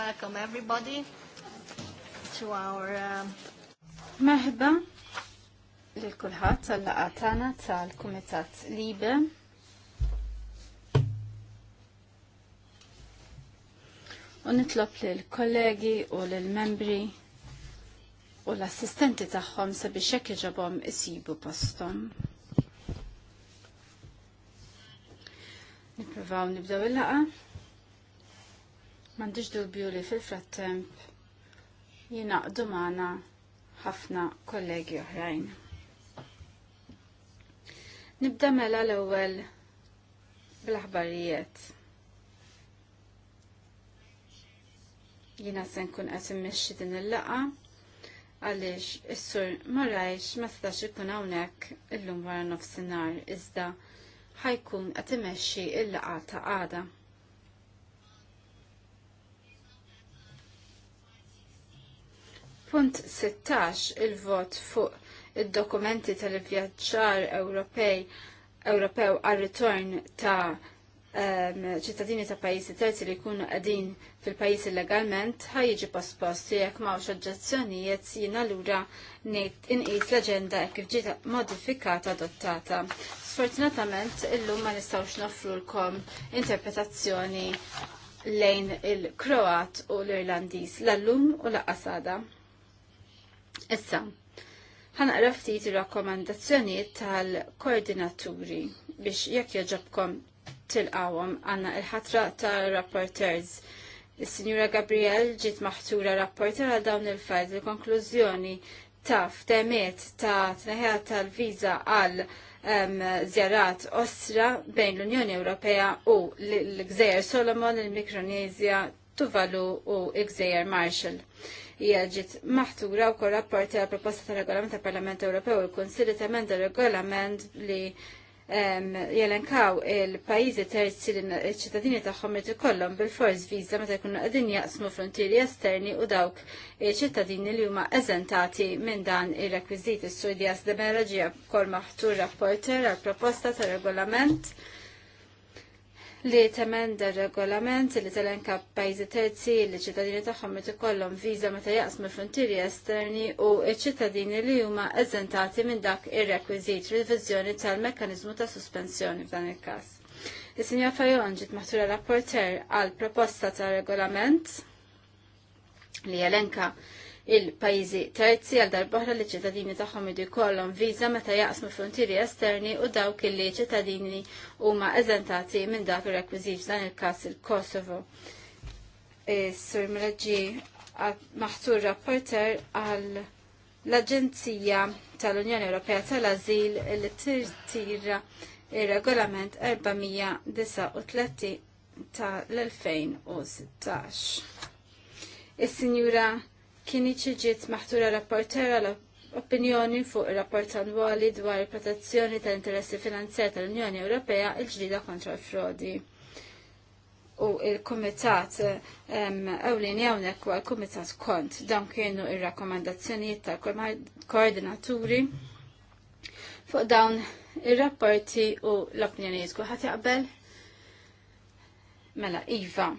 welcome everybody to our um, Merħba lil kulħadd tal-laqgħa tagħna tal-Kumitat Libe. U nitlob lil kollegi u lil membri u l-assistenti tagħhom sabiex hekk iġobhom isibu posthom. Nippruvaw nibdew il-laqgħa. M'għandix dubju li fil-frattemp jinaqdu magħna ħafna kollegi oħrajn. Nibda mela l-ewwel bl-aħbarijiet. Jina se nkun qed immexxi din il-laqa għaliex is-sur marrajx ma setax ikun hawnhekk illum wara nofsinhar iżda ħajkun qed imexxi il-laqa ta' għada. Punt 16 il-vot fuq id-dokumenti il vot fuq id dokumenti tal vjaġġar Ewropej Ewropew għal-ritorn ta' ċittadini ta' pajjiżi terzi li jkunu qegħdin fil-pajjiż illegalment ħaj jiġi pospost jekk m'hawnx oġġezzjonijiet jien allura ngħid inqis l-aġenda kif ġiet modifikata adottata. Sfortunatament illum ma nistgħux lkom interpretazzjoni lejn il-Kroat u l-Irlandiż l-allum u l-qasada. Issa, ħana ftit ir-rakkomandazzjonijiet tal-koordinaturi biex jekk til tilqawhom għandna il-ħatra tal-rapporters. Is-Sinjura Gabriel ġiet maħtura rapporter għal dawn il-fajl il-konklużjoni ta' ftemiet ta' tneħħa tal-viża għal zjarat osra bejn l-Unjoni Ewropea u l-Gżejjer Solomon, il-Mikronezja, Tuvalu u l-Gżejjer Marshall hija ġiet maħtura wkoll rapporti għal proposta ta' regolament tal Parlament Ewropew u l-Kunsilli temenda regolament li jelenkaw il-pajjiżi terzi li ċ-ċittadini tagħhom li ikollhom bil-fors viża meta jkunu qegħdin jaqsmu frontieri esterni u dawk ċittadini li huma eżentati minn dan ir-rekwiżiti studjas demeraġija kol maħtur rapporter għal proposta ta' regolament li da regolament li telenka pajzi terzi li ċittadini tagħhom li ikollhom viża meta jaqsmu frontieri esterni u ċ-ċittadini li huma eżentati minn dak ir-rekwiżit riviżjoni tal-mekkaniżmu ta' suspensjoni f'dan il-każ. Is-Sinja Fajon ġiet maħtura rapporter għal proposta ta' regolament li jelenka il-pajjiżi terzi għal darbohra li ċittadini tagħhom idu jkollhom viża meta jaqsmu frontieri esterni u dawk li ċittadini huma eżentati minn dak ir-rekwiżit f'dan il-każ il-Kosovo. E, Sur Mraġi maħtur rapporter għal l-Aġenzija tal-Unjoni Ewropea tal-Azil li tirtira il-regolament 439 tal 2016 Is-Sinjura Kiniċi ġiet maħtura rapportera l-opinjoni fuq il-rapport annwali dwar il-protezzjoni tal-interessi finanzjari tal-Unjoni Ewropea il ġdida kontra l-frodi. U il-Kumitat Ewlini hawnhekk u l-Kumitat Kont dawn kienu ir-rakkomandazzjonijiet tal-koordinaturi fuq dawn ir-rapporti u l-opinjonijiet kulħadd jaqbel mela iva.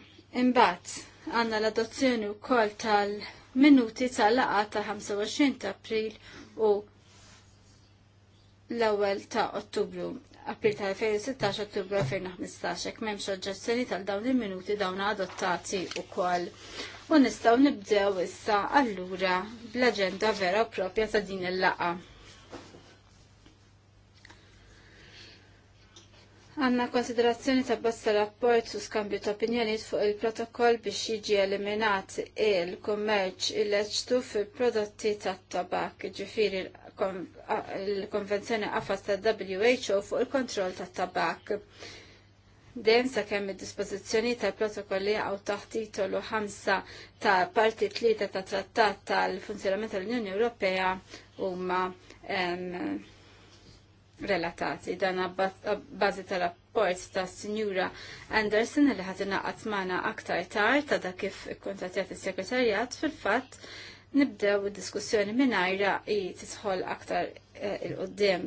Imbagħad għandna l-adozzjoni wkoll tal- minuti tal-laqa ta' 25 ta' april u l-ewwel ta' ottubru april ta' 2016 ottubru 2015 hekk m'hemmx oġġezzjoni tal-dawn il-minuti dawn adottati wkoll. U nistgħu nibdew issa allura bl-aġenda vera u propja ta' din il-laqa. Għanna konsiderazzjoni ta' bassa rapport u skambju ta' opinjoniet fuq il-protokoll biex jiġi eliminat il-kommerċ il-leċtu fil-prodotti ta' tabak, ġifiri il-konvenzjoni għafas ta' WHO fuq il-kontroll ta' tabak. Dejjem sakemm id-dispożizzjoni tal-protokolli għaw taħt titolu 5 ta' parti 3 ta' trattat tal-funzjonament tal-Unjoni Ewropea huma relatati dan bazi tal-rapport ta' Sinjura Anderson li ħad għatmana magħna aktar tard ta' dak kif ikkuntatjat is-Sekretarjat fil-fatt nibdew id-diskussjoni mingħajra i tisħol aktar eh, il qoddim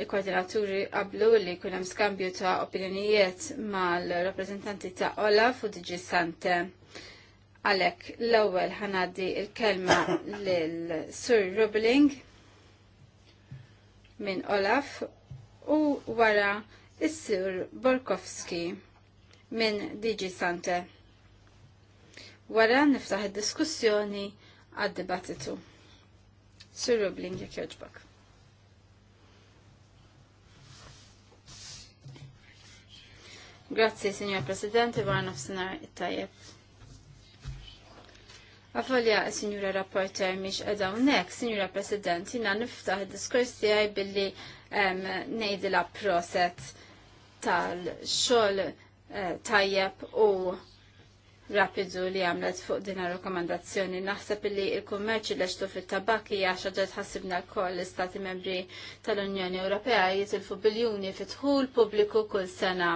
Il-koordinaturi qablu li jkun hemm skambju ta' opinjonijiet mal-rappreżentanti ta' Olaf u Digi Sante. Għalek, l-ewwel ħanaddi il-kelma lil Sur Rubling minn Olaf u wara is-sur Borkowski minn Digi Sante. Wara niftaħ id-diskussjoni għad-dibattitu. Sur Rubling jek jogħġbok. Grazzi, Signor Presidente, buona of it-tajjeb. Għavolja, Signora Rapporter, miex edha unnek, Signora President, jina niftaħ il-diskors tijaj billi um, la proset tal-xol uh, tajjeb u rapidu li għamlet fuq din rakkomandazzjoni. Naħseb li il-kummerċ li xtu fit-tabak hija ħasibna koll wkoll l-Istati Membri tal-Unjoni Ewropea jitilfu biljuni fit ħul pubbliku kull sena.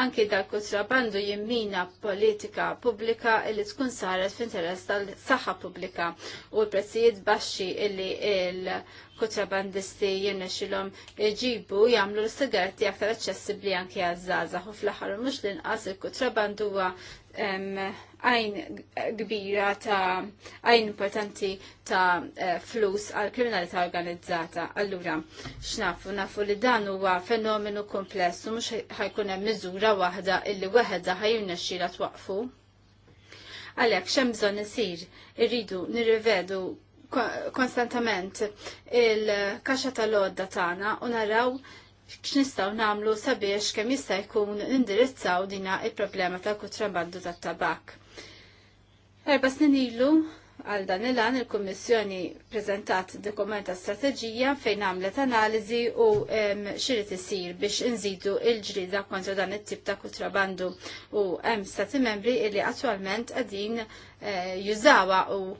Anki dak kontrabandu jimmina politika pubblika illi tkun saret f'interess tal-saħħa pubblika u l-prezzijiet baxxi illi il-kontrabandisti jinnexilhom iġibu jagħmlu l-sigaretti aktar aċċessibbli anki għaż-żgħażagħ u fl-aħħar mhux l-inqas il-kontrabandu huwa għajn kbira ta' għajn importanti ta' eh, flus għal kriminalità organizzata. Allura, xnafu, nafu li dan huwa fenomenu komplessu, mux ħajkun hemm miżura waħda illi weħda ħajjuna xira twaqfu. Għalek, xem bżon isir, irridu nirrivedu konstantament il-kaxa tal-odda tagħna u naraw x'nistgħu nagħmlu sabiex kemm jista' jkun indirizzaw dina il-problema tal kutrabandu tat-tabak. Erba snin ilu għal dan il-għan il-Kommissjoni prezentat dokumenta strategija fejn għamlet analizi u xirrit isir biex inżidu il-ġrida kontra dan it-tip ta' kutrabandu u hemm stati membri illi attualment għadin eh, jużawa u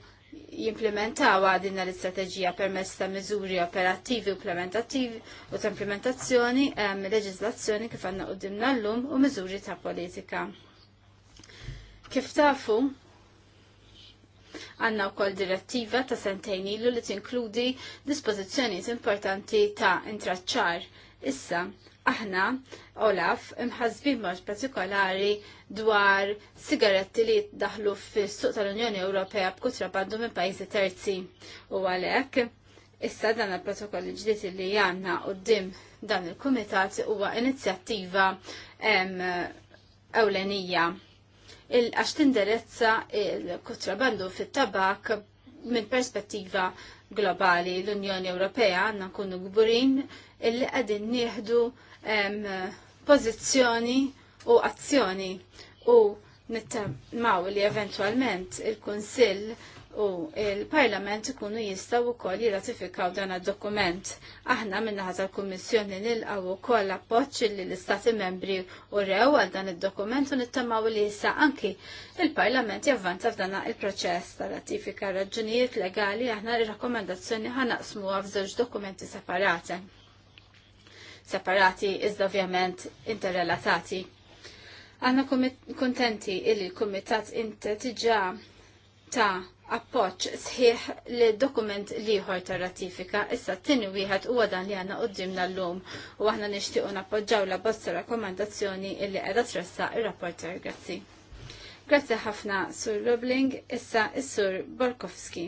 jimplementawa din l-istrateġija permezz ta' miżuri operattivi implementativi u ta' implementazzjoni leġislazzjoni kif għandna l llum u miżuri ta' politika. Kif tafu, Għanna wkoll direttiva ta' sentejn ilu li tinkludi dispożizzjonijiet importanti ta' intraċċar. Issa, aħna, Olaf, imħazbin mod partikolari dwar sigaretti li daħlu fis-suq tal-Unjoni Ewropea b'kutrabandu minn pajjiżi terzi. U għalhekk, issa dan il-protokoll ġdid li għandna qudiem dan il-kumitat huwa inizjattiva ewlenija għax tindirezza il-kontrabandu fit-tabak minn perspettiva globali l-Unjoni Ewropea għanna nkunu gburin illi għadin nieħdu pozizjoni u azzjoni u nittamaw li eventualment il konsil u il-Parlament ikunu jistaw u koll jiratifikaw dan dokument Aħna minna ħazal kummissjoni nil-għaw u koll appoċ li l-Istati membri u rew għal dan il-dokument u nittamaw li jissa anki il-Parlament javvanta f'dan il-proċess ta' ratifika raġunijiet legali aħna il-rakomendazzjoni ħanaqsmu għaf dokumenti separati. Separati iżda ovvjament interrelatati. Għanna kontenti il-Komitat Inter tiġa ta' appoċ sħiħ li dokument liħor ta' ratifika. Issa t-tini wieħed huwa dan li għanna qoddimna l-lum u għahna nishtiqu nappoġġaw la bosta rakkomandazzjoni illi għedha tressa il-rapporter. Grazzi. Grazzi ħafna Sur Rubling, issa sur Borkowski.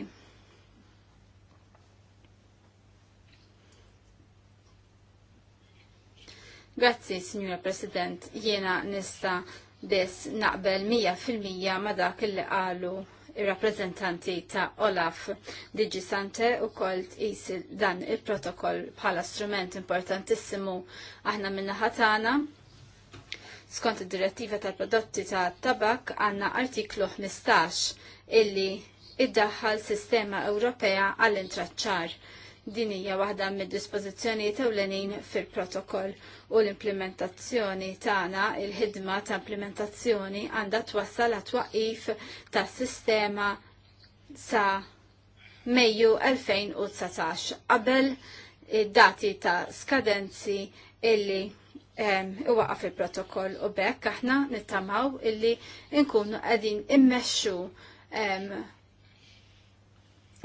Grazzi, Signora President, jiena nista biss naqbel 100% ma dak li qalu il-rappresentanti ta' Olaf Digi Sante u koll tqis dan il-protokoll bħala strument importantissimu aħna minna ħatana. Skont id-direttiva tal-prodotti ta' tabak għanna artiklu 15 illi iddaħħal sistema Ewropea għall-intraċċar Din hija waħda mid-dispożizzjonijiet ewlenin fil-protokoll u l-implementazzjoni tagħna il-ħidma ta' implementazzjoni għandha twassal għat twaqif ta' sistema sa' Mejju 2019 qabel dati ta' skadenzi illi iwaqaf il-protokoll u bekk aħna nittamaw illi nkunu għadin immexxu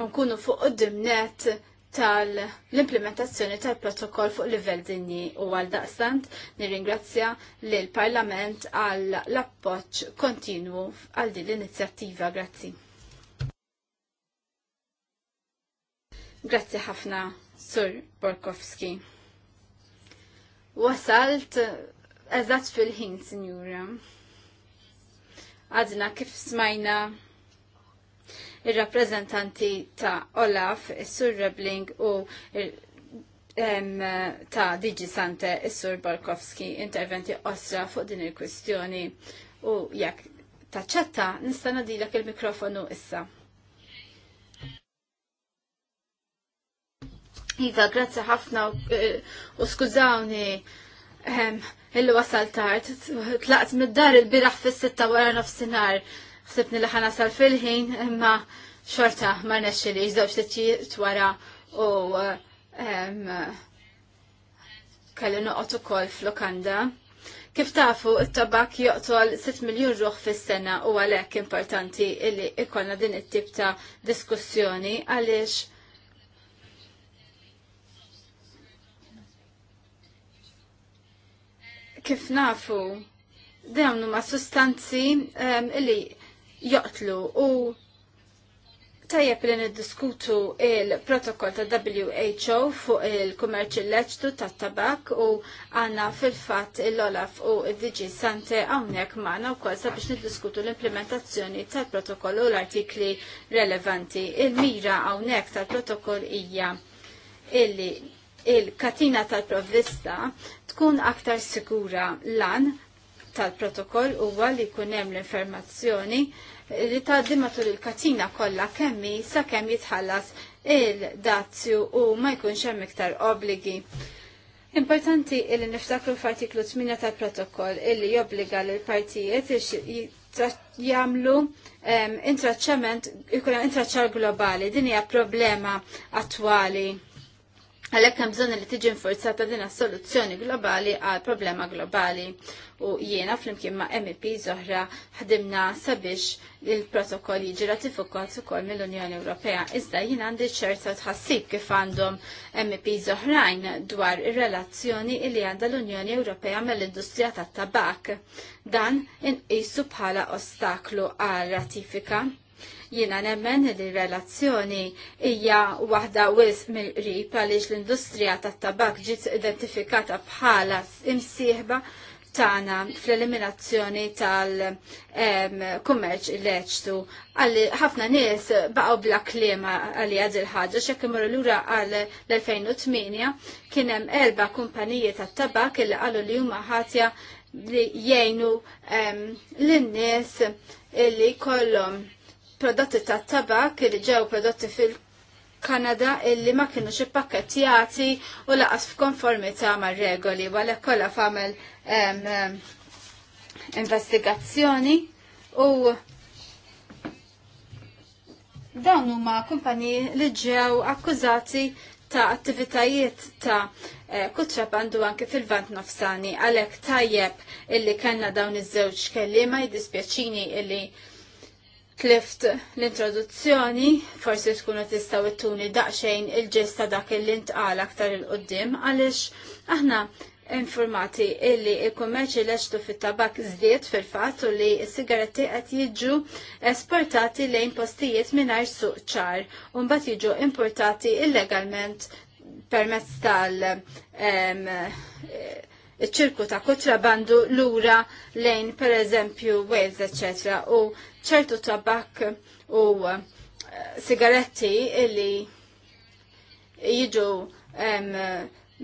nkunu fuq qoddim net tal-implementazzjoni tal-protokoll fuq livell dinji u għal daqstant nirringrazzja l parlament għal l-appoċ kontinwu għal din l-inizjattiva. Grazzi. Grazzi ħafna, Sur Borkowski. Wasalt eżat fil-ħin, Sinjura. Għadna kif smajna il-rappresentanti ta' Olaf, sur Rebling u ta' Digi Sante, sur Barkowski, interventi osra fuq din il-kwistjoni u jak ta' taċċetta nista' nadilek il-mikrofonu issa. Iva, grazzi ħafna u eh, skużawni. Illu wasal tard, tlaqt mid-dar il-biraħ fis-sitta wara nofsinhar. Sibni li sal fil-ħin imma xorta ma nesċi li jizdob xtiċiet wara u kelli noqgħod ukoll f'lokanda. Kif tafu, t tabak joqtol 6 miljon ruħ fis-sena u għalhekk importanti illi ikollna din it-tip ta' diskussjoni għaliex kif nafu dawn huma sustanzi um, illi joqtlu u tajjeb li niddiskutu il-protokoll ta' WHO fuq il-kummerċ il-leċtu ta' tabak u għanna fil-fat il-Olaf u il-DG Sante għawnek maħna u sabiex biex niddiskutu l-implementazzjoni tal-protokoll u l-artikli relevanti. Il-mira għawnek tal-protokoll ija illi il-katina tal-provvista tkun aktar sigura lan tal-protokoll huwa li jkun hemm l-informazzjoni li tgħaddi matul il-katina kollha kemmi kemm jitħallas il-dazzju u ma jkunx hemm iktar obligi. Importanti li niftakru f'artiklu 8 tal-protokoll illi jobbliga l partijiet jagħmlu intraċċament, jkun intraċċar globali, din hija problema attwali Għalhekk hemm bżonn li tiġi nfurzata din soluzzjoni globali għal problema globali u jiena flimkien ma' MEP zoħra ħdimna sabiex il-protokoll jiġi ratifikat ukoll mill-Unjoni Ewropea. Iżda jien għandi ċerta tħassib kif għandhom MEP zoħrajn dwar ir-relazzjoni li għandha l-Unjoni Ewropea mill-industrija tat-tabak. Dan inqisu bħala ostaklu għal ratifika Jiena nemmen li relazzjoni hija waħda wis mill-qrib għaliex l-industrija tat-tabak ġiet identifikata bħala imsieħba tana fl-eliminazzjoni tal-kummerċ il-leċtu. Għalli ħafna nies baqgħu bla klima għalli għad il-ħagġa xekk imur l-ura għal l-2008 kienem erba kumpaniji tat tabak illi qalu li huma ħatja li jgħinu l-nies li kollhom prodotti ta' tabak li ġew prodotti fil-Kanada illi ma kienu xippakettjati u laqas f'konformità mar regoli wala kollha famel investigazzjoni u dawn huma kumpaniji li ġew akkużati ta' attivitajiet ta' eh, kutrabandu anke fil-vant nofsani għalhekk tajjeb illi kellna dawn iż-żewġ kelliema jiddispjaċini illi tlift l-introduzzjoni, forsi tkunu tistaw ittuni daqxejn il-ġesta dak il-intqal aktar il-qoddim, għalix aħna informati illi il kommerċi leċtu fit-tabak zdiet fil-fat u li s-sigaretti qed jiġu esportati lejn postijiet mingħajr suq ċar u mbagħad jiġu importati illegalment permezz tal ċirku ta' kontrabandu lura lejn per eżempju Wales, ecc. U ċertu tabak u eh, sigaretti illi jiġu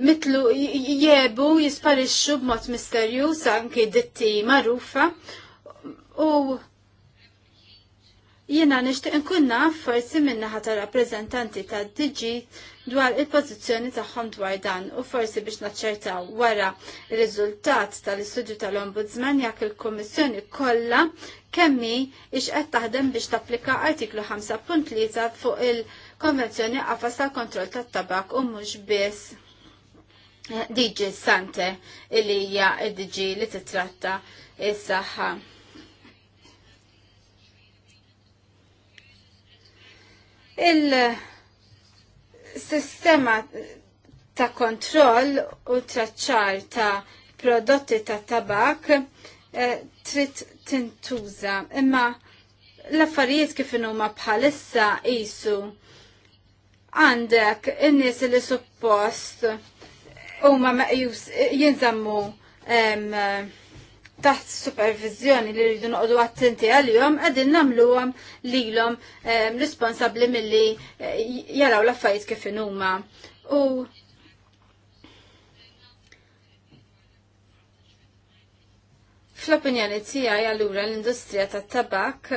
mitlu jiebu jisparixxu b'mod misterjuż anki ditti marufa u jiena nixtieq nkun naf forsi minnaħa ta' rappreżentanti tad-DG dwar il-pożizzjoni tagħhom dwar dan u forsi biex naċċertaw wara r-riżultat tal-istudju tal-Ombudsman jekk il-Kummissjoni kollha kemmi ix qed taħdem biex tapplika artiklu 5.3 fuq il-Konvenzjoni qafas tal-kontroll tat-tabak u mhux biss eh, DG Sante illi hija d-DG li titratta is-saħħa. Il- sistema ta' kontroll u traċċar ta' prodotti ta' tabak eh, trid tintuża. Imma l-affarijiet kif huma bħalissa qisu għandek in-nies li suppost huma meqjus jinżammu taħt supervizjoni li rridu noqdu attenti għal-jom, għadin għam li l-om eh, responsabli mill-li eh, jaraw l-affajt kif inuma. U fl-opinjoni tijaj għallura l-industrija tat tabak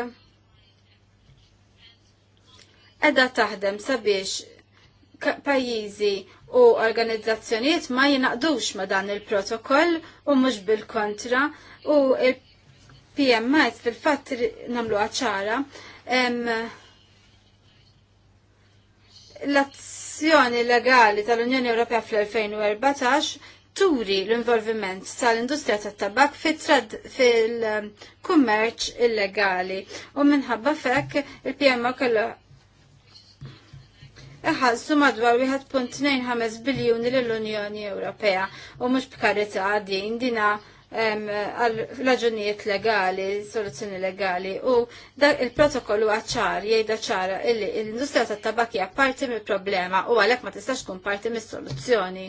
edha taħdem sabiex pajizi u organizzazzjoniet ma jinaqdux ma dan il-protokoll u mhux bil-kontra u il-PMIs fil-fatt namlu ċara l-azzjoni legali tal-Unjoni Ewropea fl-2014 turi l-involviment tal-industrija tat-tabak fil-kummerċ illegali u minħabba fekk il-PMO kellu iħallsu madwar 1.25 biljuni l-Unjoni Ewropea u mhux b'karità din dina għal raġunijiet legali, soluzzjoni legali u dak il-protokollu għacċar jgħida ċara illi l-industrija tat tabakki parti mill problema u għalek ma tistax kun parti mis soluzzjoni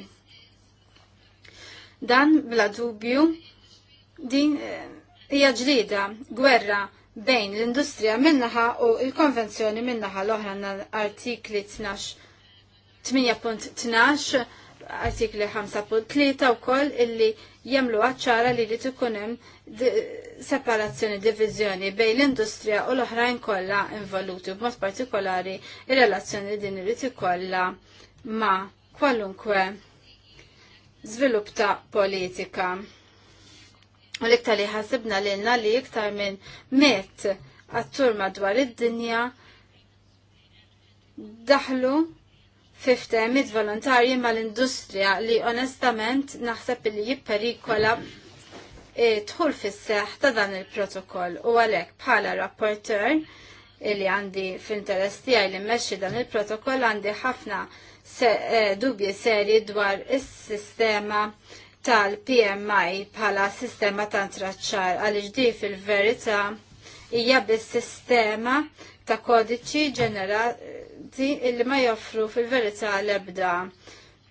Dan bla dubju din eh, hija ġlida, gwerra bejn l-industrija minnaħa u il-konvenzjoni minnaħa l-oħra artikli 12 artikli 5.3 u koll illi jemlu għacċara li li tukunem separazzjoni, divizjoni bej l-industrija u l-oħrajn kolla involuti, b'mod partikolari il-relazzjoni din li tukolla ma kwalunkwe zvilup ta' politika. U l-iktar li ħasibna l li iktar minn met għattur madwar id-dinja daħlu fiftehmit volontarji mal-industrija li onestament naħseb li jipperikola eh, tħul fis seħħ ta' dan il-protokoll u għalhekk bħala rapporter eh, li għandi f'interess tiegħi li mmexxi dan il-protokoll għandi ħafna se, eh, dubji seri dwar is-sistema tal-PMI bħala sistema ta' traċċar għaliex di fil-verità hija bis-sistema ta' kodiċi ġenerali di illi ma joffru fil-verità l-ebda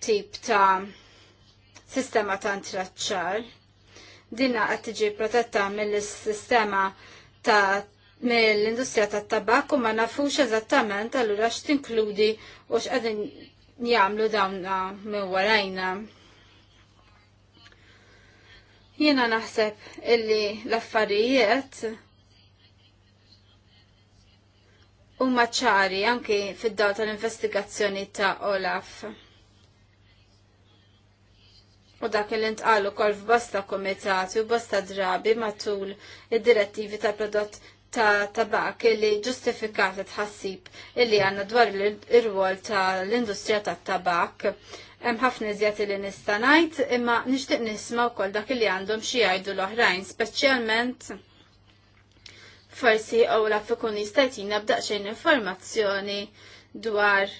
tip ta' sistema ta' intraċċar. Dinna qed tiġi protetta mill-sistema ta' mill-industrija tat tabak u ma nafux eżattament allura x'tinkludi u x'qegħdin jagħmlu dawna minn warajna. Jiena naħseb illi l-affarijiet huma ċari anki fid-daw tal-investigazzjoni ta' Olaf. U dak li ntqalu kol f'bosta komitati u bosta drabi matul id-direttivi ta' prodott ta' tabak li ġustifikata tħassib illi għanna dwar l-irwol ta' l-industrija ta' tabak. Hemm ħafna iżjed li nista' ngħid, imma nixtieq nisma' wkoll dak li għandhom xi jgħidu l-oħrajn, speċjalment forsi għaw la fikun nabdaq xejn informazzjoni dwar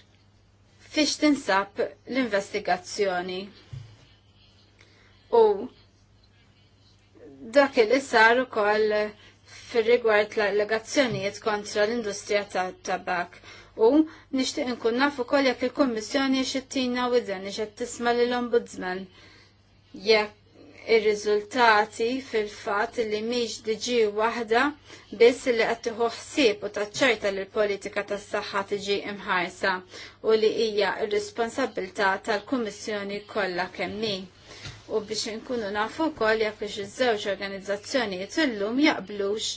fiex tinsab l-investigazzjoni. U dak il sar ukoll fir-rigward l-allegazzjonijiet kontra l-industrija tat-tabak. U nixtieq inkun naf ukoll jekk il-Kummissjoni xittina u id-dan tisma' lill-Ombudsman jekk ir-riżultati fil-fatt li miġ diġi waħda biss li qed tieħu ħsieb u taċċerta li l-politika tas-saħħa tiġi imħarsa u li hija r responsabilta tal-Kummissjoni kollha kemm U biex inkunu nafu wkoll jekk iż-żewġ organizzazzjonijiet illum jaqblux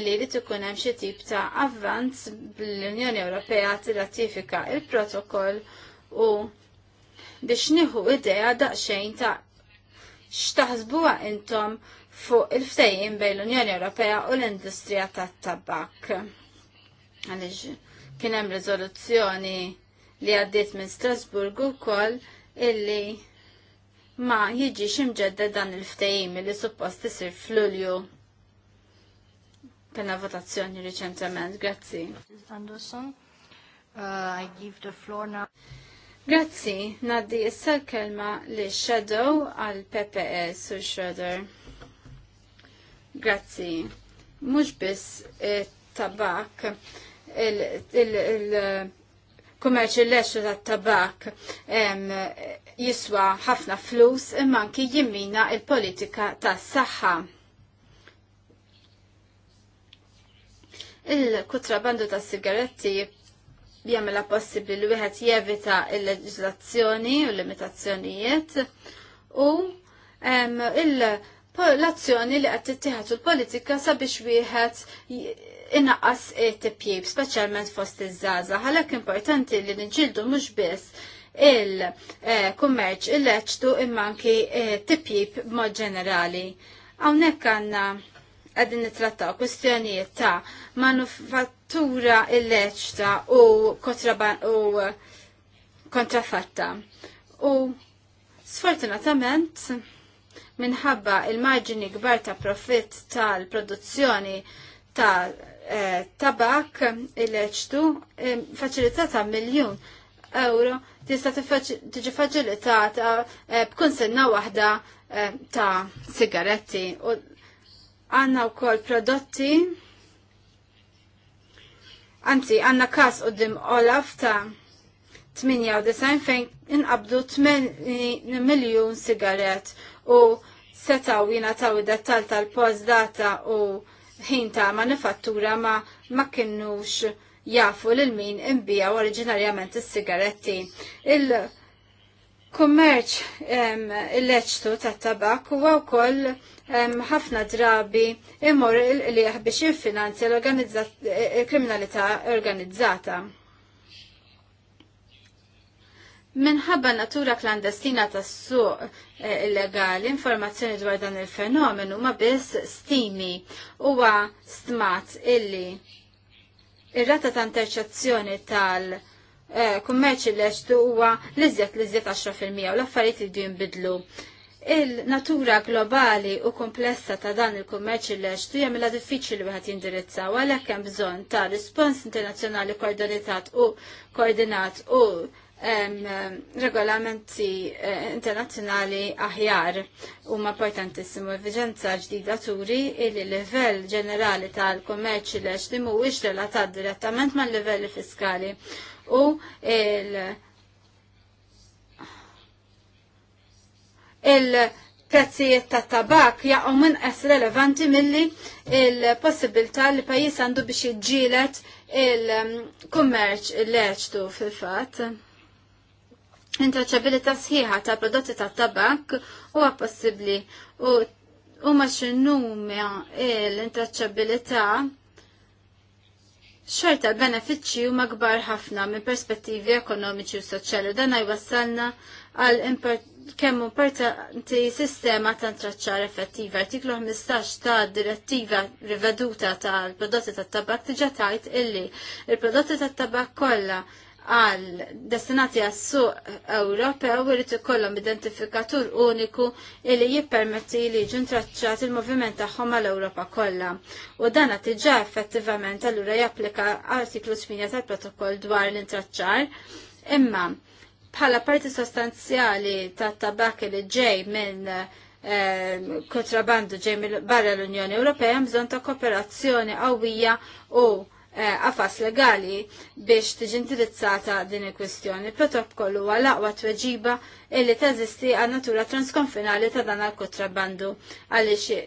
illi li tkun hemm xi tip ta' avvanz bl-Unjoni Ewropea tirratifika il-protokoll u biex nieħu idea daqsxejn ta' x'taħsbuha intom fuq il-ftejjin bejn l-Unjoni Ewropea u l-industrija tat-tabak. Għaliex kien hemm riżoluzzjoni li għaddiet minn Strasburgu wkoll illi ma jiġix ximġedda dan il-ftejim li suppost isir f'Lulju. Kellna votazzjoni riċentement, grazzi. Anderson, uh, I give the floor now. Grazzi, naddi issa l-kelma li Shadow għal PPS e, su Schroeder. Grazzi, mux biss tabak, il-kummerċ il-leċu ta' tabak jiswa ħafna flus imma anki jimmina il-politika ta' saħħa. il bandu ta' sigaretti li jagħmilha possibbli li wieħed jevita il-leġiżlazzjoni u limitazzjonijiet u l-azzjoni li qed tittieħed u l-politika sabiex wieħed inaqqas it-tipjib, speċjalment fost iż-żgħażagħ. Għalhekk importanti li niġġieldu mhux biss il-kummerċ eh, il-leċtu imma anki eh, tipjib mod ġenerali. Hawnhekk għandna għadin nitrattaw kustjonijiet ta' manufattura illeċta u u kontrafatta. U sfortunatament minħabba il-marġini kbar ta' profitt tal-produzzjoni ta' eh, tabak illeċtu eh, faċilitata miljun euro tista' tiġi faċilitata eh, b'kunsenna waħda eh, ta' sigaretti u Għanna u kol prodotti. Anzi, għanna kas u dim Olaf ta' 98 fejn inqabdu 8 miljon sigaret u setaw jina taw id-dettal tal-post data u ħin ta' manifattura ma ma kinnux jafu lil min imbija oriġinarjament is-sigaretti. Il- kummerċ il-leċtu ta' tabak huwa wkoll ħafna drabi imur li qliħ biex jiffinanzja l-kriminalità organizzata. Minħabba natura klandestina tas suq eh, illegali, informazzjoni dwar dan il-fenomenu ma biss stimi huwa stmat illi ir-rata ta' interċezzjoni tal- Eh, Kummerċi il-leċtu huwa l-iżjed l-iżjed 10% u l-affarijiet li jinbidlu. Il-natura globali u komplessa ta' dan il-kummerċ il-leċtu jagħmilha diffiċli wieħed jindirizza u għalhekk hemm bżonn ta' rispons internazzjonali koordinat u koordinat u regolamenti eh, internazzjonali aħjar u ma importantissimu evidenza ġdida turi il livell ġenerali tal-kommerċ lex li mhuwiex relatat direttament mal-livelli fiskali u il- il-prezzijiet ta' tabak jaqgħu qes relevanti milli il-possibilità li pajjiż għandu biex jiġġielet il-kummerċ il-leċtu fil-fatt. Intraċabilità sħiħa ta' prodotti ta' tabak huwa possibbli u huma x'numa l-intraċabilità xorta benefiċċji huma kbar ħafna minn perspettivi ekonomiċi u soċjali dan jwassalna għal kemm importanti sistema ta' traċċar effettiva. Artiklu 15 ta' direttiva riveduta tal-prodotti tat tabak tiġa tajt illi il-prodotti tat tabak kollha għal destinati għas suq Ewropew irid ikollhom identifikatur uniku li jippermetti li jiġu traċċat il-moviment tagħhom għal Ewropa kollha. U dan diġà effettivament allura japplika artiklu 8 tal-protokoll dwar l-intraċċar. Imma bħala parti sostanzjali tat-tabak li ġej minn eh, kontrabandu ġej barra l-Unjoni Ewropea bżonn ta' kooperazzjoni qawwija u Eh, għafas legali biex tiġi indirizzata din il-kwestjoni. Protokoll kollu l-aqwa tweġiba illi teżisti għal natura transkonfinali ta' dan għal-kontrabbandu għaliex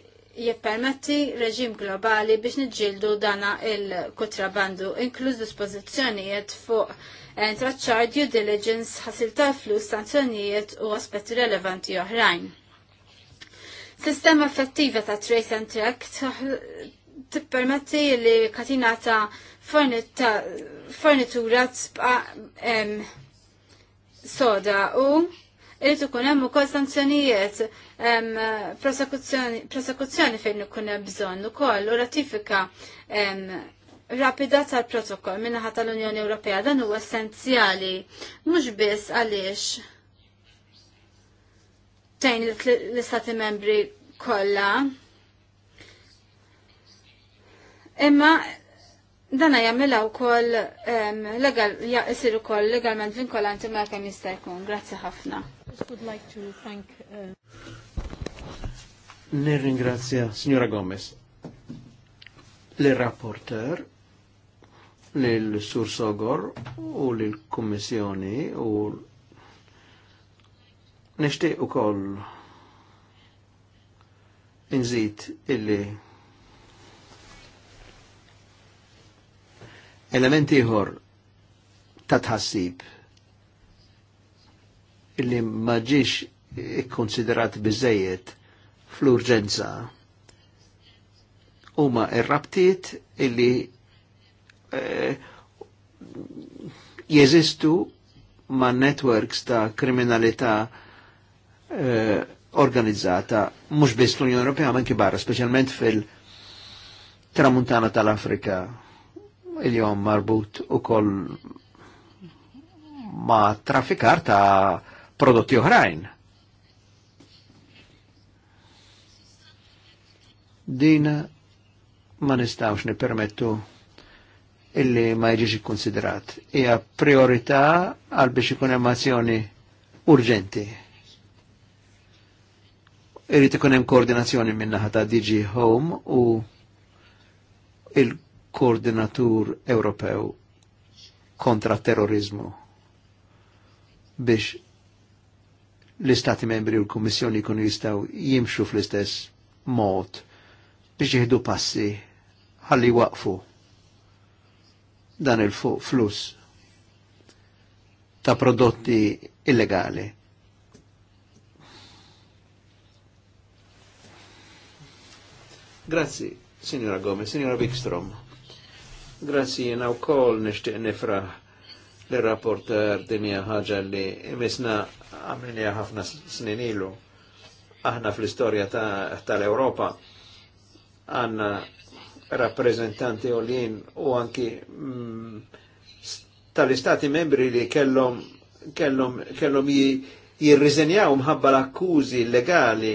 jippermetti reġim globali biex niġġieldu dana il-kontrabbandu, inkluż dispożizzjonijiet fuq eh, traċċar due diligence, ħasil ta' flus, sanzjonijiet u aspetti relevanti oħrajn. Sistema effettiva ta' trace and track tippermetti li katina ta' fornitura tibqa soda u li ikun hemm ukoll sanzjonijiet prosekuzzjoni fejn ikun hemm bżonn ukoll u ratifika rapida tal-protokoll minnaħa tal-Unjoni Ewropea dan huwa essenzjali mhux biss għaliex tejn l-istati membri kollha Imma dana jagħmilha wkoll legal jaqisir ukoll legalment vinkolanti ma kemm jista' jkun. Grazie ħafna. Uh, ringrazia Signora Gomez, l rapporteur l-Sur Sogor u l commissioni, u nishtiq u koll inżid illi Element ieħor ta' tħassib illi ma ikkonsiderat biżejjed fl-urġenza huma r-rabtiet illi eh, jeżistu ma' networks ta' kriminalità eh, organizzata mhux biss l-Unjoni Ewropea ma anki barra, speċjalment fil-tramuntana tal-Afrika il-jom marbut u koll ma trafikar ta' prodotti uħrajn. Din ma nistawx nipermettu illi ma jġiġ konsiderat. Ija priorità għal biex ikun hemm urġenti. Irrit ikun hemm koordinazzjoni min-naħa ta' DG Home u il koordinatur Ewropew kontra terrorizmu biex l-istati membri u l-Kommissjoni kunu jistaw jimxu fl-istess mod biex jihdu passi ħalli waqfu dan il-flus ta' prodotti illegali. Grazie, signora Gomez, signora Bikstrom. Grazzi jena u kol nishtiq nifraħ li rapporter dinja ħagġa li misna għamlinja ħafna snin ilu. Aħna fl-istoria tal-Europa għanna rappresentanti u olin u anki mm, tal-istati membri li kellom kellom, kellom jirriżenjaw mħabba l-akkużi illegali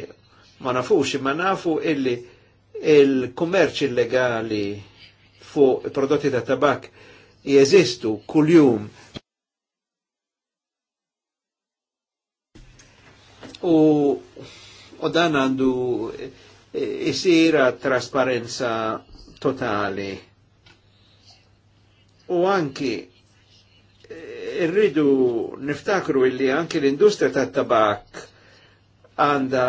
ma nafux imma nafu illi il-kummerċ illegali fuq prodotti ta' tabak jeżistu kuljum. U, u dan għandu jisira trasparenza totali. U anki irridu niftakru illi anki l industria tat-tabak għanda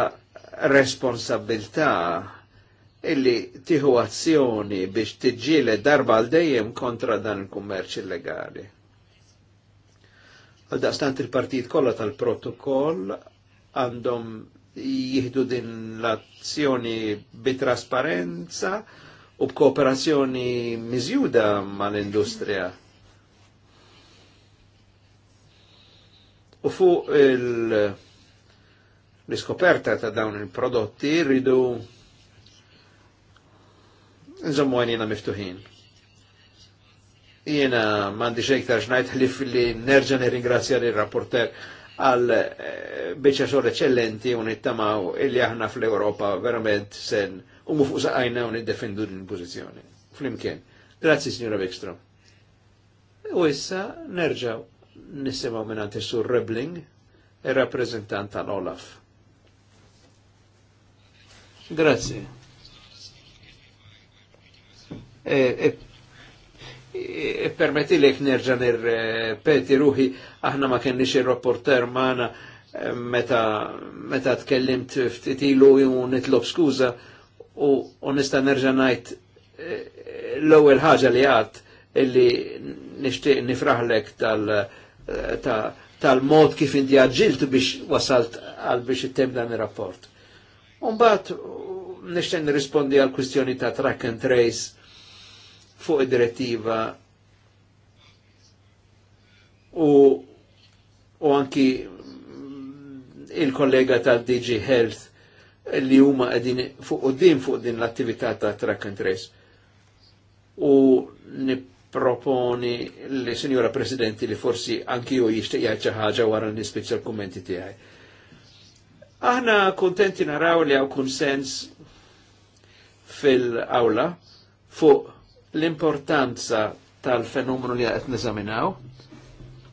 responsabilta' illi tiħu azzjoni biex tiġġiele darba għal dejjem kontra dan il-kummerċ illegali. Għal daqstant il partijt kollha tal-protokoll għandhom jihdu din l-azzjoni bitrasparenza u b'kooperazzjoni miżjuda mal-industrija. U fuq il iskoperta ta' dawn il-prodotti rridu nżommu għajnina miftuħin. Jena mandi xejktar xnajt ħlif li nerġa nirringrazzja li rapporter għal eh, bieċa xor eccellenti un ittamaw illi aħna fl-Europa verament sen u mufuq saqajna un id-defendu din pozizjoni. Flimkien. Grazzi, signora Bekstrom. U issa nerġaw nisimaw minnanti sur Rebling, il-rappresentant tal-Olaf. Grazie. E, e, e permetti li nerġa peti ruħi, aħna ma kenniex il-rapporter maħna meta, meta tkellimt ftit ilu u nitlob skuza u nista nerġa najt l-ewwel ħaġa li għad illi nixtieq nifraħlek tal-mod kif inti għagġilt biex wasalt għal biex ittem dan ir-rapport. Umbat nixtieq nirrispondi għal kwistjoni ta' track and trace fuq id-direttiva u, u anki il-kollega tal-DG Health li huma qegħdin fuq din fuq din l-attività ta' track and trace. U niproponi li Sinjora Presidenti li forsi anki ju jixtieq jgħid xi ħaġa wara nispiċċa kummenti tiegħi. Aħna kontenti naraw li hawn konsens fil-awla fuq l-importanza tal-fenomenu li għet nizaminaw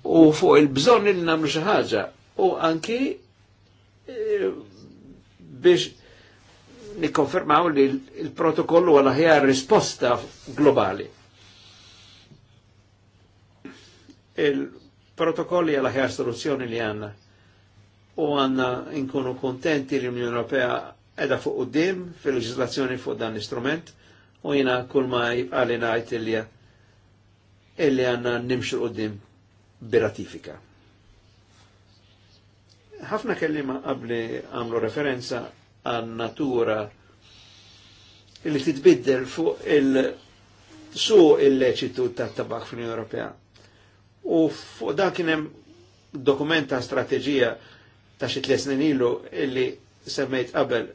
u fuq il-bżon li namlu xaħġa u anki e, biex nikonfermaw li il-protokollu għala ħja risposta globali. Il-protokolli għala ħja soluzzjoni li għanna u għanna inkunu kontenti li l-Unjoni Ewropea edha fuq u fil-leġislazzjoni fuq dan l-istrument u jina kull ma jibqali najt illi illi għanna nimxu l-qoddim biratifika. ħafna kellima għabli għamlu referenza għan natura illi titbiddel fuq il-su il-leċitu ta' tabak fl-Unjoni Ewropea. U fuq da kienem dokumenta strategija ta' xi tliet snin ilu illi semmejt qabel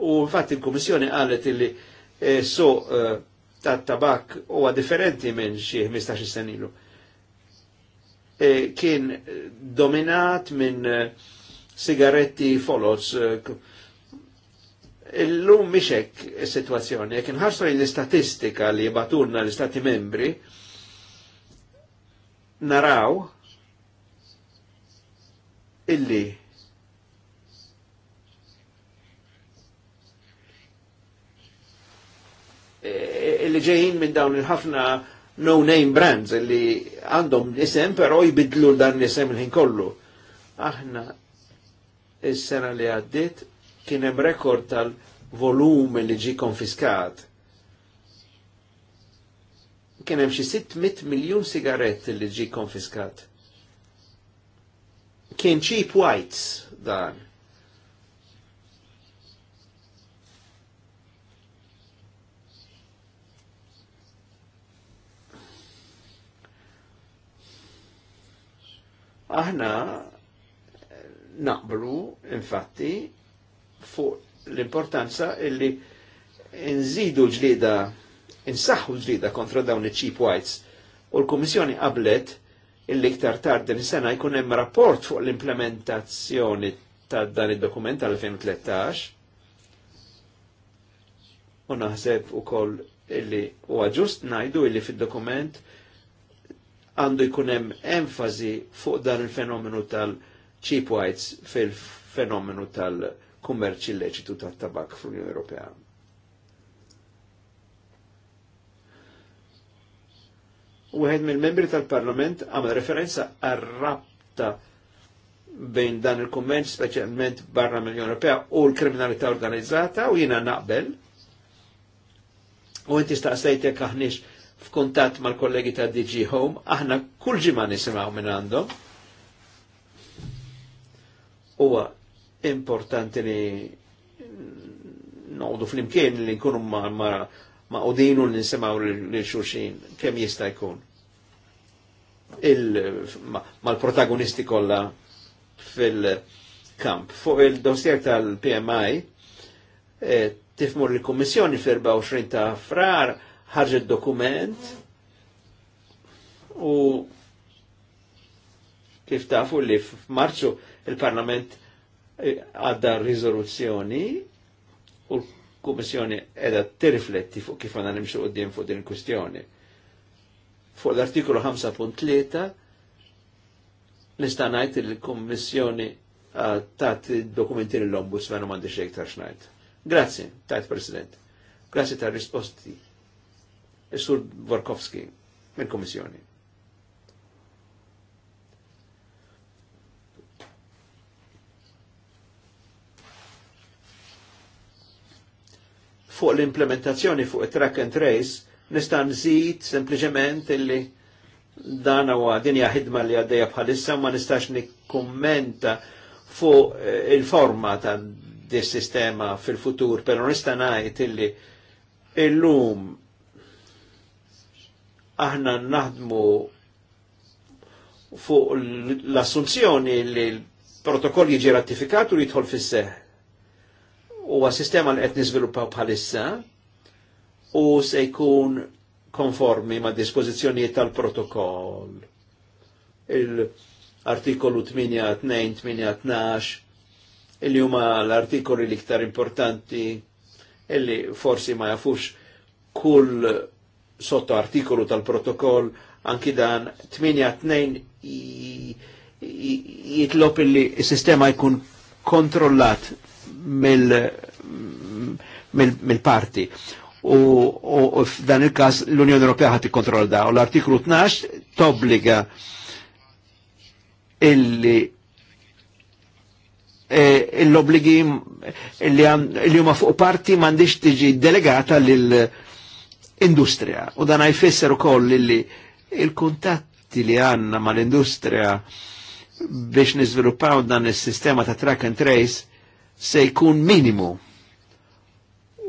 U infatti il-Kummissjoni qalet illi e, so e, ta' tabak huwa differenti minn xi 15 senilu. E, kien dominat minn e, sigaretti folots. Illum miexek situazzjoni, jek nħarsu l-istatistika li batunna l-istati membri, naraw illi illi ġejjin minn dawn il-ħafna no-name brands illi għandhom isem pero jbidlu dan isem il-ħin kollu. Aħna is-sena li għaddit kien hemm rekord tal-volum li ġi konfiskat. Kien hemm xi 600 miljun sigarett li ġi konfiskat. Kien cheap whites dan Aħna eh, naqbru infatti, fuq l-importanza illi nżidu ġlida, nsaħħu ġlida kontra dawn il-cheap whites. U l-Kummissjoni qablet illi iktar tard din sena jkun hemm rapport fuq l-implementazzjoni ta' dan id-dokument tal-2013. U naħseb ukoll illi huwa ġust ngħidu illi fid-dokument il għandu jkun hemm enfasi fuq dan il-fenomenu tal-cheap whites fil-fenomenu tal-kummerċ illeċitu tat-tabak fl-Unjoni Ewropea. Wieħed mill-membri tal-Parlament għamil referenza għar-rabta bejn dan il-kummerċ specialment barra mill-Unjoni Ewropea u l-kriminalità organizzata u jiena naqbel. U inti staqsajt jek f'kuntat mal-kollegi ta' DG Home, aħna kull ġimgħa nisimgħu minn għandhom. Huwa importanti li noqdu flimkien li nkunu ma' qudinu li nisimgħu lil xulxin kemm jista' jkun. Mal-protagonisti kollha fil-kamp. Fuq il-dossier tal-PMI, eh, tifmur l kummissjoni fil 24 ta' frar, ħarġet dokument u kif tafu li f'Marzu il-Parlament eh, għadda rizoluzzjoni u l-Kummissjoni edha tirrifletti fuq kif għanna nimxu għoddim fuq din il-kustjoni. Fuq l-artikolu 5.3 nistanajt il-Kummissjoni eh, tat dokumenti l-Ombudsman u mandi xejk tar xnajt. Grazie, tajt President. Grazie tar risposti Is-Sur Borkowski mill-Kummissjoni. Fuq l-implementazzjoni fuq it-track and trace nista' nżid sempliċement illi dan huwa dinja ħidma li għaddejja bħalissa ma nistax nikkummenta fuq eh, il-forma ta' dis sistema fil-futur, pero nista' ngħid illi illum aħna naħdmu fuq l-assunzjoni li l-protokoll jiġi ratifikat u jidħol fis seħħ. Huwa sistema li qed niżviluppaw bħalissa u se jkun konformi ma' dispożizzjonijiet tal-protokoll. Il-artikolu 8.2.8.12 illi huma l-artikoli l-iktar importanti illi forsi ma jafux kull sotto artikolu tal-protokoll anki dan 8-2 jitlop illi il-sistema jkun kontrollat mill-parti. U f'dan il-kas l-Unjoni Ewropea ħati ikkontrolla da. U l-artiklu 12 tobbliga illi e, l il li huma fuq parti m'għandix tiġi delegata lil industrija. U dan jfisser ukoll li il-kuntatti li għanna mal-industrija biex niżviluppaw dan is-sistema ta' track and trace se jkun minimu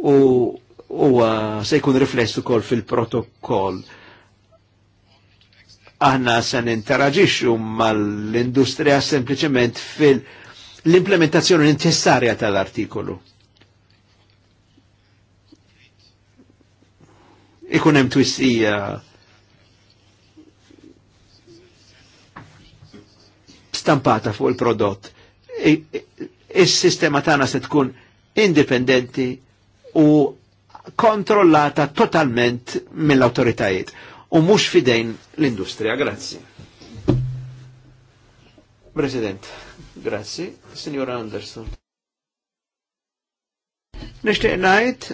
u huwa se jkun riflessu ukoll fil-protokoll. Aħna se ninteraġixxu mal-industrija sempliċement fil- l-implementazzjoni necessarja tal-artikolu. ikun hemm twissija stampata fuq il-prodott. Is-sistema tagħna se tkun indipendenti u kontrollata totalment mill-autoritajiet u mhux fidejn l-industrija. Grazzi. President, grazzi. Signora Anderson. Nishtiq ngħid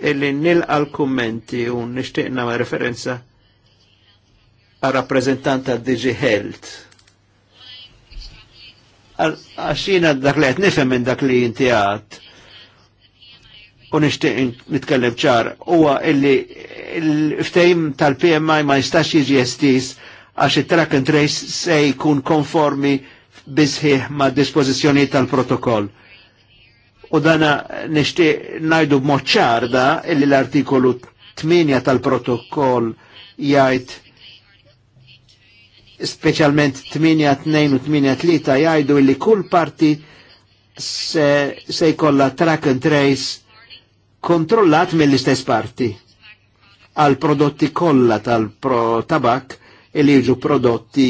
illi nilqa l-kummenti u nishtiqna ma' referenza għal rappresentanta DG Health. Għaxina dak li għet nifem minn dak li jinti għat u nishtiq nitkellem ċar huwa illi l-ftejm tal-PMI ma jistax jiġi jestis għax it-track and trace se jkun konformi bizħiħ ma' dispozizjoni tal-protokoll U dana nishti najdu moċċarda ċarda illi l-artikolu 8 tal-protokoll jgħid specialment 8-2 u 8-3 jajdu illi kull parti se, se jkolla track and trace kontrollat mill-istess parti għal prodotti kollha tal-tabak illi li jiġu prodotti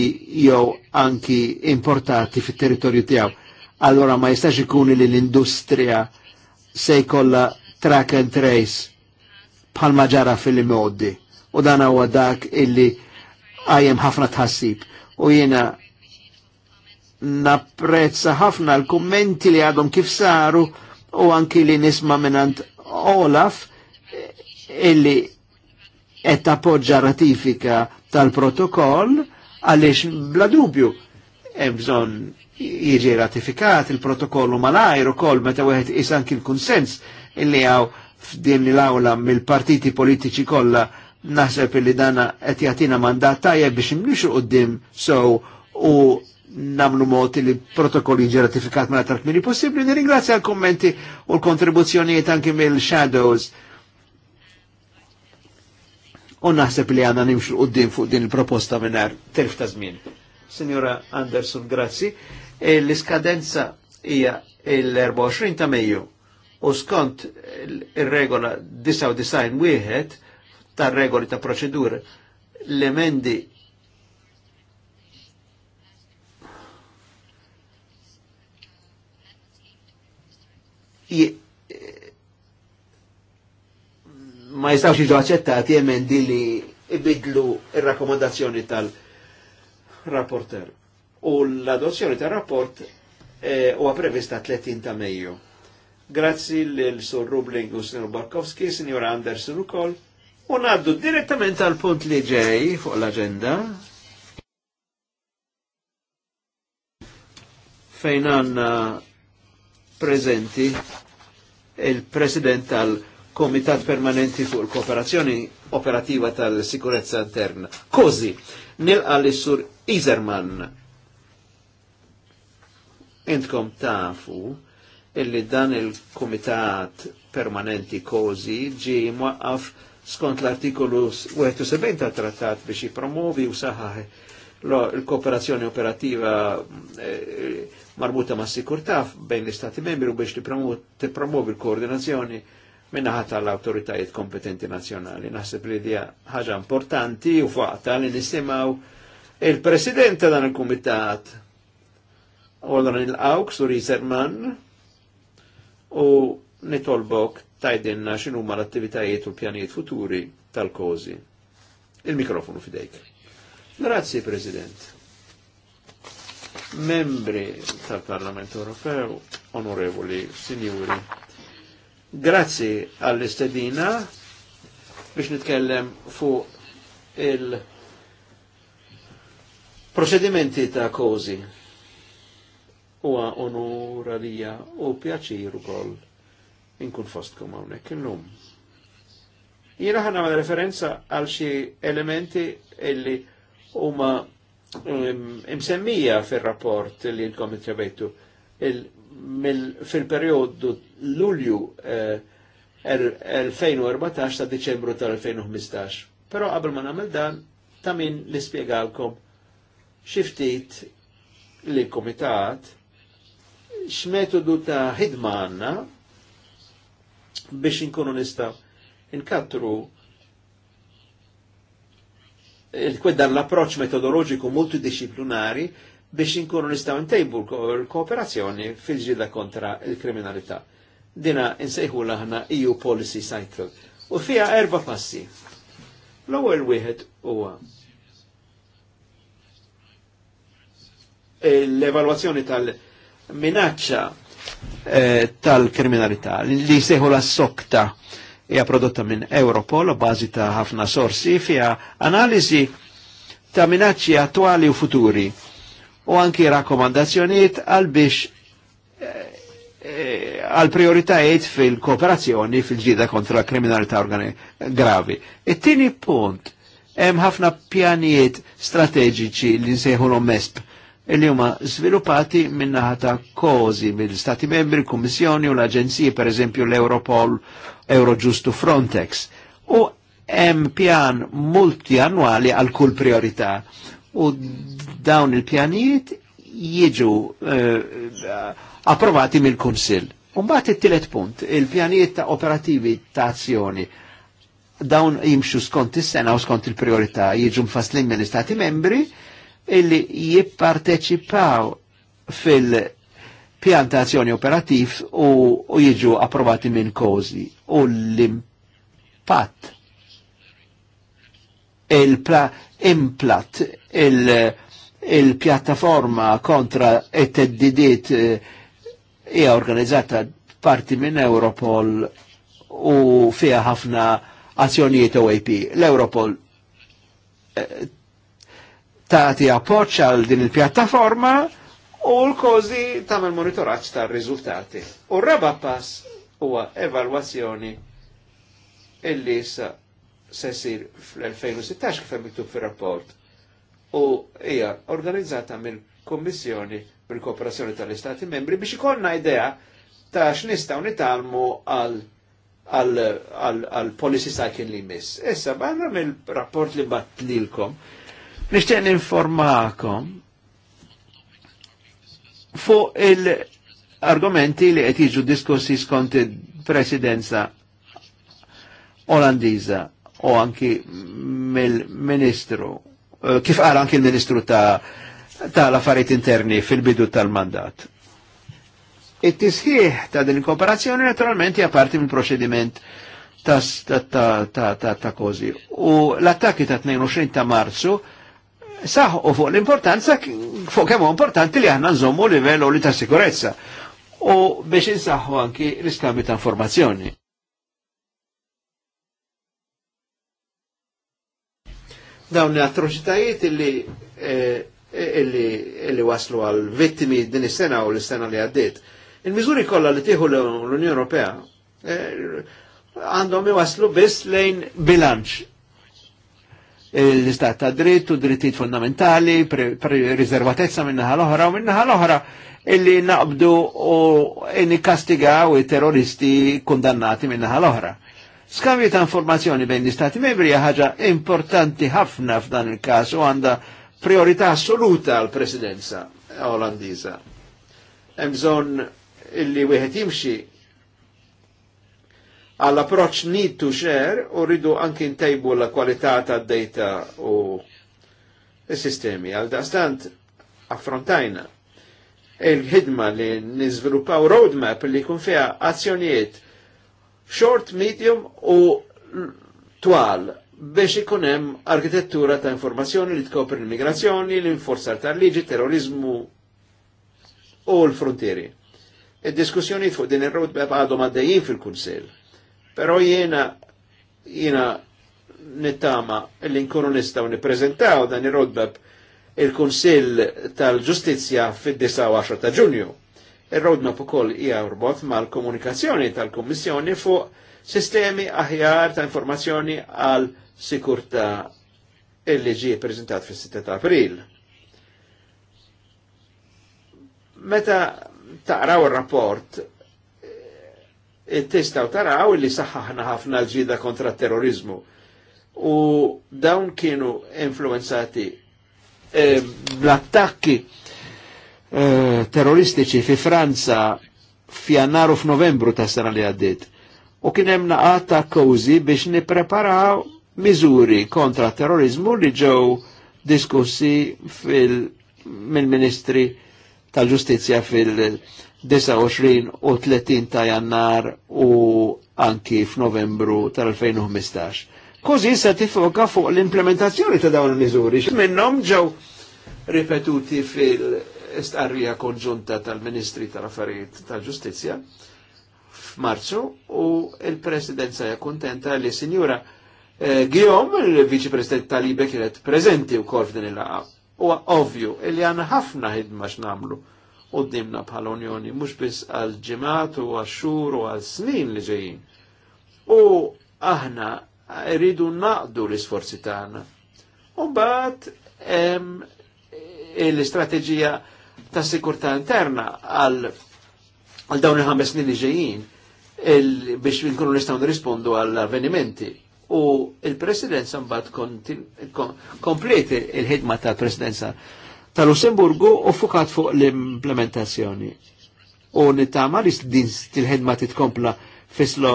jew anki importati fit-territorju tiegħu allora ma jistax ikun li l-industrija se jkollha track and trace bħalma ġara fil-modi. U dan huwa dak illi għajem ħafna tħassib. U jiena napprezza ħafna l-kummenti li għadhom kif saru u anki li nisma minant Olaf illi qed appoġġa ratifika tal-protokoll għaliex bla dubju hemm bżonn jiġi ratifikat il-protokollu mal-ajr u kol meta wieħed isan il-konsens illi għaw f'din l-awla mill-partiti politiċi kollha naħseb illi dana qed jagħtina mandat tajjeb biex imnixu qudiem so u namlu moti li protokoll jiġi ratifikat ma tal kmini possibli. Nirringrazzja l-kommenti u l-kontribuzzjonijiet anki mill-shadows. U naħseb li għanna nimxu qoddim fuq din il-proposta minnar terf ta' żmien. Signora Anderson, grazzi. Eh, l-iskadenza hija l-24 ta' Mejju u skont il-regola 99 wieħed tar regoli ta' proċedur l-emendi ma jistawx jiġu accettati emendi li ibidlu il-rakkomandazzjoni tal-rapporter u l-adozzjoni ta' rapport eh, u għaprevista 30 ta' meju. Grazzi l-Sur Rubling u Sr. Barkowski, Sr. Anderson u koll, u naddu direttament għal punt li ġej fuq l-agenda. Fejn għanna prezenti il-President tal-Komitat Permanenti fuq l kooperazzjoni Operativa tal-Sikurezza Interna. Kozi, nilqa l-Sur Iserman Intkom tafu illi dan il-Komitat Permanenti Kozi ġi mwaqqaf skont l-artikolu 71 ta' trattat biex jipromovi u saħħaħ l-kooperazzjoni operativa eh, marbuta ma' sikurta bejn l-Istati membri u biex tipromovi l-koordinazzjoni minnaħat tal-autoritajiet kompetenti nazjonali. Naħseb li dija ħaġa importanti u faqta li nisimaw il-President dan il-Kumitat u Olra il għawk su Riserman u nitolbok tajdinna xinu ma l-attivitajiet u pjanijiet futuri tal-kozi. Il-mikrofonu fidejk. Grazie, President. Membri tal-Parlament Europeo, onorevoli signori, grazie all'estedina biex nitkellem fu il- Procedimenti ta' kozi huwa onur għalija u pjaċir ukoll inkun fostkom hawnhekk illum. Jiena ħana referenza għal xi elementi illi huma imsemmija fil-rapport li l-kom it fil-periodu l-ulju 2014 eh, er, ta' Deċembru tal-2015. Pero qabel ma nagħmel dan, ta' min nispjegalkom xiftit li komitat x-metodu ta' ħidma għanna biex inkunu nista' inkattru kwedda l-approċ metodoloġiku multidisciplinari biex inkunu nistaw intejbu l-kooperazzjoni fil-ġida kontra il-kriminalità. Dina insejħu laħna EU Policy Cycle. U fija erba passi. L-ewwel wieħed huwa l-evalwazzjoni tal- minaccia eh, tal-kriminalità li seħu la sokta hija prodotta minn Europol bażi ta' ħafna sorsi fija analiżi ta' minaċċi attuali u futuri u anki rakkomandazzjonijiet għal biex eh, eh, għal prioritajiet fil-kooperazzjoni fil-ġida kontra kriminalità gravi. It-tieni punt, hemm ħafna pjanijiet strateġiċi li l MESP Illi huma sviluppati minnaħa ta' kozi mill-Stati membri, Kummissjoni u l-Aġenziji, per eżempju l-Europol, Eurojustu Frontex. U hemm pjan multianwali għal kull priorità. U dawn il-pjanijiet jiġu eh, approvati mill-Kunsill. Umbat it-tielet punt, il-pjanijiet ta' operativi ta' azzjoni dawn jimxu skont is-sena u skont il-priorità jiġu mfaslin mill-Istati membri illi jipparteċipaw fil-pjantazzjoni operativ u, u jiġu approvati minn kozi u l-impatt il-implat il-pjattaforma il kontra it-teddidiet eh, hija organizzata parti minn Europol u fija ħafna azzjonijiet OAP. L-Europol eh, Ta'ti appoġġ għal din il-pjattaforma u l-kozi tagħmel monitoraċ ta' riżultati U raba pass huwa evalwazzjoni illi sa se fl-2016 kif miktub fi rapport u hija organizzata mill-Kommissjoni bil-kooperazzjoni tal-Istati membri biex ikonna idea ta' x'nistgħu nitalmu għal għal policy cycle li miss. Issa barra mill-rapport li bat lilkom Nishtiq informakom fuq il-argumenti li qed jiġu diskussi skont il-presidenza Olandiża u anki mill-ministru eh, kif qal anki l-ministru ta' tal-affarijiet interni fil-bidu tal-mandat. It-tisħiħ ta' din kooperazzjoni naturalment hija parti mill-proċediment ta' ta' ta' ta' kozi. U l-attakki ta' 22 ta' Marzu u fuq l-importanza, fuq kemmu importanti li aħna nżommu livello li ta' sikurezza u biex insaħħu anki l iskambi ta' informazzjoni. Dawn l-atroċitajiet illi eh, illi, illi waslu għal vittimi din is-sena u l-sena li għaddiet. Il-miżuri kollha li tieħu l-Unjoni Ewropea eh, għandhom eh, iwaslu biss lejn bilanċ l-istat ta' dritt u drittijiet fundamentali, riservatezza minnaħa l-oħra u minnaħa l-oħra illi naqbdu u nikastigaw terroristi kundannati minnaħa l-oħra. Skambju ta' informazzjoni bejn l-istati membri ħaġa importanti ħafna f'dan il-kas u għanda priorità assoluta għal presidenza olandiza. Hemm illi wieħed jimxi għall-approċ need to share u rridu anki ntejbu la kwalità tad data u s-sistemi. Għal dastant affrontajna il-ħidma li nizvilupaw roadmap li kun fija azzjonijiet short, medium u twal biex ikunem arkitettura ta' informazzjoni li tkopri l-immigrazzjoni, l-inforzar ta' liġi, terrorizmu u l-frontieri. Id-diskussjoni fuq din il-roadmap għadhom għaddejjin fil-Kunsill Pero jena, jena nittama l nkunu nistaw niprezentaw dan ir-roadmap il-Kunsill tal-Ġustizzja fid-19 ta' Ġunju. Ir-roadmap ukoll hija rbot mal-komunikazzjoni tal-Kummissjoni fuq sistemi aħjar ta' informazzjoni għal sikurta illi ġie prezentat fis-6 ta' April. Meta taqraw ir-rapport tistaw taraw li saħħaħna ħafna l-ġida kontra terrorizmu. U dawn kienu influenzati eh, bl-attakki eh, terroristiċi fi Franza u f'Novembru ta' sena li għaddit. U kien hemm naqat ta' kozi biex nippreparaw miżuri kontra terrorizmu li ġew diskussi fil ministri tal-Ġustizzja fil- 29 u 30 ta' jannar u anki f'Novembru tal-2015. Kozi se tifoka fuq l-implementazzjoni ta' dawn il-miżuri, minnhom ġew ripetuti fil-istqarrija konġunta tal-Ministri tal-Affarijiet tal-Ġustizzja f'Marzu u il-Presidenza jakuntenta li Sinjura eh, Gijom, il-Viċi President tal-Ibe kienet preżenti wkoll f'din il-laqgħa. Huwa ovvju li għanna ħafna ħidma x'namlu qoddimna bħala Unjoni, mhux biss għal ġimgħat u għax-xhur u għal snin li ġejjin. U aħna rridu naqdu l-isforzi tagħna. U mbagħad l-istrateġija ta' sikurtà interna għal għal dawn il-ħames snin li ġejjin biex nkunu nistgħu nirrispondu għall avvenimenti u il-presidenza mbagħad kompleti il-ħidma tal-presidenza tal-Lussemburgu u fukat fuq l-implementazzjoni. U nittama li din til ħedma titkompla fislo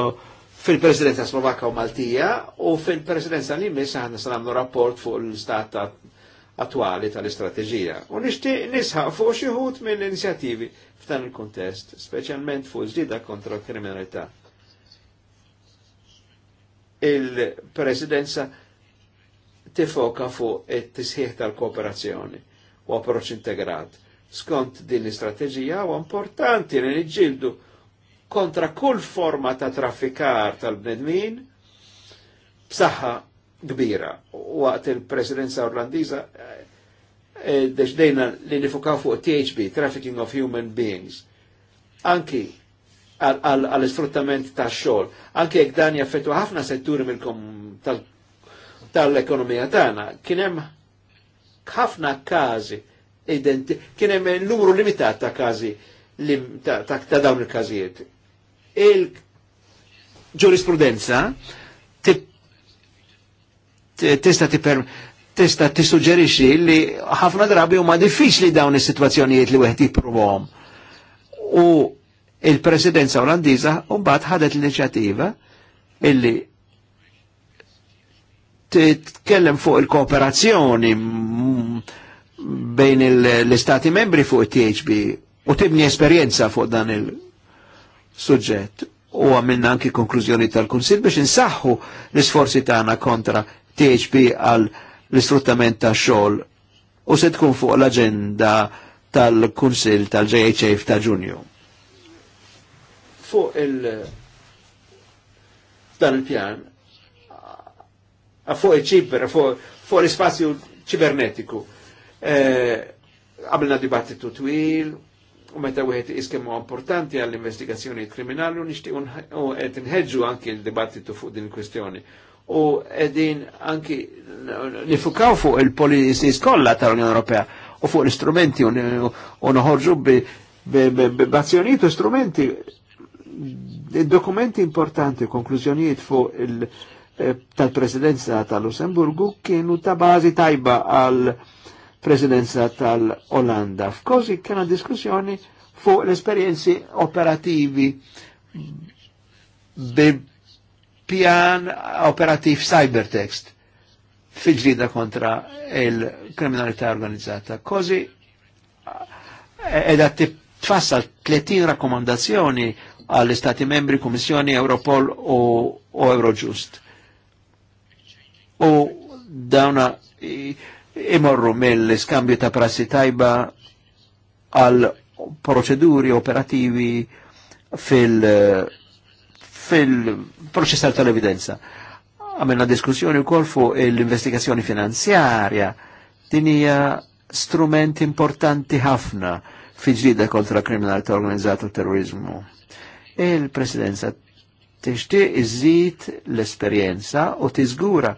fil-presidenza Slovakka u Maltija u fil-presidenza li mis ħanna sanamlu rapport fuq l-stat attuali tal-istrateġija. U nishti nisħa fuq xieħut minn inizjattivi f'dan il-kontest, specialment fuq ġdida kontra kriminalità. Il-presidenza tifoka fuq it-tisħiħ tal-kooperazzjoni u approċ integrat. Skont din l-istrateġija u importanti li nġildu kontra kull forma ta' traffikar tal-bnedmin b'saħħa kbira. Waqt il-presidenza Orlandiża eh, eh, deċdejna li nifukaw fuq THB, Trafficking of Human Beings. Anki għal-sfruttament ta' xol. Anke jek dan jaffetu ħafna setturi mill tal-ekonomija tana, tagħna, kien hemm ħafna każi kien hemm numru limitat ta' każi ta', dawn il-każijiet. Il-ġurisprudenza tista' tiper tista' tissuġġerixxi li ħafna drabi huma diffiċli dawn is-sitwazzjonijiet li wieħed jipprovhom. U il-presidenza Olandiża mbagħad ħadet l-inċjattiva illi titkellem fuq il-kooperazzjoni bejn l-istati membri fuq it-THB u tibni esperienza fuq dan il sujġet u għamilna anki konklużjoni tal-Kunsil biex insaħħu l-isforzi tagħna kontra THB għal l-istruttament ta' xogħol u se tkun fuq l-aġenda tal-Kunsil tal jhf ta' Ġunju. Fuq il- dan il-pjan Ah, fuq il-ċiber, fuq l-ispazju ċibernetiku. Eh, Għabilna dibattitu twil, u meta u għet iskemmu importanti għall-investigazzjoni kriminali u nishti u għet inħeġġu anki l-dibattitu fuq din kwestjoni U qegħdin anki nifukaw fuq il-policies kollha tal-Unjoni Ewropea u fuq l-istrumenti u noħorġu b'azzjonijiet u strumenti dokumenti importanti, konklużjonijiet fuq il- Eh, tal-presidenza tal-Lussemburgu kienu ta' bazi tajba għal presidenza tal-Olanda. F'kosi kena diskussjoni fuq l-esperienzi operativi bi pjan operativ cybertext fil-ġlida kontra il-kriminalità organizzata. Kosi eh, edha tfassal 30 rakkomandazzjoni għall-Istati membri, Kummissjoni, Europol u, u Eurojust u dawna imorru mill-skambju ta' prassi tajba għal proċeduri operativi fil-proċessar fil tal-evidenza. Għamilna diskussjoni u kolfu l-investigazzjoni finanzjarja. Dinija strument importanti ħafna fi ġlida kontra kriminalità organizzata u terrorizmu. Il-presidenza t iżid l esperienza u tiżgura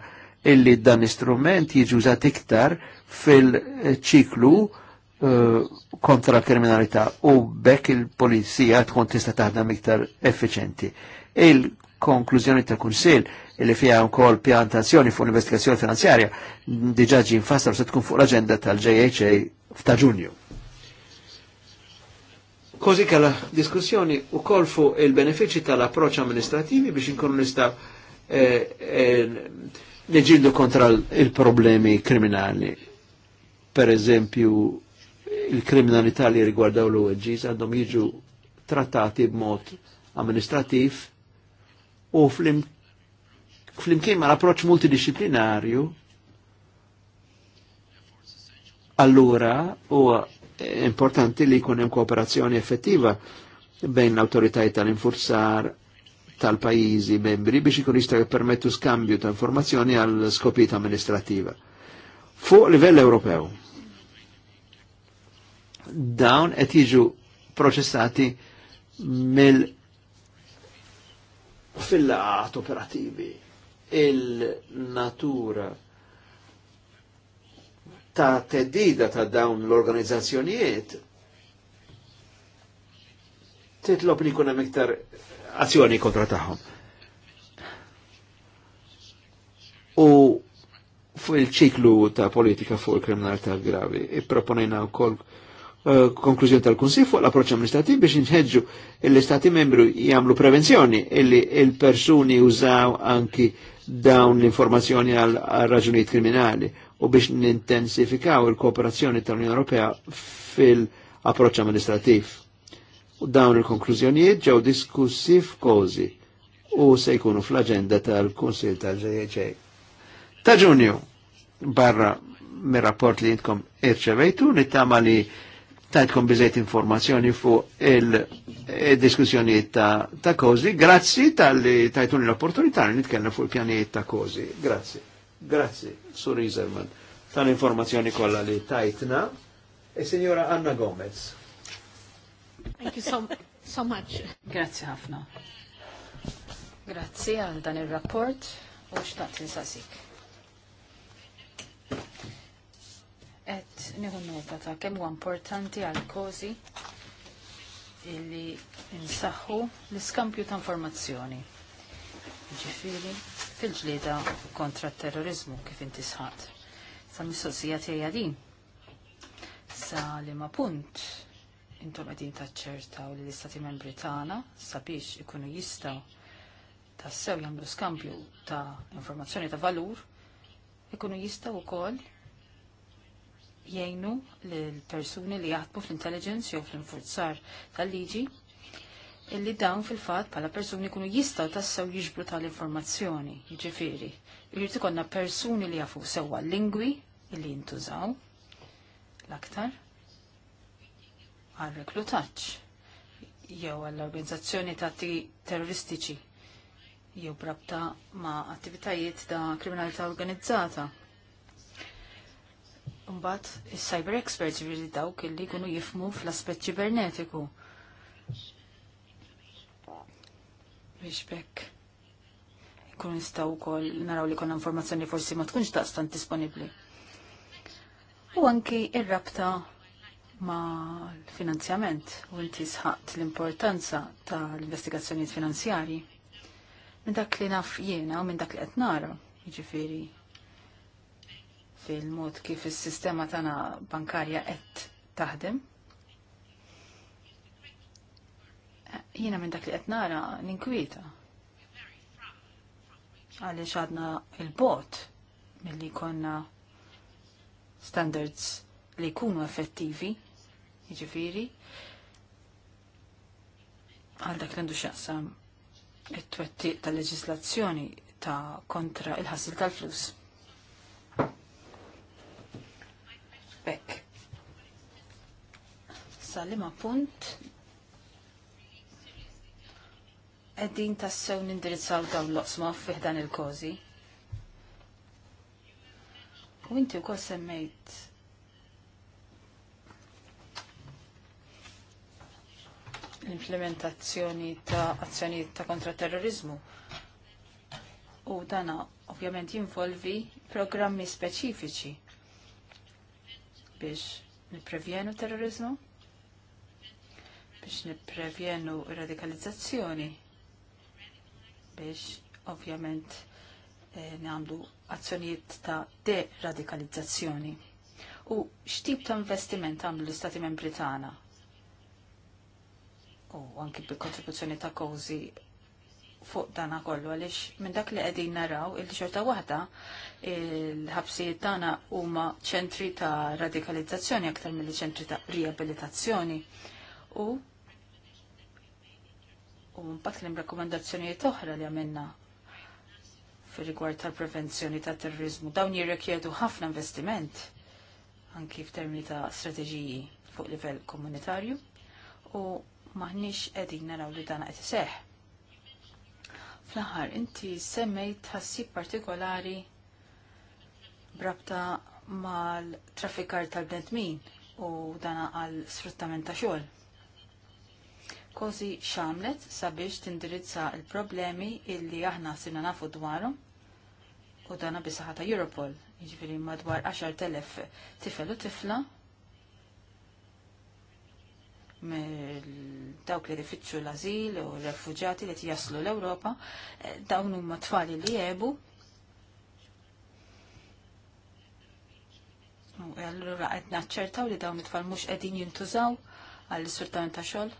illi dan istrument jiġi użat iktar fil-ċiklu eh, kontra l-kriminalità u bekk il-polizija tkun tista' taħdem iktar effiċenti. Il-konklużjoni tal-Kunsill illi fija wkoll pjantazzjoni fuq l-investigazzjoni finanzjarja diġà ġi nfassar se tkun fuq l-aġenda tal-JHA f'ta' Ġunju. Kozi kalla diskussjoni u kol fuq il-benefiċi tal-approċ amministrativi biex inkunu nistaw eh, eh, neġildu kontra il-problemi kriminali. Per eżempju, il-kriminalità li riguardaw l-ONGs għandhom jiġu trattati b'mod amministrativ u fl-imkien ma l-approċ multidisciplinarju allura u importanti li jkun hemm kooperazzjoni effettiva bejn l-autoritajiet tal-infurzar tal-pajizi membri biex ikun jistaw jippermettu skambju ta' informazzjoni għal skopita amministrativa. Fuq livell Ewropew, dawn qed jiġu proċessati mill fil-laqat operativi il-natura ta' teddida ta' dawn l-organizzazzjonijiet titlob li kunem iktar azzjoni kontra tagħhom. U fuq il-ċiklu ta' politika fuq il-kriminalità gravi, ipproponejna wkoll eh, konklużjoni tal kunsif fuq l-approċċ amministrativ biex inħedġu l-Istati membru jagħmlu prevenzjoni illi il-persuni użaw anki dawn l-informazzjoni għal raġunijiet kriminali u biex nintensifikaw il-kooperazzjoni tal-Unjoni Ewropea fil-approċċ amministrativ. U dawn il-konklużjonijiet ġew diskussi f'kozi u se jkunu fl-agenda tal-Kunsil tal-JHA. Ta' ġunju, barra mir rapport li jintkom irċevejtu, nittama li tajtkom bizet informazzjoni fu il eh, diskussjoni ta', ta kozi. Grazzi tal-li tajtuni l-opportunità li nitkellem fuq il-pjanijiet ta' kozi. Grazzi. Grazzi, Sur Iserman, tal-informazzjoni kollha li tajtna. E signora Anna Gomez. Thank you so, so much. Grazzi ħafna. Grazzi għal dan il-rapport u xtaqt il-sasik. Et nieħu nota ta' kemm huwa importanti għal kozi illi nsaħħu l-iskampju ta' informazzjoni. Ġifiri, fil-ġlieda kontra terrorizmu kif inti sħat. Sa' mistoqsija tiegħi din. Sa' li ma' punt intom qegħdin taċċertaw li l-Istati Membri tagħna sabiex ikunu jistgħu tassew jagħmlu skambju ta' informazzjoni ta' valur, ikunu jistgħu wkoll jgħinu l-persuni li jaħdmu fl-intelligence jew fl-infurzar tal-liġi illi dawn fil-fat pala persuni kunu jistaw tassew jiġbru tal-informazzjoni, ġifiri. Irrit konna persuni li jafu sewa lingwi illi jintużaw l-aktar għal reklutaġġ jew għall-organizzazzjoni ta' terroristiċi jew brabta ma' attivitajiet ta' kriminalità organizzata. Mbagħad is-cyber experts jiġri dawk illi jkunu jifmu fl-aspett ċibernetiku. Biex bekk ikun nistgħu wkoll naraw li konna informazzjoni forsi ma tkunx daqstant disponibbli. U anki ir-rabta ma' l-finanzjament u inti sħat l-importanza tal-investigazzjonijiet finanzjari. Minn dak li naf jiena u minn dak li qed nara, jiġifieri fil-mod kif is-sistema tagħna bankarja qed taħdem. Jiena minn dak li qed nara ninkwieta. Għaliex għadna il-bot milli konna standards li jkunu effettivi jiġifieri għal dak l-għandu xaqsam it-twettiq tal-leġislazzjoni ta' kontra il-ħassil tal-flus. Bekk. Salima punt. Eddin tassew nindirizzaw dawn l-oqsma fiħdan il-kozi. U inti u kol semmejt l-implementazzjoni ta' azzjonijiet ta' kontraterrorizmu. U dana ovvjament jinvolvi programmi speċifiċi biex niprevjenu terrorizmu, biex niprevjenu radikalizzazzjoni, biex ovvjament eh, namlu azzjonijiet ta' deradikalizzazzjoni. U x'tip ta' investiment għamlu l-Istati Membri tagħna u anki bil-kontribuzzjoni ta' kozi fuq dana kollu għaliex minn dak li qegħdin naraw il ġorta waħda il-ħabsijiet tagħna huma ċentri ta' radikalizzazzjoni aktar mill ċentri ta' riabilitazzjoni u u mbagħad li rakkomandazzjonijiet oħra li għamilna fir rigward tal-prevenzjoni ta' terrorizmu dawn jirrikjedu ħafna investiment anki f'termini ta' strateġiji fuq livell komunitarju u maħniex qegħdin naraw li dana qed iseħħ. Fl-aħħar inti semmejt ħassib partikolari brabta mal-traffikar tal-bnedmin u dana għal sfruttament ta' xogħol. Kozi xamlet sabiex tindirizza il-problemi illi aħna sirna nafu dwarhom u dana bisaħata Europol, jiġifieri madwar 10,000 tifel u tifla dawk li rifittxu l-azil u l-refugġati li jaslu l-Europa, eh, dawn huma tfali li jebu. U allura qed naċċertaw li dawn it-tfal mhux qegħdin jintużaw għall sfruttament ta' xogħol,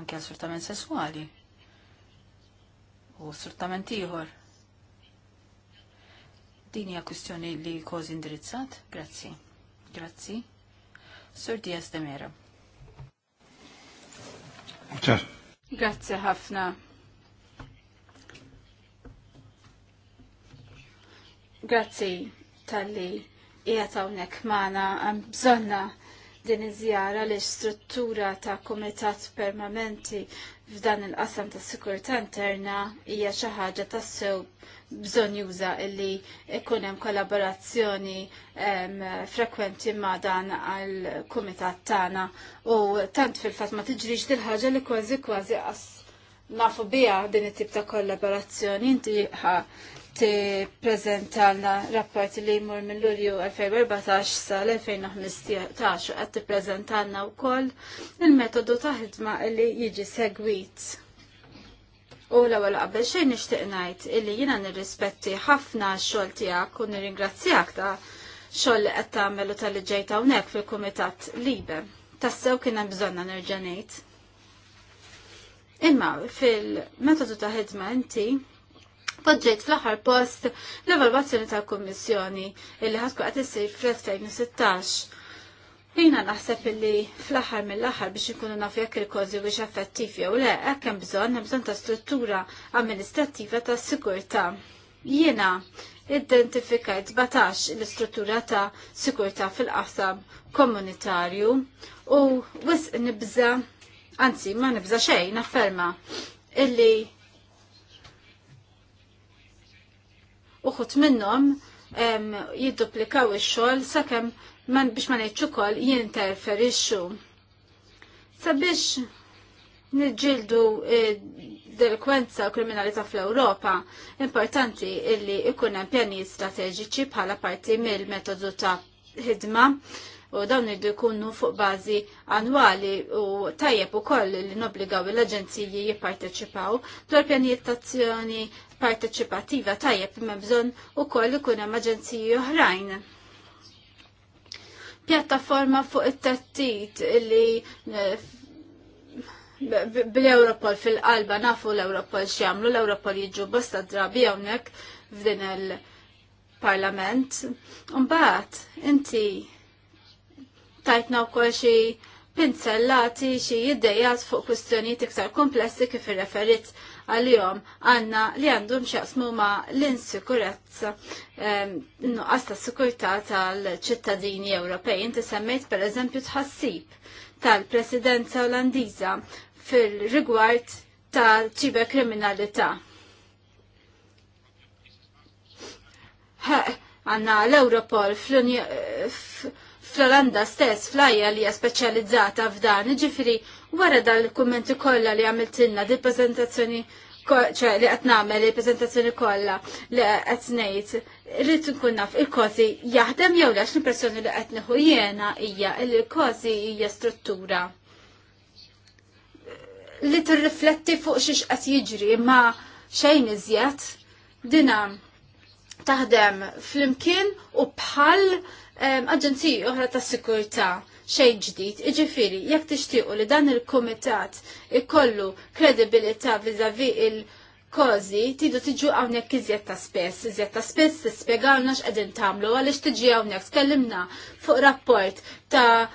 anke għal sfruttament sesswali u sfruttament ieħor. Din hija kwistjoni li kozi indirizzat? Grazzi. Grazzi. Sur Diaz de Mera. Grazie ħafna. Grazzi tal-li jgħatawnek maħna bżonna din iżjara li struttura ta' komitat permanenti f'dan il-qasam ta' sikurta interna hija xi ħaġa tassew bżon juża illi ikun hemm kollaborazzjoni frekwenti ma' dan għal kumitat tagħna u tant fil-fatt ma tiġrix dil ħaġa li kważi kważi qas nafu biha din it-tip ta' kollaborazzjoni inti ħa tippreżentalna rapport li jmur mill-Lulju 2014 sal-2015 u qed tippreżentalna wkoll il-metodu ta' ħidma li jiġi segwit U l-ewwel qabel xejn nixtieq ngħid illi jiena nirrispetti ħafna x-xogħol tiegħek u nirringrazzjak ta' xogħol li qed tagħmel u tal-li ġejt hawnhekk fil-Kumitat Libe. Tassew kien hemm bżonna nerġa' ngħid. Imma fil-metodu ta' ħidma inti poġġejt fl-aħħar post l-evalwazzjoni tal-Kummissjoni illi ħadku qed issir fl-2016 Jina naħseb illi fl-aħħar mill-aħħar biex ikunu naf jekk il-kozi biex effettiv jew le, hekk hemm bżonn hemm bżonn ta' struttura amministrattiva ta' sigurtà. Jiena identifikajt batax l-istruttura ta' sigurtà fil-qasam komunitarju u wis nibża anzi ma nibża xejn afferma illi uħut minnhom jidduplikaw ix-xogħol sakemm man biex ma ngħidx ukoll jinterferixxu. Sabiex niġġieldu eh, delikwenza u kriminalità fl-Ewropa, importanti illi ikun hemm pjani strateġiċi bħala parti mill-metodu ta' ħidma u dawn irdu jkunu fuq bażi annwali u tajjeb ukoll li nobbligaw l-aġenziji jipparteċipaw dwar pjanijiet tazzjoni parteċipattiva tajjeb imma bżonn ukoll ikun hemm aġenziji oħrajn pjattaforma fuq it-tattit li eh, bl-Europol fil-qalba nafu l-Europol xjamlu, l-Europol jiġu bosta drabi hawnhekk f'din il-parlament. Mbagħad inti tajtna wkoll xi pinzellati xi jiddejjat fuq kwistjonijiet iktar komplessi kif irreferit għal-jom għanna li għandhom xaqsmu ma l-insikurezza ehm, nuqqas ta' sikurta tal-ċittadini Ewropej. Inti semmejt per eżempju tħassib tal-presidenza olandiza fil-rigward tal-ċiberkriminalità. Għanna l-Europol fl fl-Olanda stess flajja li hija speċjalizzata f'dan, iġifieri wara dan il-kummenti kollha li għamiltilna di prezentazzjoni ċe li qed nagħmel il-preżentazzjoni kollha li qed ngħid irrid inkun naf il-kozi jaħdem jew lex l-impressjoni li qed nieħu jiena hija li kozi hija struttura li tirrifletti fuq xiex qed jiġri ma xejn iżjed dina taħdem flimkien u bħal aġenziji oħra ta' sikurta xejn ġdid, iġifiri, jekk tixtiequ li dan il-kumitat ikollu kredibilità vizavi il-kozi, tidu tiġu hawnhekk iżjed ta' spess, iżjed ta' spess tispjegawna x'qegħdin tagħmlu għaliex tiġi hawnhekk tkellimna fuq rapport ta'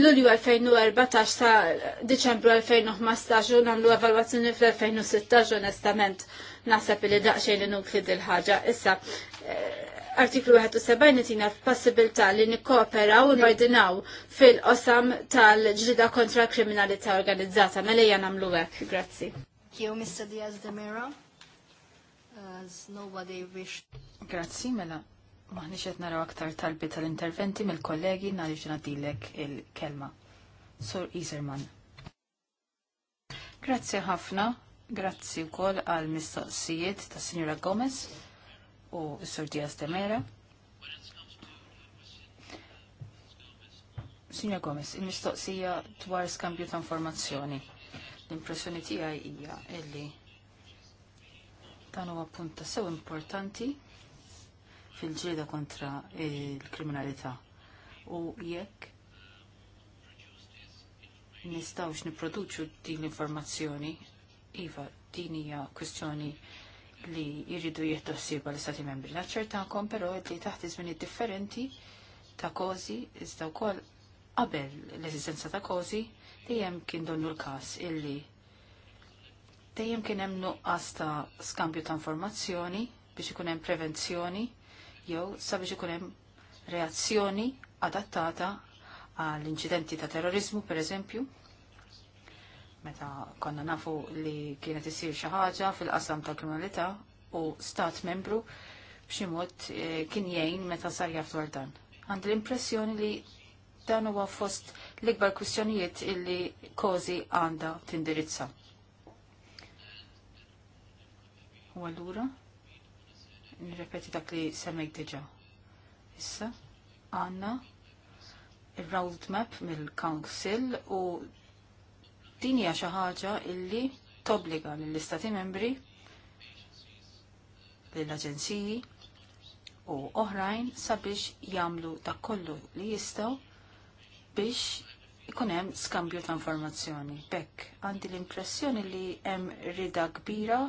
Lulju 2014 ta' Diċembru 2015 u nagħmlu evalwazzjoni fl-2016 onestament naħseb li daqsxejn li nukli dil-ħaġa. Issa, Artiklu 71 f-possibilta li nikkooperaw u nordinaw fil-qosam tal ġrida kontra kriminalità organizzata. Mele jgħan għamlu għek, grazzi. Kiju, Mr. Diaz de Mera, as nobody wished. Grazzi, mela. Maħni xet naraw aktar talbi tal-interventi mill-kollegi nariġna dilek il-kelma. Sur Iserman. Grazzi ħafna, grazzi wkoll għal mistoqsijiet ta' Signora Gomez u s-Sur Diaz de Mera. Signor Gomez, il-mistoqsija dwar skambju ta' informazzjoni. L-impressjoni tiegħi hija illi dan huwa punta sew importanti fil ġieda kontra il-kriminalità. U jekk nistawx niproduċu din l-informazzjoni, iva, din hija kwestjoni li jiridu s ħsieba l-Istati Membri. Naċċertakom però li taħt iżminijiet differenti ta' kozi iżda wkoll qabel l-eżistenza ta' kozi dejjem kien donnu l-każ illi dejjem kien hemm nuqqas ta' skambju ta' informazzjoni biex ikun hemm prevenzjoni jew sabiex ikun hemm reazzjoni adattata għall inċidenti ta' terrorizmu pereżempju meta konna nafu li kienet issir xi ħaġa fil-qasam tal-kriminalità u stat membru b'xi mod eh, kien jgħin meta sar jaf dwar dan. Għandi l-impressjoni li dan huwa fost l-ikbar kwistjonijiet illi kozi għandha tindirizza. U allura nirrepeti dak li semmejt diġà. Issa għandna il-roadmap mill-Council u Din hija xi ħaġa illi tobbliga lill-Istati membri lill-aġenziji u oħrajn sabiex jagħmlu dak kollu li jistgħu biex ikun hemm skambju ta' informazzjoni. Bekk għandi l-impressjoni li hemm rida kbira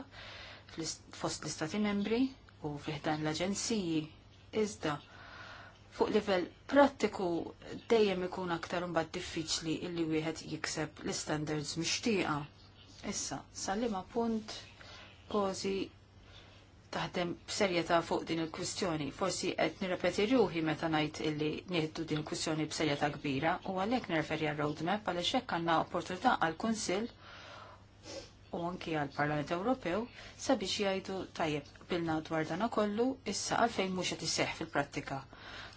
fost l-Istati membri u fiħdan l-aġenziji iżda fuq livell prattiku dejjem ikun aktar mbagħad diffiċli illi wieħed jikseb l-standards mixtieqa. Issa, sal-liema punt kozi taħdem b'serjetà fuq din il-kwistjoni. Forsi qed nirrepeti ruħi meta ngħid illi nieħdu din il-kwistjoni b'serjetà kbira u għalhekk nirreferi għal roadmap għaliex hekk għandna opportunità għal kunsill u anki għal Parlament Ewropew sabiex jgħidu tajjeb bilna dwar dan kollu, issa għalfejn mhux qed isseħħ fil-prattika.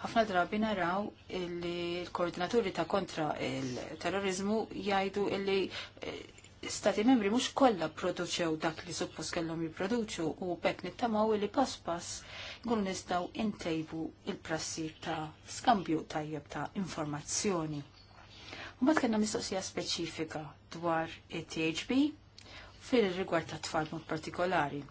Ħafna drabi naraw li l-koordinaturi ta' kontra il-terrorizmu jgħidu li eh, stati membri mhux kollha produċew dak li suppost kellhom jipproduċu u bekk nittamaw li pass pass nkunu nistgħu intejbu il-prassi ta' skambju tajjeb ta' informazzjoni. U mbagħad kellna mistoqsija speċifika dwar it-THB fil-rigward ta' tfal mod partikolari.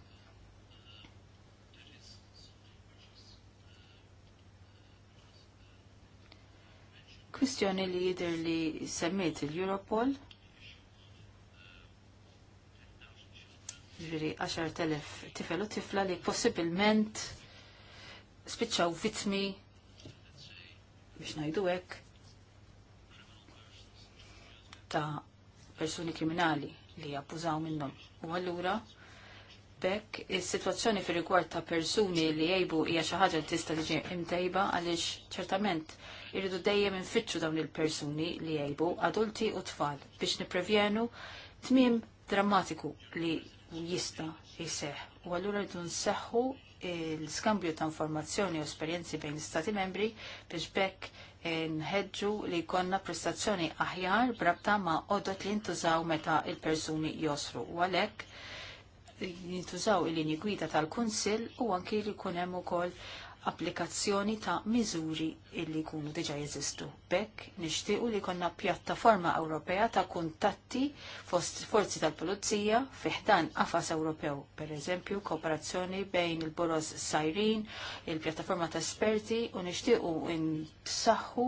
Kwistjoni li jider li semmiet il-Europol. Ġviri 10.000 tifel u tifla li possibilment spiċċaw vitmi biex najdu hekk ta' persuni kriminali li jappużaw minnhom. U allura bekk is-sitwazzjoni fir rigward ta' persuni li jajbu hija xi ħaġa li tista' tiġi imtejba għaliex ċertament irridu dejjem infittxu dawn il-persuni li jajbu adulti u tfal biex nipprevjenu tmiem drammatiku li jista' jseħ. U allura rridu nseħħu l-skambju ta' informazzjoni u esperjenzi bejn l-Stati membri biex bekk eh, nħedġu li konna prestazzjoni aħjar brabta ma' odot li jintużaw meta il-persuni josru. U għalek, jintużaw il-linji gwida tal-Kunsill u anki li jkun hemm ukoll applikazzjoni ta' miżuri illi jkunu diġa jeżistu. Bekk nixtiequ li konna pjattaforma Ewropea ta' kuntatti fost forzi tal-Pulizija fiħdan qafas Ewropew, per eżempju kooperazzjoni bejn il-Boros Sajrin, il-pjattaforma ta' esperti u nixtiequ nsaħħu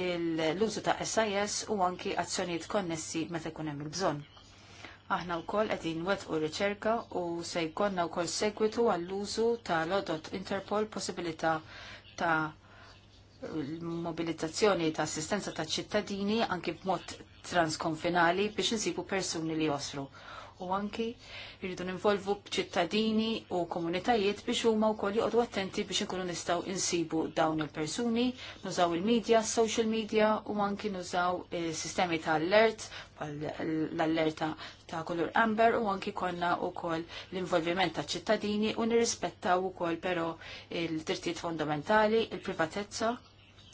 l-użu ta' SIS u anki azzjonijiet konnessi meta jkun hemm il-bżonn Aħna wkoll qegħdin wetqu riċerka u se jkollna wkoll segwitu għall-użu ta' Lodot Interpol possibilità ta' mobilizzazzjoni ta' assistenza ta' ċittadini anki b'mod transkonfinali biex insibu persuni li josru u anki jridu ninvolvu ċittadini u komunitajiet biex huma wkoll joqgħdu attenti biex inkunu nistgħu insibu dawn il-persuni, nużaw il-medja, social media u anki nużaw eh, sistemi ta' allert, l-allerta ta' kulur amber u anki konna u kol l-involviment ta' ċittadini u nirrispettaw u kol pero il-drittijiet fondamentali, il-privatezza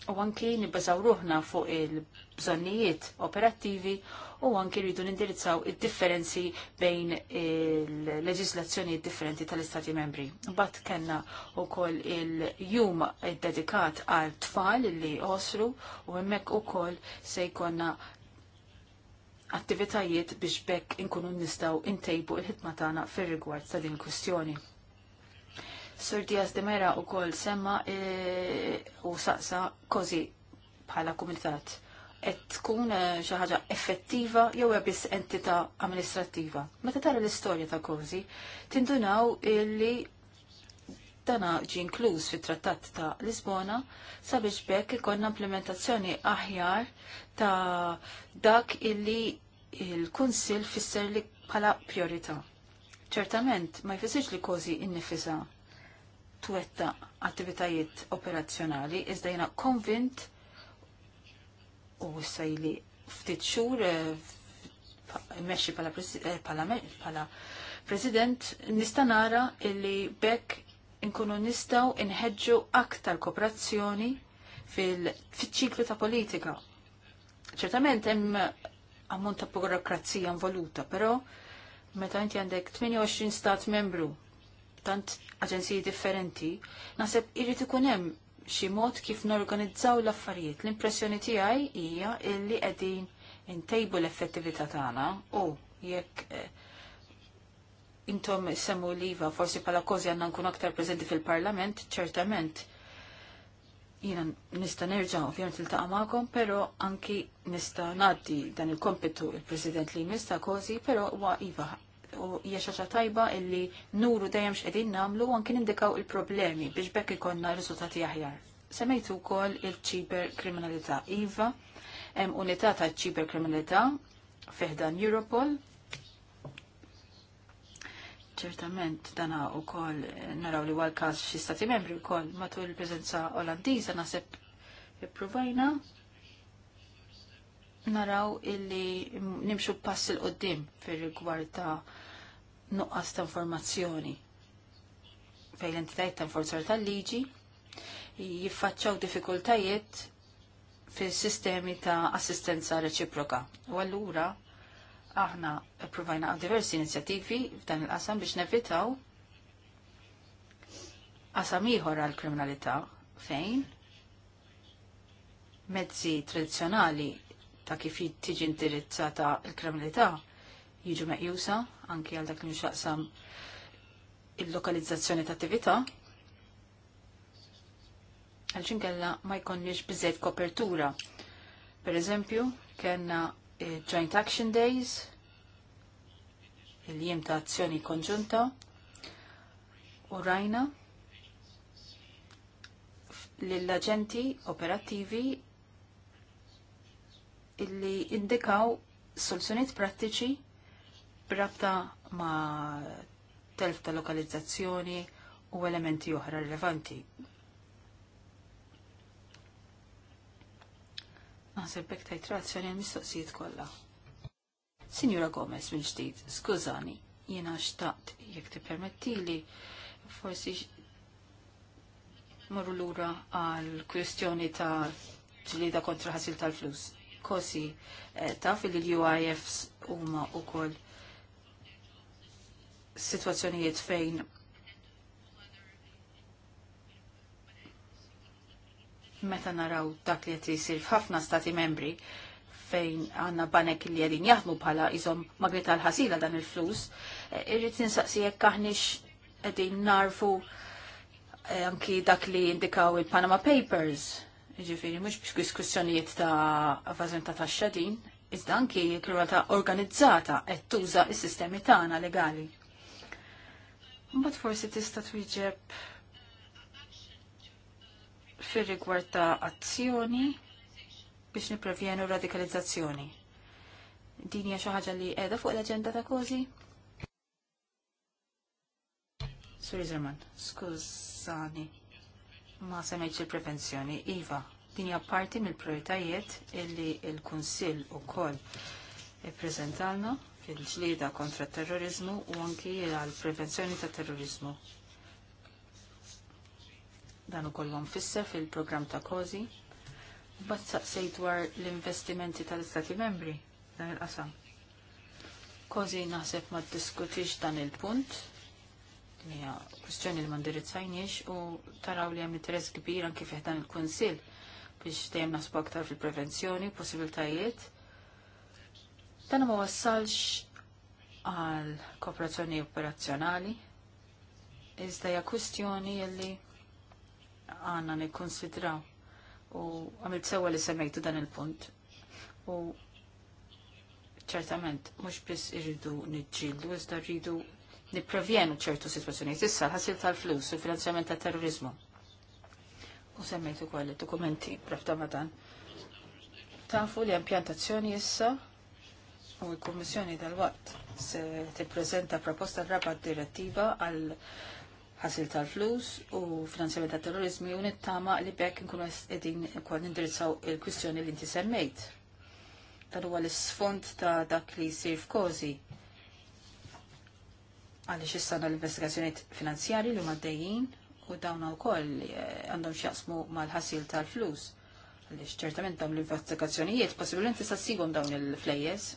u anki nibbażaw ruħna fuq il- bżonnijiet operattivi u anki rridu nindirizzaw id-differenzi bejn il-leġislazzjoni differenti tal-Istati membri. Bat kena u koll il-jum dedikat għal tfal li osru u emmek u koll se jkonna attivitajiet biex bekk inkunu nistaw intejbu il-ħidma tagħna fir-rigward ta' din kwistjoni. Sur Dias de Mera u kol semma eh, u saqsa kozi bħala komunitat qed tkun eh, xi ħaġa effettiva jew biss entità amministrattiva. Meta tara l-istorja ta' kozi, tindunaw illi dana ġi inkluż fit-Trattat ta' Lisbona sabiex bekk ikonna implementazzjoni aħjar ta' dak illi il-Kunsil fisser li bħala priorità. Ċertament ma jfissirx li kozi innifisa twetta attivitajiet operazzjonali, iżda jiena konvint u sajli ftit xur eh, meċi pala, eh, pala, president nista nara illi bekk inkunu nistaw inħedġu aktar kooperazzjoni fil-ċiklu ta' politika. ċertament hemm ammont ta' burokrazija involuta, però meta inti għandek 28 stat membru tant aġenziji differenti, naħseb irrid ikun hemm xi mod kif norganizzaw l-affarijiet. L-impressjoni tiegħi hija illi qegħdin intejbu l-effettività tagħna u jekk eh, intom semmu iva, forsi pala kozi għanna nkun aktar prezenti fil-parlament, ċertament jina nista nerġa' ovvjament il-taqa magħkom, però anki nista naddi dan il-kompitu il-President li jmista kozi, però huwa iva u hija tajba illi nuru dejjem x'qegħdin nagħmlu għan anke indikaw il-problemi biex bekk ikonna riżultati aħjar. Semmejtu wkoll il-ċiber kriminalità IVA, hemm unità ta' ċiber kriminalità fiħdan Europol. Ċertament dana u kol naraw li għal kas xi stati membri u kol matul il-prezenza Olandiża nasib ippruvajna naraw illi nimxu pass il qoddim fir rigward ta' nuqqas ta' informazzjoni fej l-entitajiet ta' forzar tal-liġi jiffaċċaw diffikultajiet fil-sistemi ta' assistenza reċiproka. U allura aħna provajna diversi inizjattivi f'dan il-qasam biex nevitaw qasam ieħor għal kriminalità fejn mezzi tradizzjonali ta' kif tiġi indirizzata l-kriminalità jiġu meqjusa anki għal dak li nxaqsam il-lokalizzazzjoni ta' attività. Għalxin kella ma jkonniex bizzet kopertura. Per eżempju, kena eh, Joint Action Days, il-jiem ta' azzjoni konġunta, u rajna l-agenti operattivi illi indikaw soluzzjoniet prattiċi brabta ma telf ta' lokalizzazzjoni u elementi oħra rilevanti. Naħseb bekk tajt razzjoni l-mistoqsijiet kollha. Sinjura Gomez minn ġdid, skużani, jiena xtaqt jekk tippermettili forsi morru lura għal kwestjoni ta' ġlida kontra ħasil tal-flus. Kosi, eh, taf li uifs huma wkoll situazzjonijiet fejn meta naraw dak li qed isir f'ħafna stati membri fejn għanna banek li għedin jaħdmu bħala izom magrita l-ħasila dan il-flus, eh, irrit ninsaqsi jekk aħniex għedin narfu eh, anki dak li indikaw il-Panama Papers, ġifiri, mux biex diskussjonijiet ta' għafazin ta' taxxa din, iżda anki kriminalità organizzata qed tuża s-sistemi tagħna legali. Mbagħad forsi tista' twieġeb fir-rigward ta' azzjoni biex nipprevjenu radikalizzazzjoni. Din hija xi ħaġa li qiegħda fuq l-aġenda ta' kozi? Sur Zerman, skużani, ma semmejtx il-prevenzjoni. Iva, din hija parti mill-prioritajiet illi il-Kunsill ukoll ippreżentalna. E il ġlieda kontra terrorizmu u anki għal prevenzjoni ta' terrorizmu. Dan ukoll fisser fil-programm ta' kozi. Bat saqsej dwar l-investimenti tal-Istati membri dan il-qasam. Kozi naħseb ma diskutix dan il-punt, hija kwestjoni li mandirizzajniex u taraw li hemm interess kbir anki fih dan il-Kunsill biex dejjem nasbu aktar fil-prevenzjoni, possibiltajiet Dan ma wassalx għal kooperazzjoni operazzjonali, iżda hija kwistjoni li għandna nikkonsidraw. U għamilt sewwa li semmejtu dan il-punt. U ċertament, mhux biss irridu niġġieldu iżda rridu nipprovjenu ċertu situazzjoni. Issa ħasil tal-flus, u finanzjament tal terrorizmu. U semmejtu kwalli dokumenti prof ma dan. Tafu li impjantazzjoni issa u l-Kommissjoni tal-Watt se tippreżenta proposta rabat direttiva għal ħasil tal-flus u finanzjament tal terrorizmi u nittama li bekk nkunu edin kwan indirizzaw il-kwistjoni li inti semmejt. Dan huwa l-sfond ta' dak li jsir f'kożi għaliex issana l-investigazzjoniet finanzjari li maddejjin u dawna u koll eh, għandhom xjaqsmu mal-ħasil tal-flus. Għaliex ċertament dawn l-investigazzjonijiet possibilment tista' ssigum dawn il-flejjes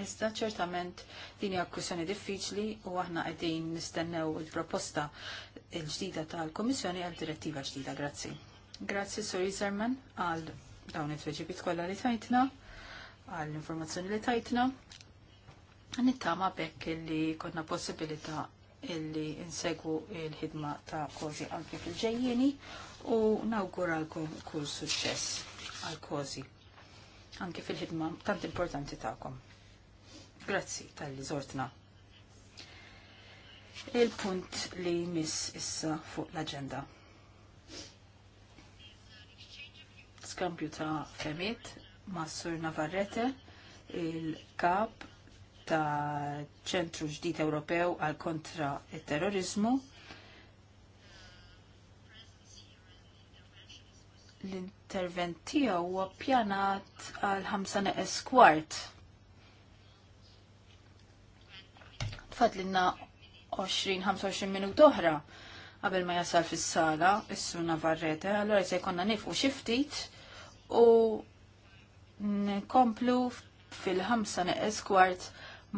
Issa ċertament din hija kwistjoni diffiċli u aħna qegħdin nistennew il-proposta l-ġdida tal-Kummissjoni għal direttiva ġdida. Grazzi. Grazzi Sur Iserman għal dawn it-tweġibiet kollha li tajtna, għal informazzjoni li tajtna. Nittama bekk li konna possibilità illi insegu il-ħidma ta' kozi anke fil-ġejjeni u nawguralkom kull suċċess għal kozi anke fil-ħidma tant importanti ta'kom. Grazzi tal-li zortna. Il-punt li mis issa fuq l-agenda. Skambju ta' Femit ma' Sur Navarrete, il-kap ta' ċentru ġdid Ewropew għal kontra il-terrorizmu. L-intervent tiegħu huwa pjanat għal 5 kwart fadlinna 20-25 minut oħra qabel ma jasal fis-sala is-suna varrete, allora se jkollna nifu xi ftit u nkomplu fil-ħamsa neqes kwart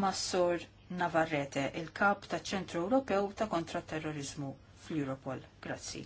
mas-sur Navarrete, il-kap ta' ċentru Ewropew ta' kontra terrorizmu fl-Europol. Grazzi.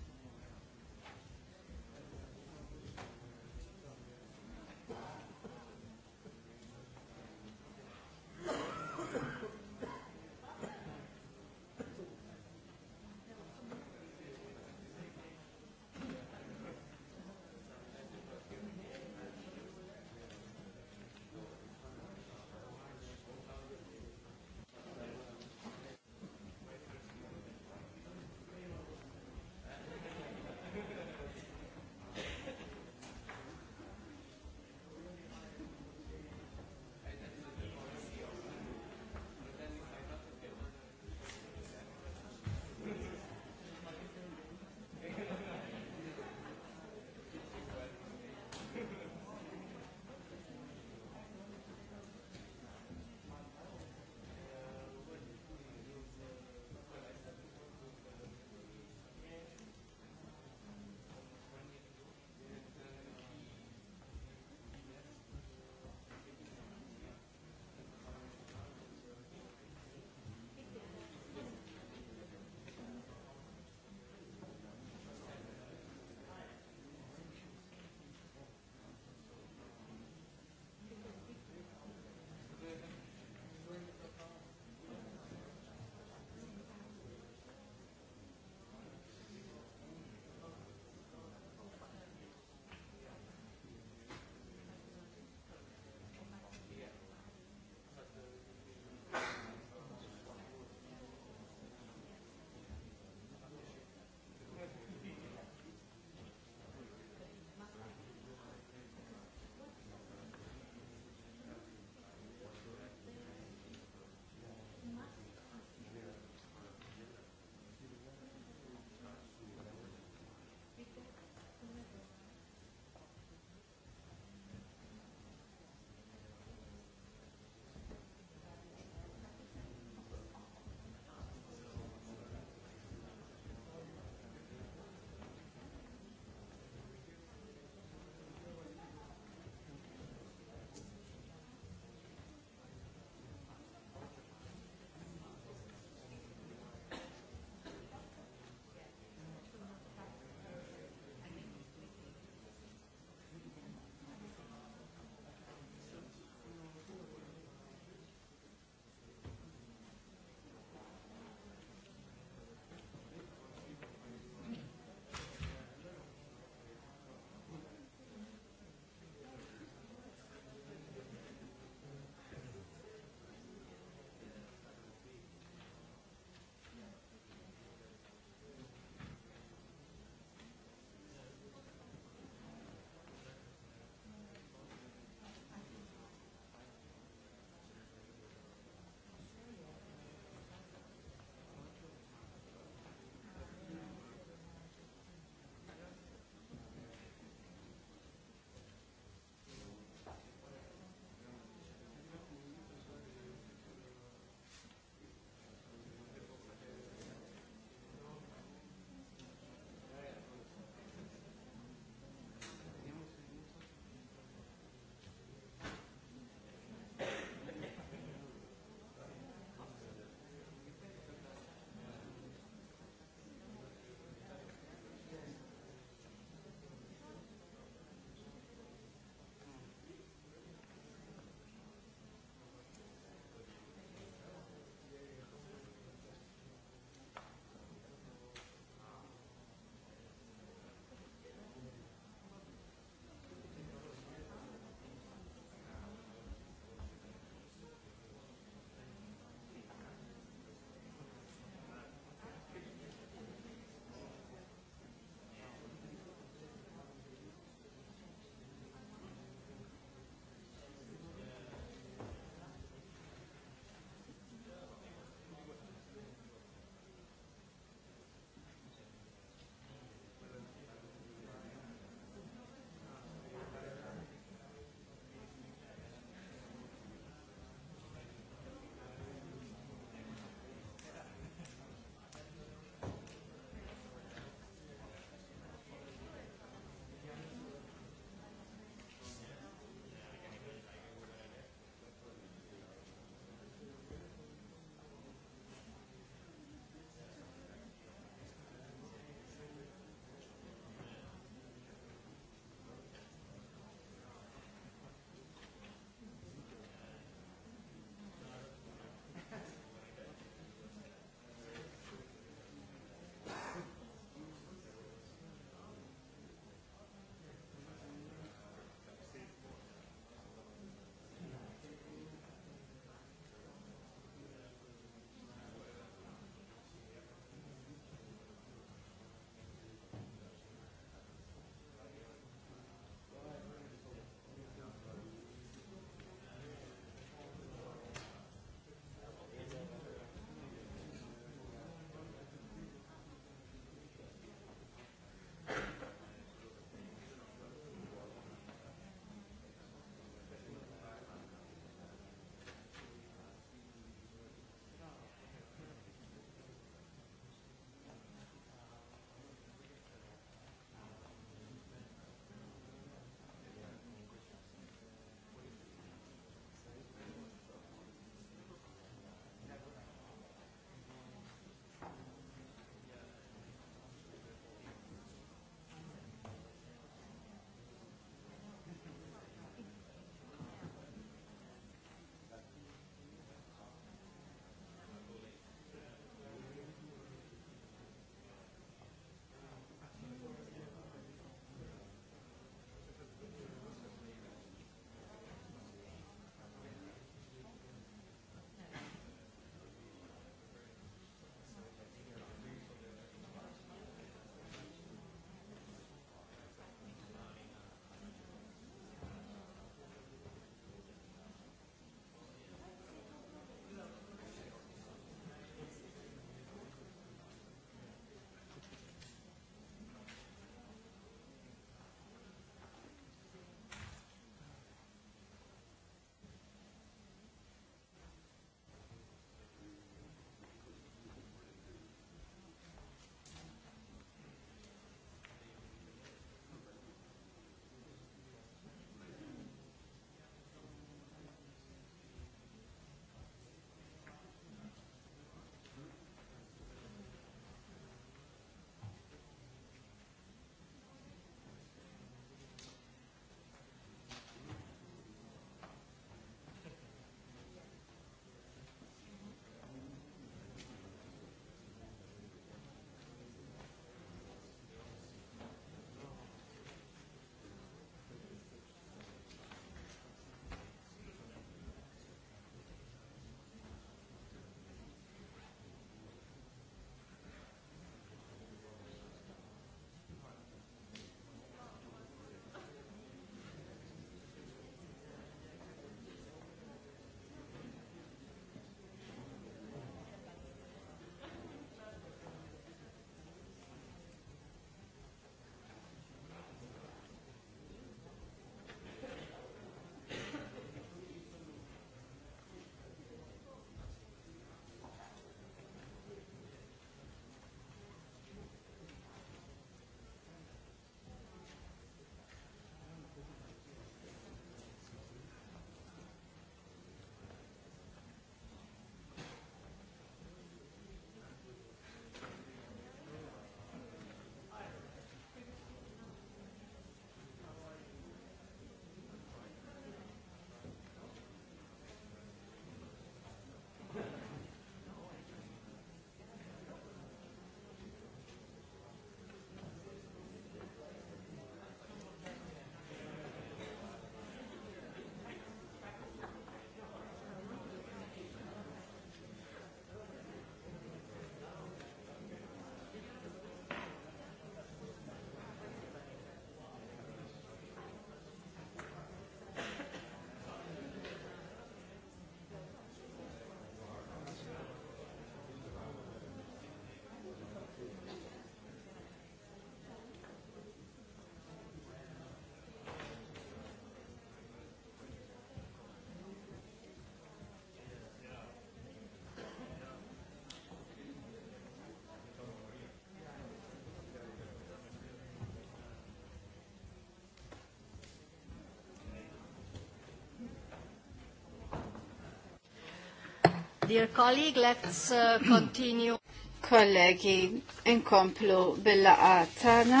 dear colleague, let's uh, continue. Kollegi, inkomplu bil-laqa tana.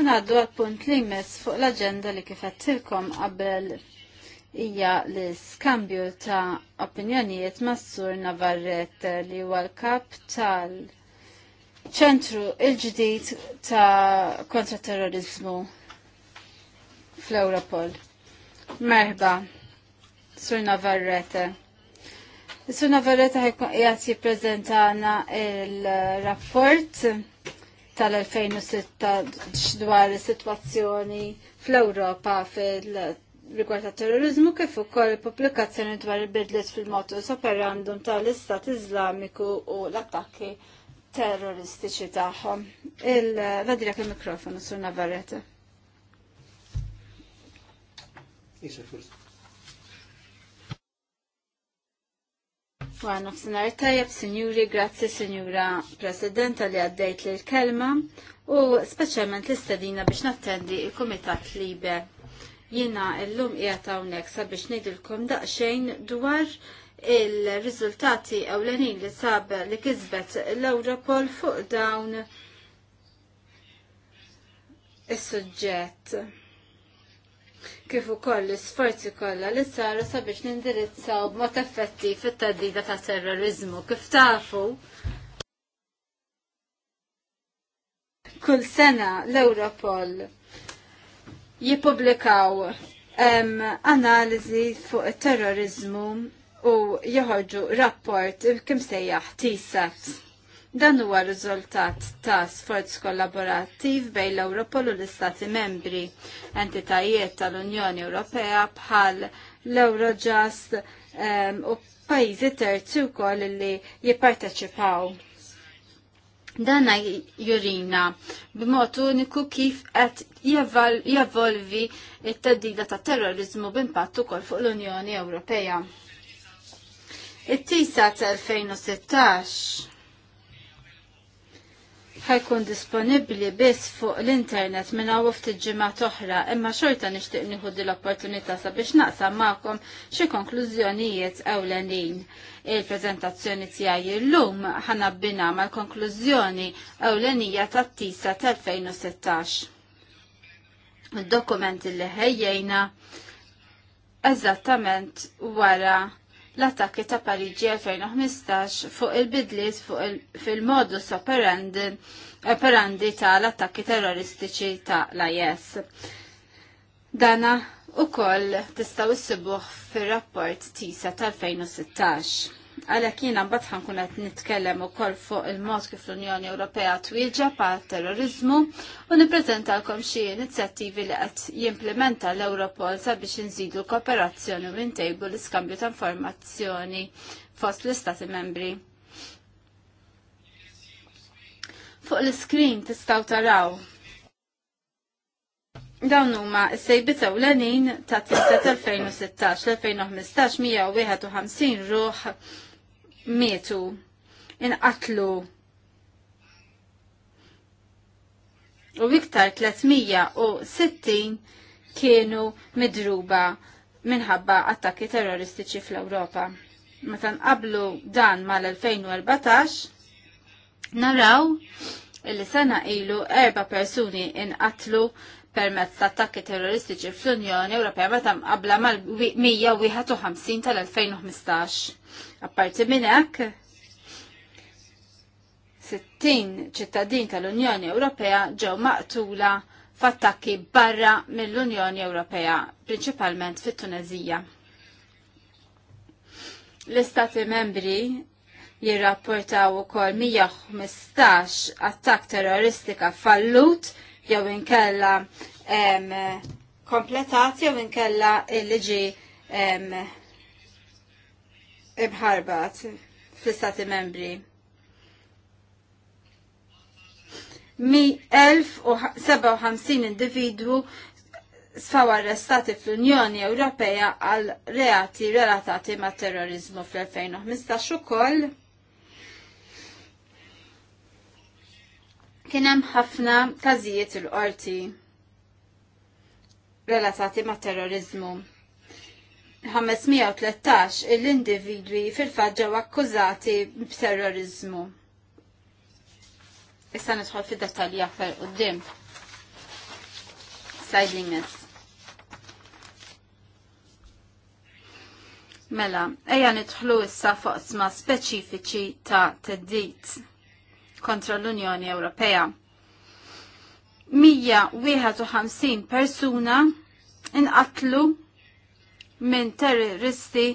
Unaddu għal-punt li jmess fuq l-agenda li tilkom qabel hija l-skambju ta' opinjonijiet mas-sur Navarret li huwa l-kap tal-ċentru il-ġdid ta' kontraterrorizmu fl-Europol. Merba, Sur Navarrete. Is-suna verreta ħekma qiegħed jippreżentana il-rapport tal-2016 dwar is-sitwazzjoni fl-Ewropa fil rigward terrorizmu kif ukoll pubblikazzjoni dwar il-bidlet fil motu operandum tal-Istat Iżlamiku u l-attakki terroristiċi tagħhom. Il-ladilek il-mikrofonu, Suna Varreta. Isa forse. Wa nofsinar tajab, sinjuri, grazie sinjura Presidenta li għaddejt li l-kelma u speċjalment l-istadina biex nattendi il-Komitat Libe. Jina l-lum qiegħed hawnhekk sabiex ngħidilkom daqsxejn dwar il-riżultati ewlenin li sab li kisbet l-Europol fuq dawn is-suġġett kif ukoll l-isforzi kollha li saru sabiex nindirizzaw b'mod effettiv fit-teddida ta' terrorizmu. Kif tafu, kull sena l-Europol jippubblikaw analiżi fuq it-terrorizmu u joħorġu rapport kim sejjaħ TISAT. Dan huwa riżultat ta' sforz kollaborattiv bejn l-Europol u l-Istati membri, entitajiet tal-Unjoni Ewropea bħal l-Eurojust um, u pajjiżi terzi wkoll li jipparteċipaw. Dana jurina b'mod uniku kif qed jevolvi it-teddida ta' terrorizmu b'impatt ukoll fuq l-Unjoni Ewropea. It-tisa ta' 2016 ħajkun disponibli biss fuq l-internet minn għawu ftit ġimgħat oħra, imma xorta nixtieq nieħu l-opportunità sabiex naqsam magħkom xi konklużjonijiet ewlenin. Il-preżentazzjoni tiegħi llum ħanabbina mal-konklużjoni ewlenija tat-tisa tal-2016. Il-dokument li ħejjejna eżattament wara l-attakki ta' Pariġi 2015 fuq il-bidliet fuq fil-modus operandi, operandi ta' l-attakki terroristiċi ta' l-IS. Dana u koll tistaw s-sibuħ fil-rapport tisa tal-2016. Għalhekk jiena mbagħad kunet qed nitkellem ukoll fuq il-mod kif l-Unjoni Ewropea twilġa pa' terrorizmu u l-kom xi inizjattivi li qed jimplementa l-Europol sabiex nżidu kooperazzjoni u intejbu l-iskambju ta' informazzjoni fost l-Istati membri. Fuq l-iskrin tistaw taraw Dawn huma s-sejbit ewlenin ta' 2016 l-2015 151 ruħ mietu, inqatlu. U iktar 360 kienu midruba minħabba attakki terroristiċi fl-Ewropa. Meta nqablu dan mal-2014, naraw il sena ilu erba persuni inqatlu permezz ta' attakki terroristiċi fl-Unjoni Ewropea meta qabla mal-151 tal-2015. Apparti minn hekk, 60 ċittadin tal-Unjoni Ewropea ġew maqtula f'attakki barra mill-Unjoni Ewropea, prinċipalment fit-Tunezija. L-Istati membri jirrapportaw ukoll 115 attakk terroristika fallut jew inkella kompletat jew inkella il-liġi imħarbat fl-istati membri. 1057 individwu sfaw arrestati fl-Unjoni Ewropea għal reati relatati ma' terrorizmu fl-2015 koll. Kien hemm ħafna każijiet il-qorti relatati ma' terrorizmu. 513 il individwi fil-fatt ġew akkużati b'terrorizmu. Issa nidħol fid-dettalji aktar quddiem. dim li Mela, eja nidħlu issa foqsma speċifiċi ta' teddit kontra l-Unjoni Ewropea. 151 persuna inqatlu minn terroristi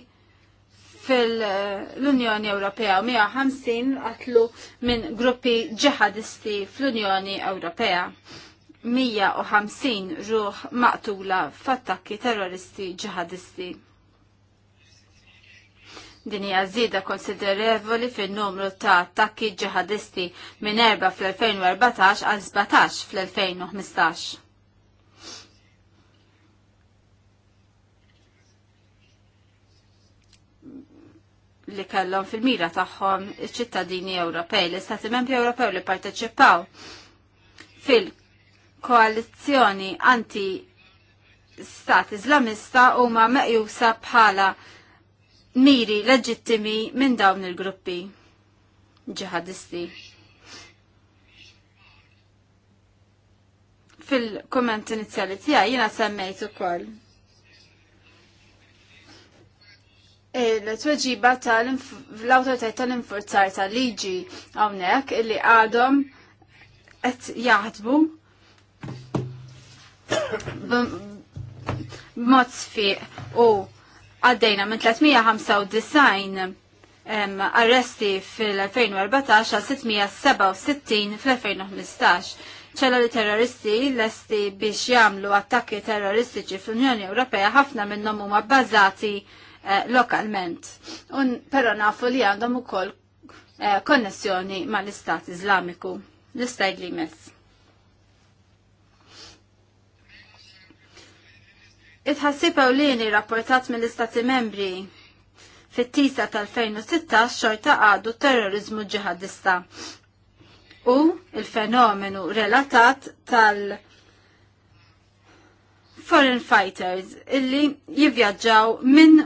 fil-Unjoni Ewropea u 150 qatlu minn gruppi ġihadisti fl-Unjoni Ewropea. 150 ruħ maqtula f'attakki terroristi ġihadisti. Din hija żieda konsiderevoli fin-numru ta' attakki ġihadisti minn erba fl-2014 għal 17 fl-2015. li kellhom fil-mira tagħhom iċ-ċittadini Ewropej, l-Istati Membri Ewropew li parteċipaw fil-koalizzjoni anti stat Iżlamista huma meqjusa bħala miri leġittimi minn dawn il-gruppi ġihadisti. Fil-komment inizjali tiegħi jiena semmejt ukoll il-tweġiba tal-autoritet tal-infurzar tal-liġi hawnhekk illi għadhom qed jaħdmu b'mod sfiq u għaddejna minn 395 arresti fil-2014 għal 667 fil-2015. li terroristi lesti biex jamlu attakki terroristiċi fl-Unjoni Ewropea ħafna minnhom huma bbażati eh, lokalment. Un però nafu li għandhom ukoll eh, konnessjoni mal-Istat Iżlamiku. L-istaj li mess. Itħassib ewlieni rapportat mill-Istati Membri fit-tisa tal-2016 xorta għadu terrorizmu ġihadista u il-fenomenu relatat tal- foreign fighters illi jivjaġġaw minn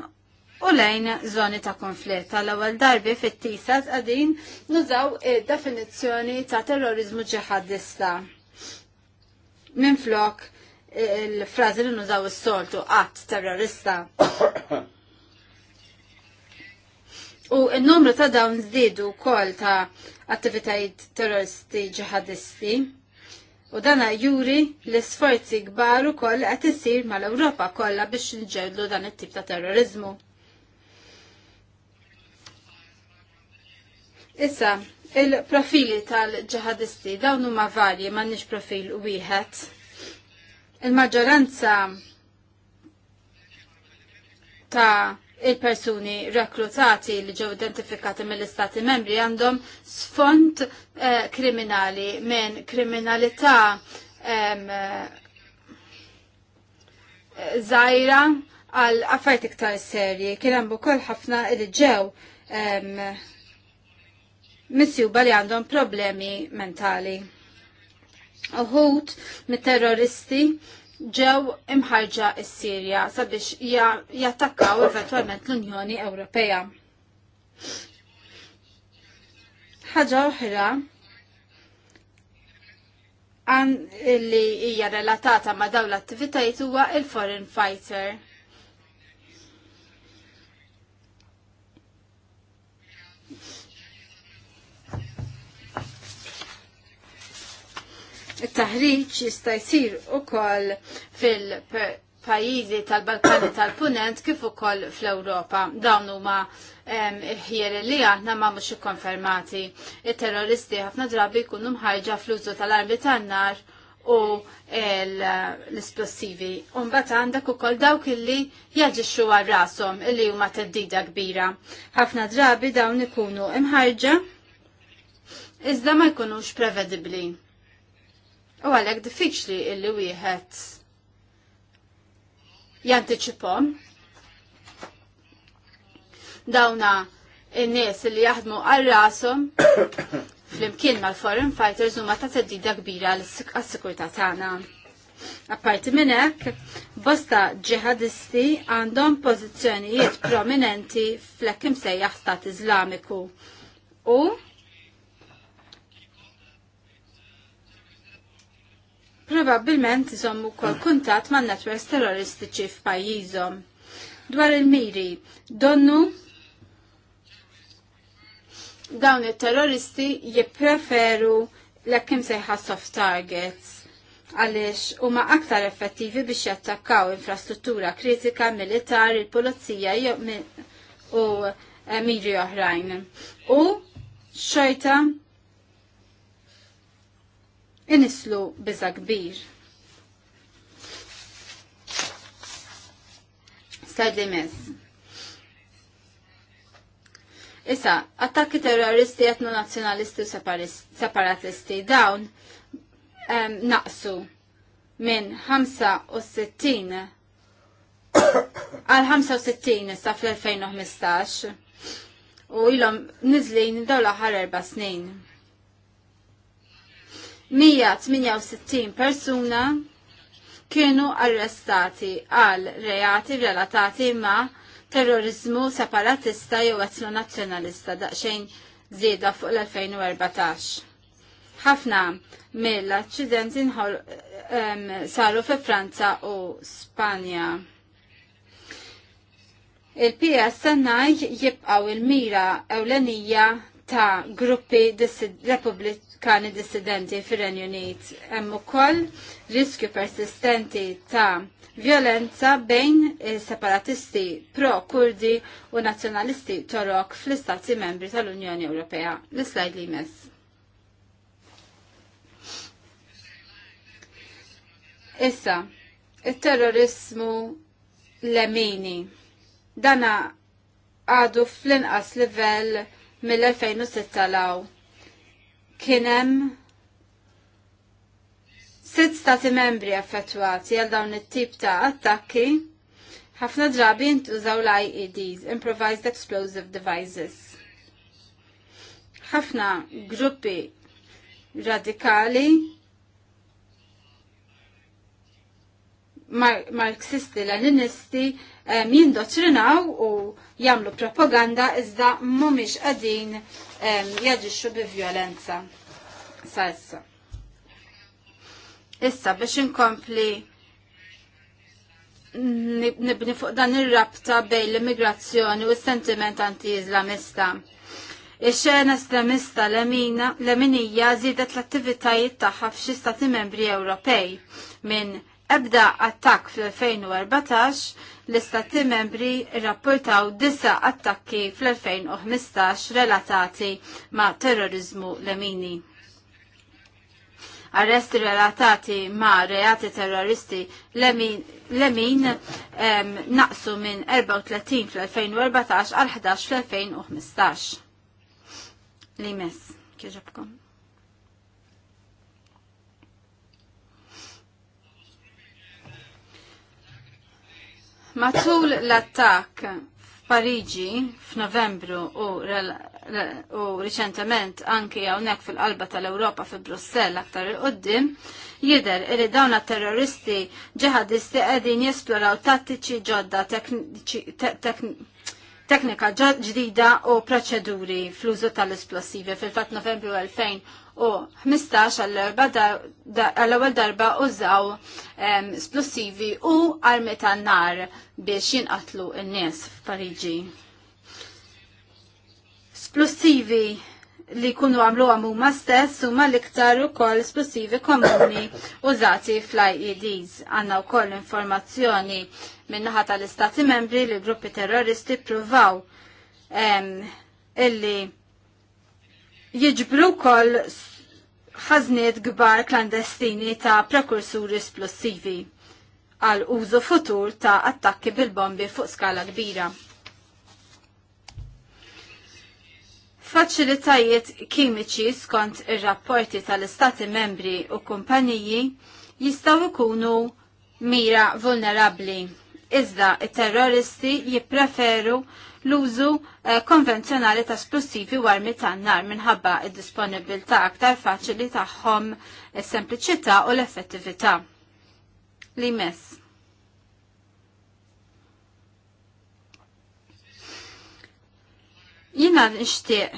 u lejn zoni ta' konflitt. tal ewwel darbi fit tisa għadin nużaw id-definizzjoni ta' terrorizmu ġihadista. Minn flok il-frazi li nużaw is-soltu għat terrorista. U n-numru ta' dawn żdiedu wkoll ta' attivitajiet terroristi ġihadisti. U dana juri l-sforzi kbar ukoll qed isir mal-Ewropa kollha biex nġellu dan it-tip ta' terrorizmu. Issa, il-profili tal-ġihadisti dawn huma varji m'għandniex profil wieħed il-maġġoranza ta' il-persuni reklutati li ġew identifikati mill-istati membri għandhom sfond eh, kriminali minn kriminalità eh, zaħira għal affajt iktar serji. Kien hemm ukoll ħafna li ġew missjuba misjuba li għandhom problemi mentali uħut mit-terroristi ġew imħarġa s-Sirja sabiex jattakkaw eventualment l-Unjoni Ewropea. Ħaġa oħra għan li hija relatata ma' dawn l-attivitajiet huwa il-foreign fighter It-taħriġ jista' jsir ukoll fil pajjiżi tal-Balkani tal-Punent kif ukoll fl-Ewropa. Dawn huma ħjer li aħna ma mhux ikkonfermati. Il-terroristi ħafna drabi jkunu mħarġa fl-użu tal-armi tan-nar u l-esplosivi. Umbat għandak u koll dawk illi jaġixxu għal rasom illi huma teddida kbira. ħafna drabi dawn ikunu imħarġa iżda ma jkunux prevedibli. U għalek diffiċli illi wieħed jantiċipom. Dawna n-nies li jaħdmu għal rasum fl-imkien mal-foreign fighters huma ta' teddida kbira għas-sikurtà tagħna. Apparti minn hekk, bosta ġihadisti għandhom pożizzjonijiet prominenti fl-ekkim sejjaħ Stat Iżlamiku u Probabilment iżommu kol kuntat ma' netwerks terroristiċi f'pajjiżhom. Dwar il-miri, donnu dawn il-terroristi jippreferu l-ekkim sejħa soft targets għalix huma aktar effettivi biex jattakkaw infrastruttura kritika, militar, il-polizija u eh, miri oħrajn. U xorta inislu biza kbir. Slajd li mess. Issa, attakki terroristi etno-nazjonalisti u separatisti dawn um, naqsu minn 65 għal 65 issa fl-2015 u ilhom nizlin dawla l-aħħar erba' snin. 168 persuna kienu arrestati għal reati relatati ma' terrorizmu separatista jew etno nazzjonalista daqsxejn zieda fuq l-2014. Ħafna mill-accidenti saru fi Franza u Spanja. Il-PSNI jibqaw il-mira ewlenija ta' gruppi republik Amerikani dissidenti fir-Renju Unit. Hemm ukoll riskju persistenti ta' violenza bejn separatisti pro-Kurdi u nazzjonalisti torok fl-istati membri tal-Unjoni Ewropea. L-slajd li jmiss. Issa, il-terrorismu lemini. Dana għadu fl-inqas livell mill-2006 law kienem sitt stati membri affettwati għal dawn it-tip ta' attakki ħafna drabi ntużaw l-IEDs, Improvised Explosive Devices. ħafna gruppi radikali marxisti l-aninisti eh, jindoċrinaw u jamlu propaganda iżda mumiex għadin jaġixxu bi-vjolenza sa issa. biex inkompli nibni fuq dan ir-rabta bejn l-immigrazzjoni u s-sentiment anti-Islamista. Ix-xena Islamista l-eminija żiedet l-attivitajiet tagħha f'xi stati membri Ewropej minn ebda attakk fl-2014 l-istati membri rapportaw disa attakki fl-2015 relatati ma' terrorizmu lemini. Arresti relatati ma' reati terroristi lemin, lemin em, naqsu minn 34 fl-2014 għal 11 fl-2015. Limes, kieġabkom. Matul l-attak f'Pariġi f'Novembru u, u riċentament anki hawnhekk fil-qalba tal-Ewropa fi Brussell aktar il qoddim jidher li dawn terroristi ġihadisti qegħdin jesploraw tattiċi ġodda teknika ġdida u proċeduri fl-użu tal-esplosivi. fil fat Novembru 2000 u 15 għall-ewwel darba użaw splussivi u armi tan-nar biex jinqatlu n-nies f'Pariġi. Splussivi li kunu għamlu ma stess u mal-iktar u koll esplosivi komuni użati fl-IEDs. Għanna u koll informazzjoni minnaħa tal-istati membri li gruppi terroristi provaw em, illi jiġbru kol ħazniet gbar klandestini ta' prekursuri esplosivi għal użu futur ta' attakki bil-bombi fuq skala kbira. Faċilitajiet kimiċi skont ir-rapporti tal-Istati membri u kumpaniji jistaw ikunu mira vulnerabli iżda il-terroristi jippreferu l-użu eh, konvenzjonali ta' esplosivi u armi ta' nar minħabba id-disponibilta' aktar faċili tagħhom is-sempliċità eh, u l-effettività. Li mess. Jina nixtieq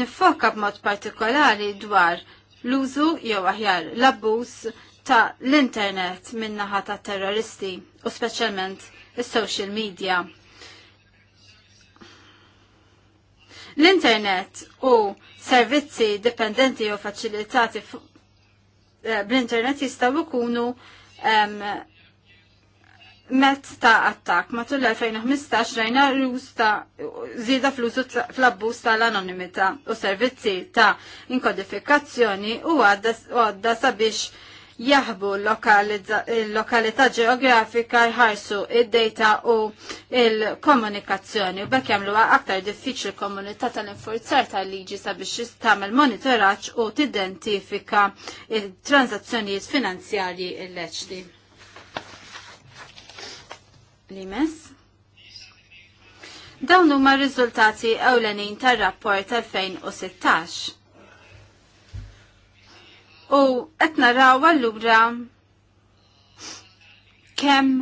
nifoka b'mod partikolari dwar l-użu jew aħjar l-abbuż ta' l-internet minnaħa ta' terroristi u speċjalment is-social media. L-internet u servizzi dipendenti u faċilitati eh, bl-internet jistaw ikunu um, met ta' attak. Matul l-2015 rajna l-uż ta' zida fl fl-abbuż tal-anonimità u servizzi ta' inkodifikazzjoni u għadda sabiex jaħbu l-lokalità ġeografika jħarsu id-data u il-komunikazzjoni u bekk jagħmlu aktar diffiċli komunità tal-infurzar tal-liġi sabiex tagħmel monitoraġġ u tidentifika il-transazzjonijiet finanzjarji illeċli. Limes? Dawn huma r-riżultati ewlenin tar-rapport 2016 u qed naraw allura kemm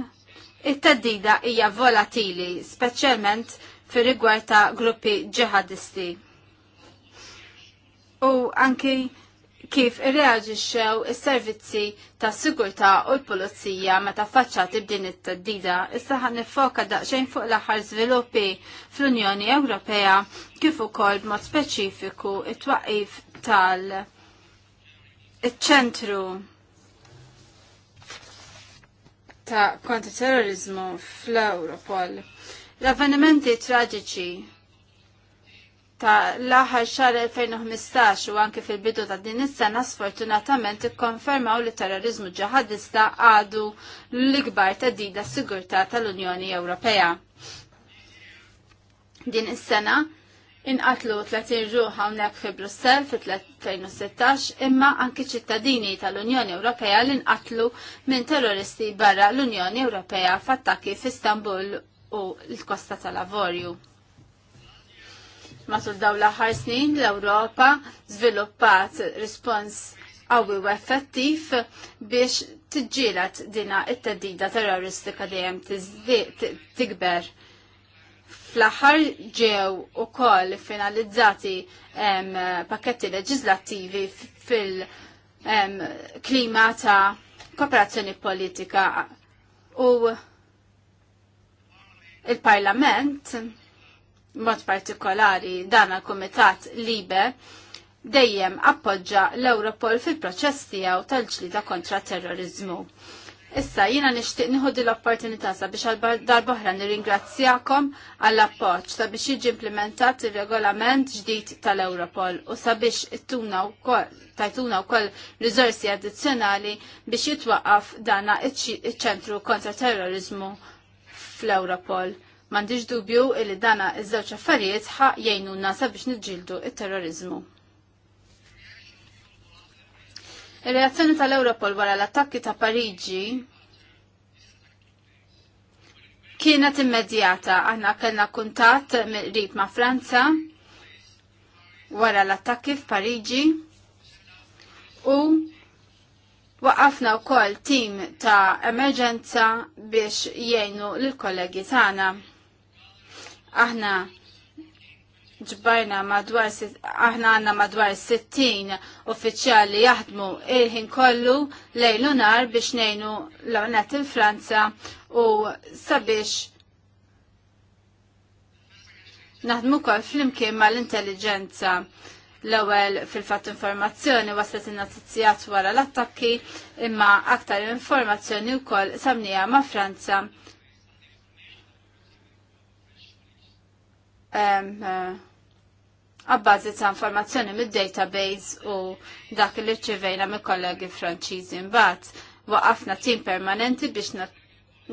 it taddida hija volatili, speċjalment fir rigward ta' gruppi ġihadisti. U anki kif irreagixxew is-servizzi ta' sigurtà u l-pulizija meta faċċati b'din it taddida issa ħan nifoka daqsxejn fuq l-aħħar żviluppi fl-Unjoni Ewropea kif ukoll b'mod speċifiku it-twaqqif tal- Iċ-ċentru ta' kontra terrorizmu fl-Europol. L-avvenimenti traġiċi ta' l-aħħar xar 2015 u anke fil-bidu ta' din is-sena sfortunatament ikkonfermaw li terrorizmu ġihadista għadu l-ikbar tedida sigurtà tal-Unjoni Ewropea. Din is-sena inqatlu 30 ruħ hawnhekk fi Brussell fi 2016 imma anki ċittadini tal-Unjoni Ewropea li nqatlu minn terroristi barra l-Unjoni Ewropea f'attakki Istanbul u l-Kosta tal-Avorju. Matul dawla l-aħħar snin l-Ewropa żviluppat rispons għawi u effettiv biex tiġġielet dina it-teddida terroristika dejjem tikber. Tig Fl-aħħar ġew ukoll finalizzati pakketti leġislattivi fil-klima ta' kooperazzjoni politika u il-Parlament mod partikolari dan il-Kumitat Libe dejjem appoġġa l-Europol fil-proċess tiegħu tal-ġlida kontra terrorizmu. Issa jina nishtiq nħoddi l-opportunità sabiex għal darbohra nirringrazzjakom għall appoġġ sabiex jiġi implementat ir-regolament ġdid tal-Europol u sabiex ittuna tajtuna wkoll riżorsi addizzjonali biex jitwaqqaf dana iċ-ċentru kontra terrorizmu fl-Europol. M'għandix dubju li dana iż-żewġ affarijiet ħaq jgħinuna sabiex niġġieldu il terrorizmu Ir-reazzjoni tal-Europol wara l-attakki ta' Pariġi kienet immedjata. Aħna kellna kuntatt rib ma' Franza wara l-attakki f'Pariġi u waqafna wkoll tim ta' emerġenza biex jgħinu lill kollegi tagħna. Aħna ġbajna madwar, aħna għanna madwar 60 uffiċjali jaħdmu il-ħin kollu lejlu nar biex nejnu l-għonet il-Franza u sabiex naħdmu kol fl-imkien ma l-intelligenza l ewwel fil-fat informazzjoni waslet in-nazizzjat wara l-attakki imma aktar informazzjoni wkoll samnija ma' Franza um, uh, għabbażi ta' informazzjoni mid-database u dak li ċivejna mill kollegi franċiżi mbagħad waqafna tim permanenti biex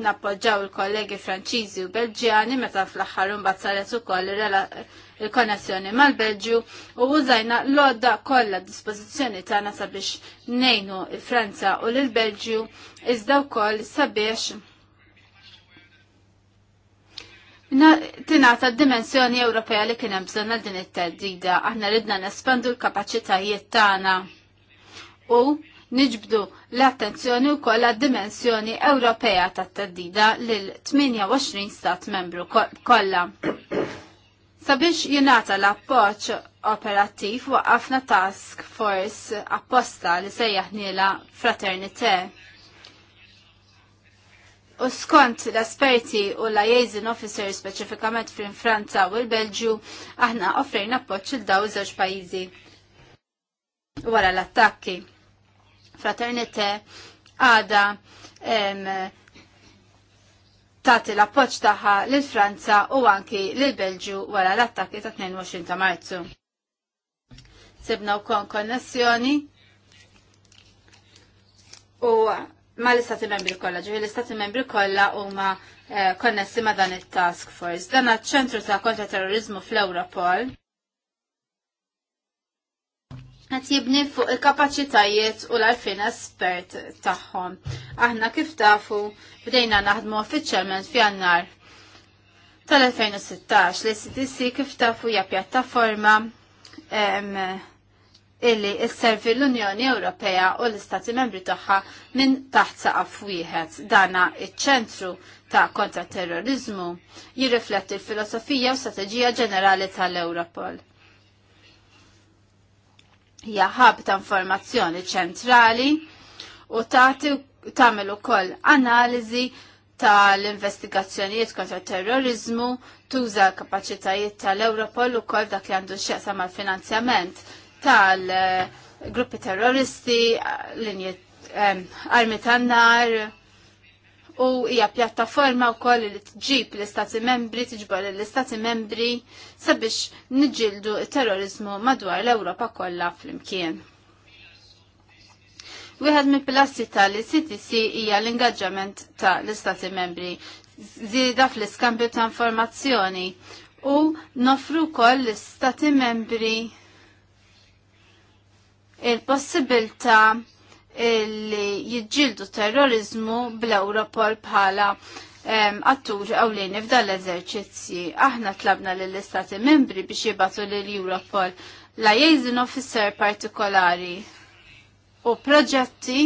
nappoġġaw il-kollegi franċiżi u Belġjani meta fl-aħħar imbagħad saret ukoll il-konnessjoni mal-Belġju u użajna l-għodda kollha dispożizzjoni tagħna sabiex ngħinu il-Franza u l-Belġju iżda wkoll sabiex Tinata d-dimensjoni Ewropea li kien hemm għal din it-teddida, aħna ridna nespandu l-kapaċitajiet tagħna u niġbdu l-attenzjoni wkoll għad-dimensjoni Ewropea tat-teddida lil 28 stat membru kollha. Sabiex jinata l-appoċ operattiv waqqafna task force apposta li sejjaħnila fraternite U skont l-esperti u la jazin officer speċifikament fin Franza u l-Belġu, aħna offrejna appoċ il daw żewġ pajjiżi. Wara l-attakki. Fraternite għada tagħti l-appoċ tagħha lil Franza u anki l Belġu wara l-attakki ta' 22 ta' Marzu. Sibna wkoll konnessjoni u ma l-istati membri kolla, ġivi l-istati membri kolla u ma eh, konnessi ma dan il-task force. Dan ċentru ta' kontra terrorizmu fl-Europol. Għat jibni fuq il-kapacitajiet u l-arfin espert taħħom. Aħna kif tafu bdejna naħdmu uffiċjalment fi għannar tal-2016 li CDC kif tafu hija pjattaforma illi s-servi l-Unjoni Ewropea u l-Istati Membri tagħha minn taħt saqaf wieħed. Dana iċ-ċentru ta' kontraterrorizmu jirrifletti l-filosofija u strateġija ġenerali tal-Europol. Hija ħab ta' informazzjoni ċentrali u tagħti tagħmel ukoll analiżi tal-investigazzjonijiet kontra terrorizmu tuża l-kapaċitajiet tal-Europol ukoll dak li għandu xieqsa mal-finanzjament tal-gruppi terroristi, linji armi tan-nar, u hija pjattaforma wkoll li tġib l-istati membri, tiġbor l-istati membri sabiex niġildu terrorizmu madwar l-Ewropa kollha flimkien. Wieħed mill pilassi tal-CTC hija l-ingaġġament ta' l-istati membri, żieda fl-iskambju ta' informazzjoni u nofru wkoll l-istati membri il-possibilta li jġildu terrorizmu bl-Europol bħala attur għawlini f'dan l-eżerċizzji. Aħna tlabna l-istati membri biex jibatu l-Europol la jgħizin officer partikolari u proġetti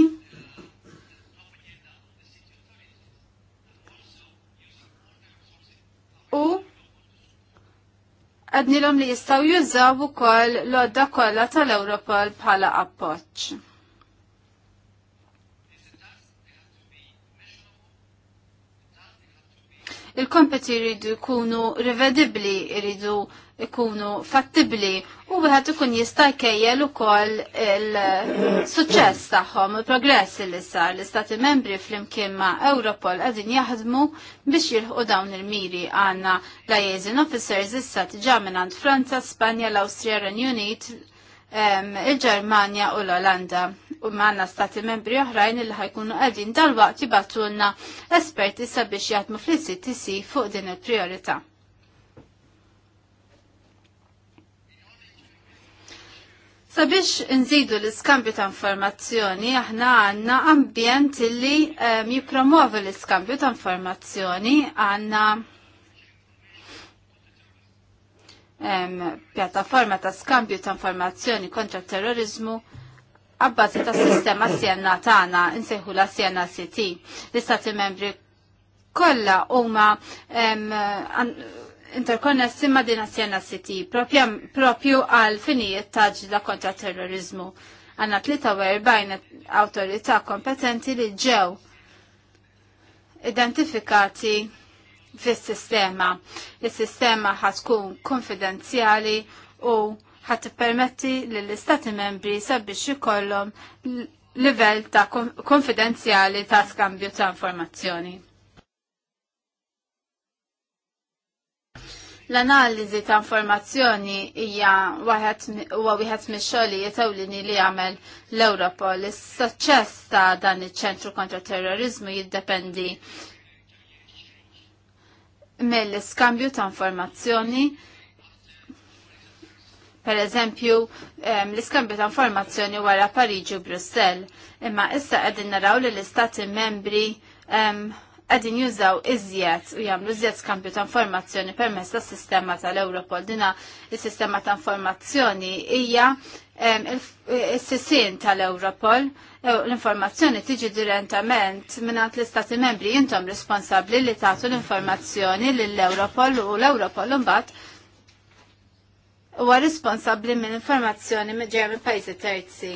u għadnilom li jistaw jużaw ukoll l-odda kollha tal-Europol bħala appoġġ. il-kompeti jridu jkunu rivedibli jridu ikunu fattibli u wieħed ikun jista' jkejjel ukoll il-suċċess tagħhom, il-progress li sar l-Istati Membri flimkien ma' Europol għadin jaħdmu biex jilħqu dawn il-miri għandna liaison officers issa tiġa mingħand Franza, Spanja, l austria Renjunit, il-Ġermanja u l-Olanda. U għandna stati membri oħrajn il ħajkunu qegħdin dal-waqt jibatulna esperti sabiex jaħdmu fl-ICTC fuq din il priorita Sabiex nżidu l-iskambju ta' informazzjoni, aħna għanna ambjent li um, l-iskambju ta' informazzjoni, għanna um, pjattaforma ta' skambju ta' informazzjoni kontra terrorizmu għabbazi ta' sistema sienna tagħna insejħu la sienna CT. L-istati membri kollha huma ehm, interkonnessi simma din Assiena siti propju għal finijiet ta' ġida kontra terrorizmu. Għanna 43 autorita kompetenti li ġew identifikati fis-sistema. Is-sistema tkun konfidenzjali u ħat permetti l-istati membri sabiex jikollhom livell ta' konfidenzjali ta' skambju ta' informazzjoni. L-analiżi ta' informazzjoni hija huwa wieħed mix-xogħlijiet ewlieni li jagħmel l-Europol. Is-suċċess ta' dan iċ-ċentru kontra terrorizmu jiddependi mill-iskambju ta' informazzjoni per eżempju, l-iskambju ta' informazzjoni wara Pariġi u Brussell. Imma issa qegħdin naraw li l-istati membri għadin jużaw iżjed u jagħmlu iżjed skambju ta' informazzjoni permezz tas sistema tal-Europol. Dina il sistema ta' informazzjoni hija il sisin tal-Europol. L-informazzjoni tiġi direttament mingħand l-Istati membri intom responsabbli li tagħtu l-informazzjoni lill-Europol u l-Europol mbagħad huwa responsabbli mill-informazzjoni ġejja mill pajjiżi terzi.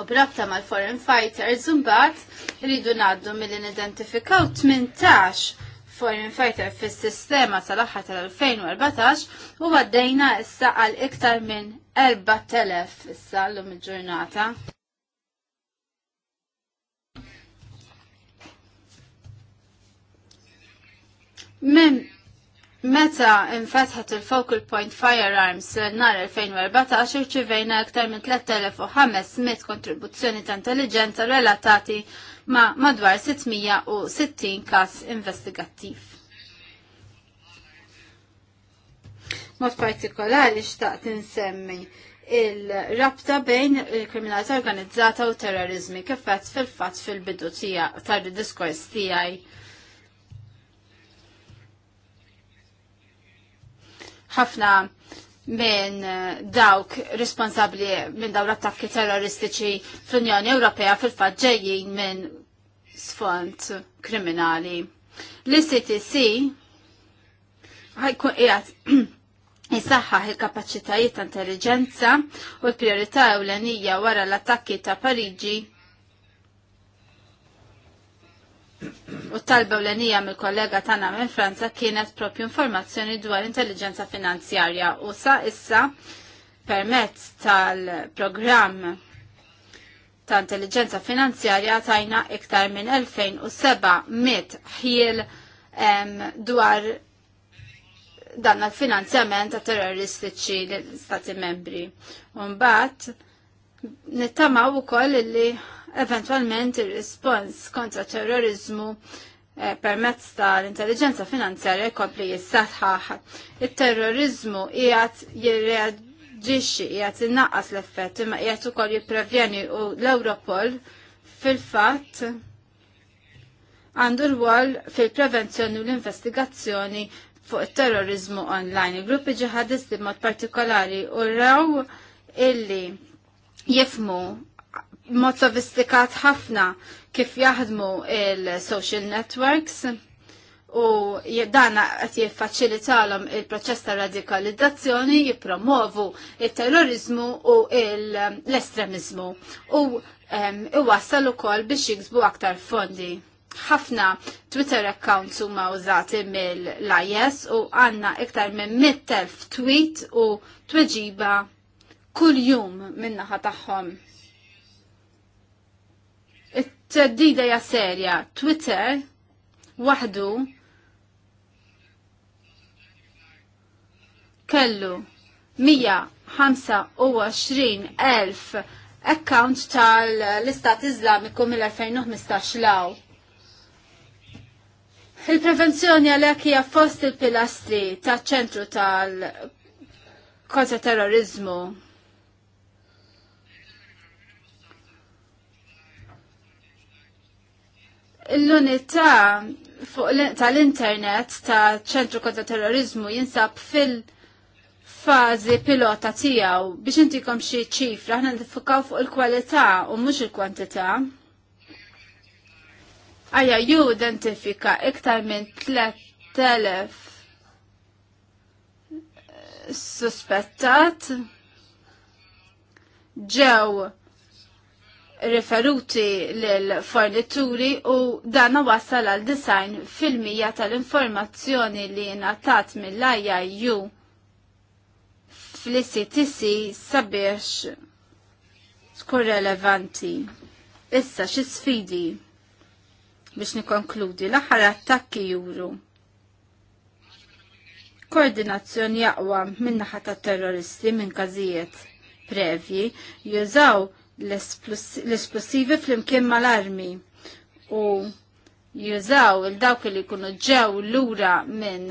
u brabta mal-foreign fighters zumbat rridu ngħaddu milli identifikaw 18 foreign fighter fis-sistema tal-aħħar tal-2014 u għaddejna issa għal iktar minn 4000 issa llum il-ġurnata. Mem Meta infetħet il-Focal Point Firearms nar 2014 irċivejna aktar minn 3500 kontribuzzjoni ta' intelligenza relatati ma' madwar 660 kas investigattiv. Mod partikolari xtaqt insemmi il-rabta bejn il-kriminalità organizzata u terrorizmi kif fil-fatt fil-bidu tar-diskors tiegħi ħafna minn eh, dawk responsabli minn dawn l-attakki terroristiċi fl-Unjoni Ewropea fil-fatt ġejjin minn sfond kriminali. L-ICTC ħajkun qiegħed il-kapaċitajiet ta' intelligenza u l-priorità ewlenija wara l-attakki ta' Pariġi U talba l-enija mill-kollega Tana minn Franza kienet propju informazzjoni dwar intelligenza finanzjarja u sa issa permezz tal-programm ta' intelligenza finanzjarja tajna iktar minn 2700 ħiel dwar dan l-finanzjament ta' terroristiċi l-Stati membri. bat, nittamaw ukoll li eventualment ir-rispons kontra terrorizmu eh, permezz tal-intelligenza finanzjarja jkompli jissatħaħ. Il-terrorizmu jgħat jirreaġixxi qiegħed innaqqas l-effett imma qiegħed ukoll jiprevjeni u l-Europol fil-fatt għandu rwol fil-prevenzjoni u l-investigazzjoni fuq il-terrorizmu online. Il-gruppi ġihadisti mod partikolari u raw illi jifmu mod sofistikat ħafna kif jaħdmu il-social networks u dana qed jiffaċilitalhom il-proċess ta' radikalizzazzjoni jippromovu il-terrorizmu u l-estremizmu u iwassal ukoll biex jiksbu aktar fondi. Ħafna Twitter accounts huma użati mill-IS u għandna iktar minn 100,000 tweet u tweġiba kull jum minna tagħhom. It-teddida ja serja, Twitter waħdu kellu 125,000 account tal-Istat Islamiku mill-2015 law. Il-prevenzjoni għalhekk hija fost il-pilastri taċ-ċentru tal-kontra terrorizmu L-unità tal-internet ta' ċentru kontra terrorizmu jinsab fil- fazi pilota tijaw biex intikom xie ċifra, ħna nifukaw fuq il-kwalità u mux il-kwantità. Għaja, ju identifika iktar minn 3000 suspettat ġew referuti l-fornituri u dana wasal għal design fil-mija tal-informazzjoni li natat mill-IIU fl-ICTC sabiex skur relevanti. Issa xi sfidi biex nikonkludi l-aħħar attakki juru. Koordinazzjoni jaqwa minn naħa terroristi minn każijiet previ jużaw l-esplosivi fl-imkien mal-armi u jużaw il-dawk li kunu ġew lura minn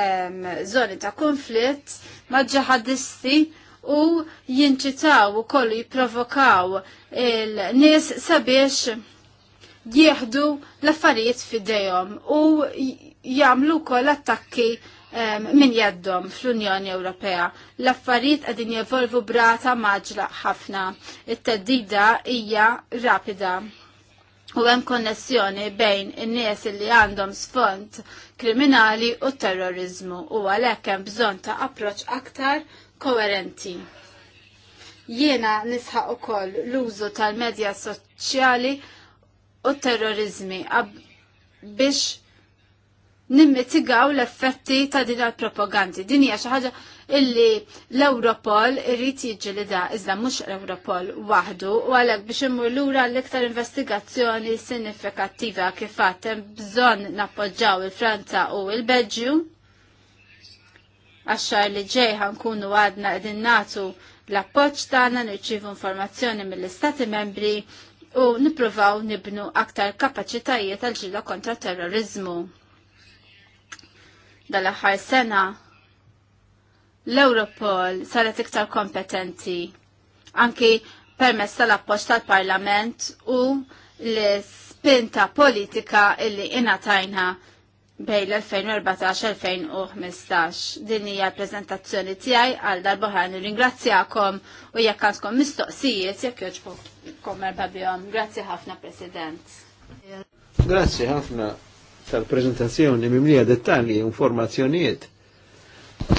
um, zoni ta' konflitt ma' ġihadisti u jinċitaw u kollu jiprovokaw il-nis sabiex jieħdu l-affarijiet fidejhom u jagħmlu kol attakki Min jaddom fl-Unjoni Ewropea. L-affarijiet qegħdin jevolvu brata maġla ħafna. It-teddida hija rapida. U hemm konnessjoni bejn in-nies li għandhom sfond kriminali u terrorizmu u għalhekk hemm bżonn ta' approċċ aktar koerenti. Jiena nisħaq ukoll l-użu tal-medja soċjali u terrorizmi biex nimmitigaw l-effetti ta' din il-propagandi. Din hija xi ħaġa illi l-Europol irrid da iżda mhux l-Europol waħdu u għalhekk biex imur lura l-iktar investigazzjoni sinifikattiva kif għad hemm bżonn nappoġġaw il-Franza u l-Belġju. Għaxxar li ġej ħankunu għadna qegħdin nagħtu l-appoġġ tagħna nirċievu informazzjoni mill-Istati membri u nippruvaw nibnu aktar kapaċitajiet għal ġilla kontra terrorizmu dal-aħħar sena l-Europol saret iktar kompetenti anki permess tal-appoġġ tal-Parlament u l-spinta politika illi inatajna bejn l-2014-2015. Din hija l prezentazzjoni tiegħi għal darbohra ringrazzjakom u jekk għandkom mistoqsijiet jekk joġbok kommer babjom. Grazzi ħafna President. Grazzi ħafna tal-prezentazzjoni mimlija dettalji informazzjonijiet.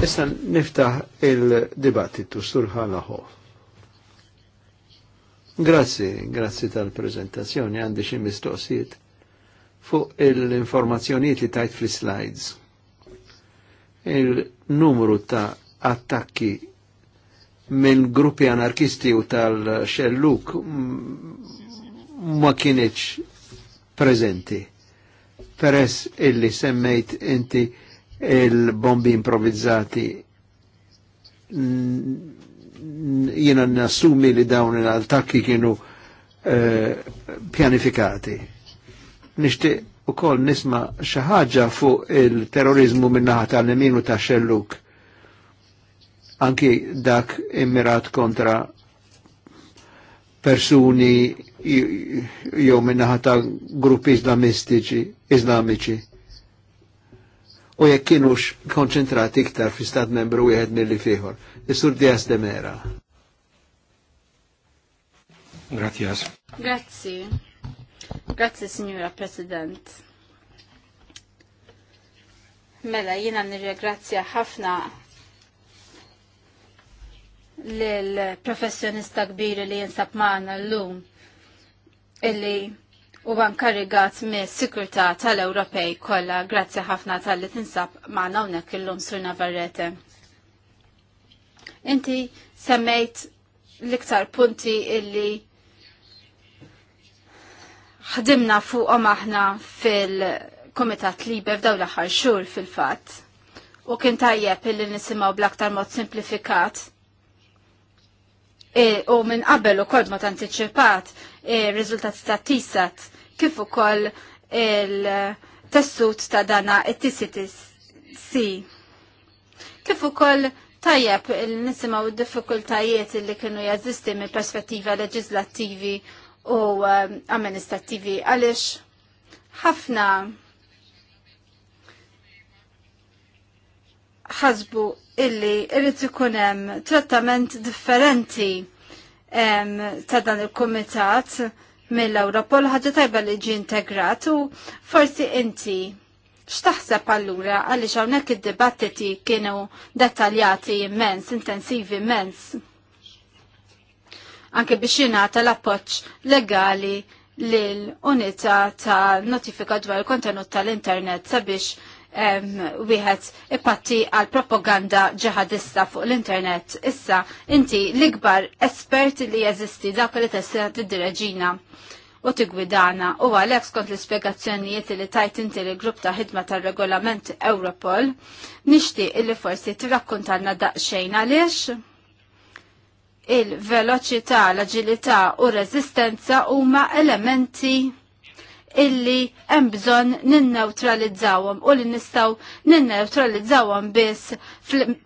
Issa niftaħ il-dibattitu surħalaħo. Grazzi, grazzi tal-prezentazzjoni, għandi xi mistoqsijiet fuq il-informazzjonijiet li tajt fl-slides. Il-numru ta' attakki minn gruppi anarkisti u tal-xelluk ma kienieċ prezenti peress illi semmejt inti il-bombi improvvizzati jiena nassumi li dawn l-attakki kienu eh, pjanifikati. Nishti u kol nisma xaħġa fuq il-terrorizmu minnaħa tal-neminu ta' xelluk. Anki dak immirat kontra persuni jew minnaħa ta' gruppi islamistiċi, islamiċi. U jekk kienux konċentrati iktar fi stat membru wieħed milli fieħor. Is-sur Dias de Mera. Grazie. Grazzi, Grazzi, signora President. Mela, jina nirregrazzja ħafna l-professjonista kbiri li jinsab maħna l-lum illi u bankarigat mis sikurta tal-Ewropej kollha grazzi ħafna tal-li tinsab maħna hawnhekk illum surna varrete. Inti semmejt l-iktar punti illi ħdimna fuqhom aħna fil-Kumitat Libe f'dawn l-aħħar xhur fil-fatt. U kien tajjeb illi nisimgħu bl-aktar mod simplifikat E, u minn qabel u kod ma tanticipat ir e, rizultat ta' tisat kif ukoll il-tessut ta' dana it e, si. Kif ukoll tajjeb il-nisimaw id-diffikultajiet li kienu jazisti minn perspettiva leġislattivi u amministrattivi għalix ħafna ħasbu illi irrit ikun hemm trattament differenti ta' dan il-kumitat mill-Europol ħaġa tajba li ġi integrat u forsi inti x'taħseb allura għaliex hawnhekk id-dibattiti kienu dettaljati immens, intensivi immens. Anke biex jingħata l-appoġġ legali lil unità ta' notifika dwar il-kontenut tal-internet sabiex wieħed ipatti għal propaganda ġihadista fuq l-internet. Issa, inti l-ikbar espert li jeżisti dak li tid tiddireġina u tigwidana u għalhekk skont l-ispjegazzjonijiet li tajt inti l grupp ta' ħidma tar-regolament Europol, nixtieq illi forsi tirrakkuntanna daqsxejn għaliex il-veloċità, l-aġilità u r-reżistenza huma elementi illi hemm bżonn ninneutralizzawhom u li nistgħu ninneutralizzawhom biss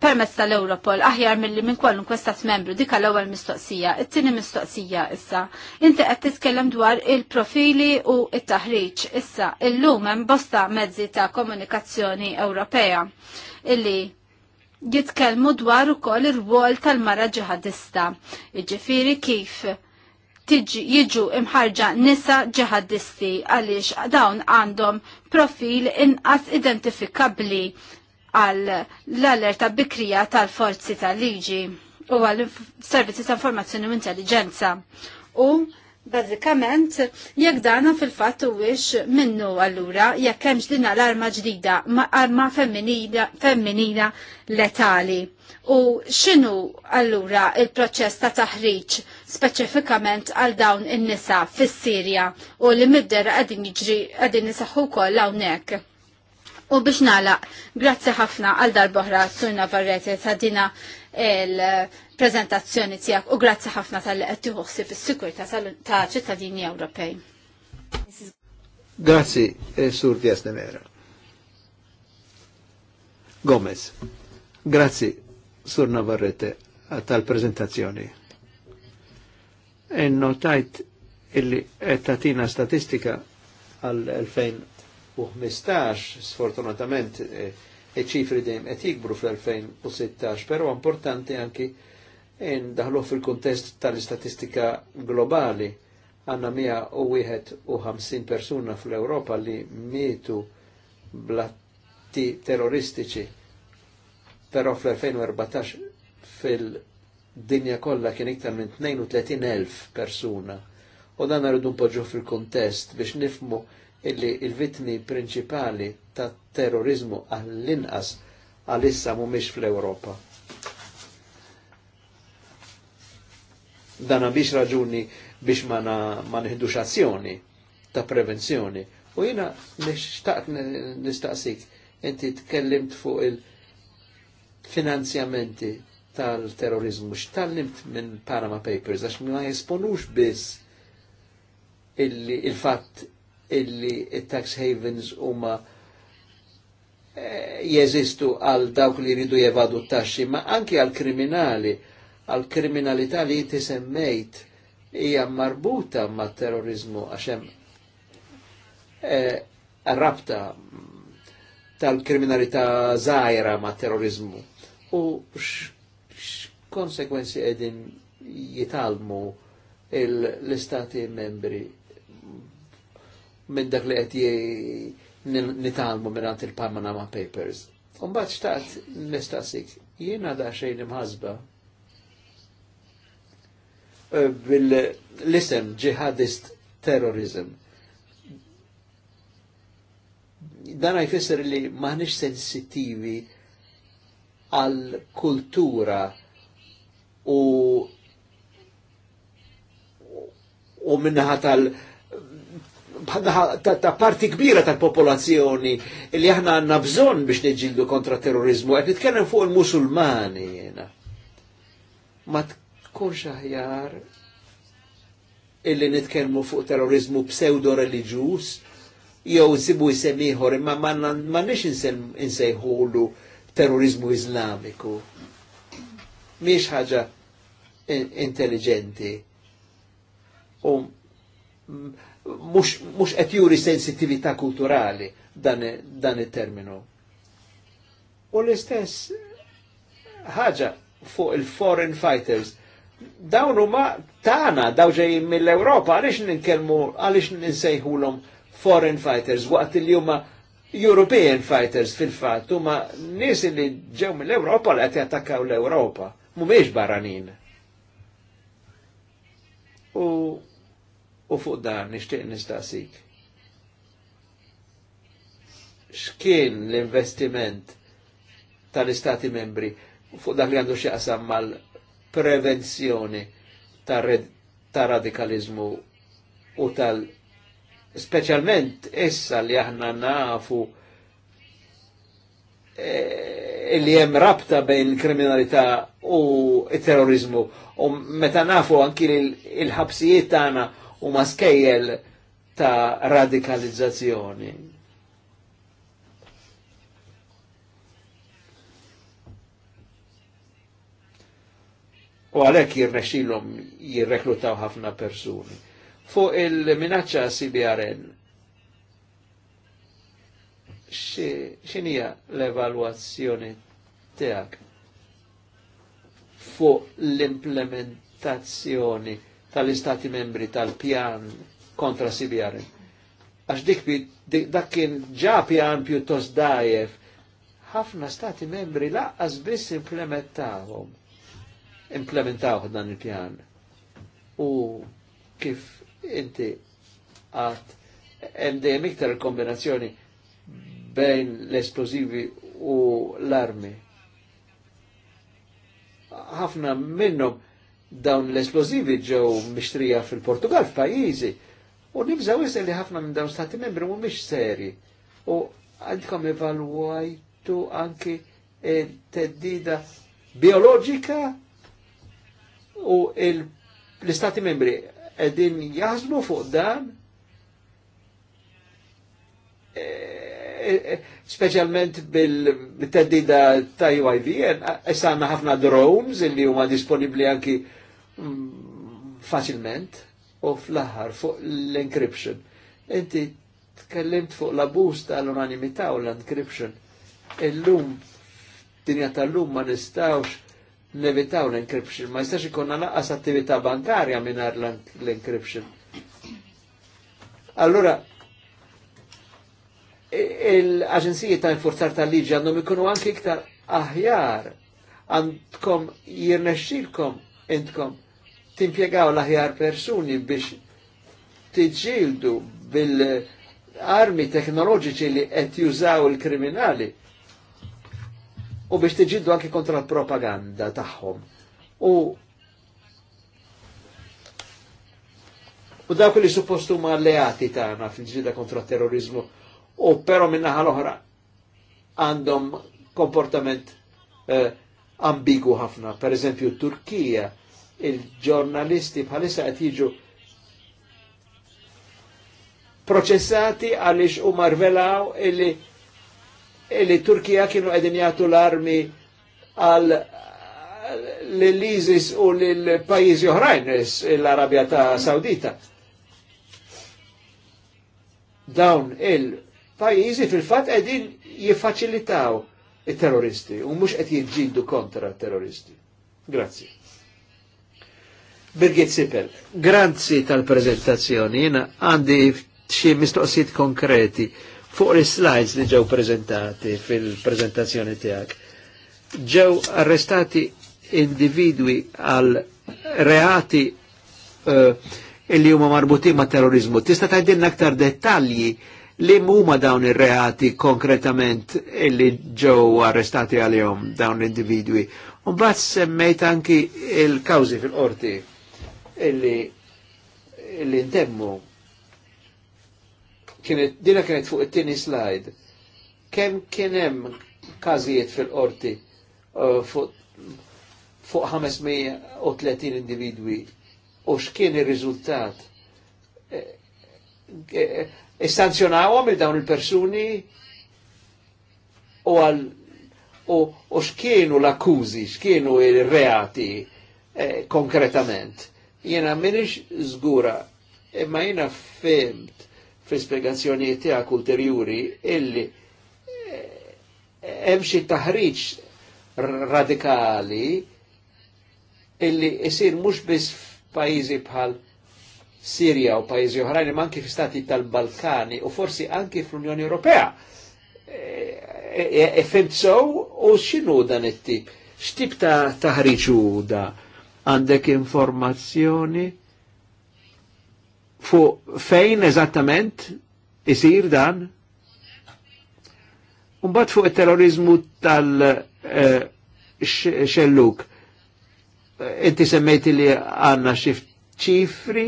permezz tal-Europol aħjar milli minn kwalunkwe stat membru dik l-ewwel mistoqsija. It-tieni mistoqsija issa. Inti qed titkellem dwar il-profili u it-taħriġ issa illum hemm bosta mezzi ta' komunikazzjoni Ewropea illi jitkellmu dwar ukoll ir-rwol tal-mara ġihadista. Jiġifieri kif tiġi jiġu imħarġa nisa ġihadisti għaliex dawn għandhom profil inqas identifikabli għal l-allerta bikrija tal-forzi tal-liġi u għal servizzi ta' informazzjoni u intelligenza. U Bazzikament, jekk dana fil-fatt wix minnu allura jekk hemmx din l-arma ġdida, ma arma femminina letali. U x'inhu allura il-proċess ta' taħriġ speċifikament għal dawn in-nisa fis-Sirja u li mibder qegħdin jiġri qegħdin isaħħu wkoll hawnhekk. U biex nalaq, grazzi ħafna għal darboħra Surna Varreti ta' dina il-prezentazzjoni tiegħek u grazzi ħafna tal-li tieħu uħsi fis-sikurità ta' ċittadini Ewropej. Grazzi, eh, Sur Dias Nemera. Gomez, grazzi, Sur Navarrete, tal-prezentazzjoni. E notajt illi tatina statistika għal 2015, sfortunatament, e, e ċifri dejjem qed jikbru fl-2016, però importanti anki daħluh fil-kontest tal-istatistika globali għanna 151 persuna fl-Europa li mietu blatti terroristiċi. Però fl-2014 fil- dinja kollha kien iktar minn 32,000 persuna. U dan rridu npoġġu fil-kontest biex nifmu illi il vittmi prinċipali ta' terrorizmu għall-inqas għal-issa fl ewropa Dan biex raġuni biex ma, ma nħidux azzjoni ta' prevenzjoni. U jina nixtaq nistaqsik, inti tkellimt fuq il-finanzjamenti tal-terrorizmu x'tallimt minn Panama Papers għax ma jesponux biss il-fatt illi il-tax havens huma eh, jeżistu għal dawk li jridu jevadu t-taxxi, ma anki għal kriminali, għal kriminalità li tisemmejt hija marbuta ma' terrorizmu għaxem hemm eh, rabta tal-kriminalità zaħira ma' terrorizmu. U konsekwenzi edin jitalmu l-istati membri minn dak li qed nitalmu minn il-Panama Papers. Umbaċ taħt nistaqsik, jiena da xejn imħazba eh, bil lisem ġihadist terrorism. Dan jfisser li maħniex sensittivi għal kultura u u minnaħa tal ta' parti kbira tal-popolazzjoni li aħna għanna bżon biex neġildu kontra terrorizmu, għed nitkellem fuq il-musulmani jena. Ma tkunx aħjar illi nitkellmu fuq terrorizmu pseudo-reliġus, jew nsibu jisemiħor, imma ma nix nsejħulu terrorizmu islamiku. Miex ħaġa intelligenti u mux qed juri sensitività kulturali dan, dan it-terminu. U l-istess ħaġa fuq il-foreign fighters. Dawn huma tana daw ġej mill-Ewropa għaliex ninkellmu għaliex ninsejħulhom foreign fighters waqt li huma European fighters fil-fatt huma nies li ġew mill-Ewropa li qed jattakkaw l-Ewropa mhumiex barranin. U, u fuq dan nixtieq nistaqsik. X'kien l-investiment tal-Istati membri fuq dak li għandu xieqsam mal-prevenzjoni tal-radikalizmu ta u tal- specialment issa li aħna nafu e, li hemm rabta bejn kriminalità u terrorizmu u meta nafu anki il-ħabsijiet tagħna u maskejjel ta' radikalizzazzjoni. U għalhekk jirnexilom jirreklutaw ħafna persuni. Fuq il-minaccia CBRN, xinija l-evaluazzjoni teak fuq l-implementazzjoni tal-istati membri tal-pjan kontra CBR. Għax dik dak kien ġa pjan pjuttost dajef, ħafna stati membri laqqas biss implementawhom. Implementaw dan il-pjan. U kif inti għat endemik tal iktar kombinazzjoni bejn l-esplosivi u l-armi. Ħafna minnhom dawn l-esplosivi ġew mixtrija fil-Portugal f'pajjiżi u nibżaw isel li ħafna minn dawn stati membri mhix seri. U għandkom evalwajtu anki teddida biologika u l-istati membri edin jazmu fuq dan e, specialment bil-teddida ta' UIV, essanna ħafna drones illi huma disponibli anki mm, facilment u fl-aħħar fuq l-encryption. Inti tkellimt fuq l-abus tal-unanimità u l-encryption. Illum, dinja tal-lum ma nistawx nevitaw l-encryption, ma jistax ikonna laqqas attività bankarja minar l-encryption. Allora, il-Aġenziji ta' Forzar tal-Liġi għandhom ikunu anki iktar aħjar għandkom jirnexxilkom intkom timpjegaw l-aħjar persuni biex tiġildu bil-armi teknoloġiċi li qed jużaw il-kriminali u biex tiġildu anki kontra l-propaganda tagħhom. U U dawk li suppostu ma alleati tagħna fil-ġida kontra terrorizmu u pero minnaħa l-oħra għandhom komportament eh, ambigu ħafna. Per eżempju, Turkija, il-ġurnalisti bħalissa qed jiġu proċessati għaliex u marvelaw illi illi Turkija kienu qegħdin jagħtu l-armi għal l-ISIS u l-pajjiżi oħrajn l-Arabja ta' Sawdita. Dawn il- pajizi fil-fat qegħdin jifacilitaw il-terroristi u mux qed jidġildu kontra terroristi. Grazzi. Birgit Sipel, grazzi tal-prezentazzjoni, jena għandi xie mistoqsijiet konkreti fuq l-slides li ġew prezentati fil-prezentazzjoni tijak. Ġew arrestati individwi għal reati uh, illi huma marbutin ma' terrorizmu. Tista' tgħidilna aktar dettalji li muma dawn ir-reati konkretament illi ġew arrestati għalihom dawn l-individwi. U mbagħad semmejt anki il-kawżi fil-qorti illi illi ndemmu kienet dina kienet fuq it-tieni slide. Kemm kien hemm każijiet fil-qorti uh, fuq 530 individwi u x'kien ir-riżultat? Eh, eh, istanzjonawhom il dawn il-persuni u għal u x'kienu l-akkużi, x'kienu il-reati eh, konkretament. Jena minix zgura, imma jena fimt fl-spiegazzjonijiet tiegħek ulterjuri illi eh, emxie taħriċ radikali illi jsir mux bis pajizi bħal Sirja u pajizi oħrajn ma anki fl-Stati tal-Balkani u forsi anki fl-Unjoni Ewropea. E, e, e, e Fimt sow u xinu dan it-tip? X'tip ta' taħriġu da? Għandek informazzjoni Fu fejn eżattament isir dan? Umbat fuq il-terrorizmu tal-xelluk, inti semmejti li għanna xift ċifri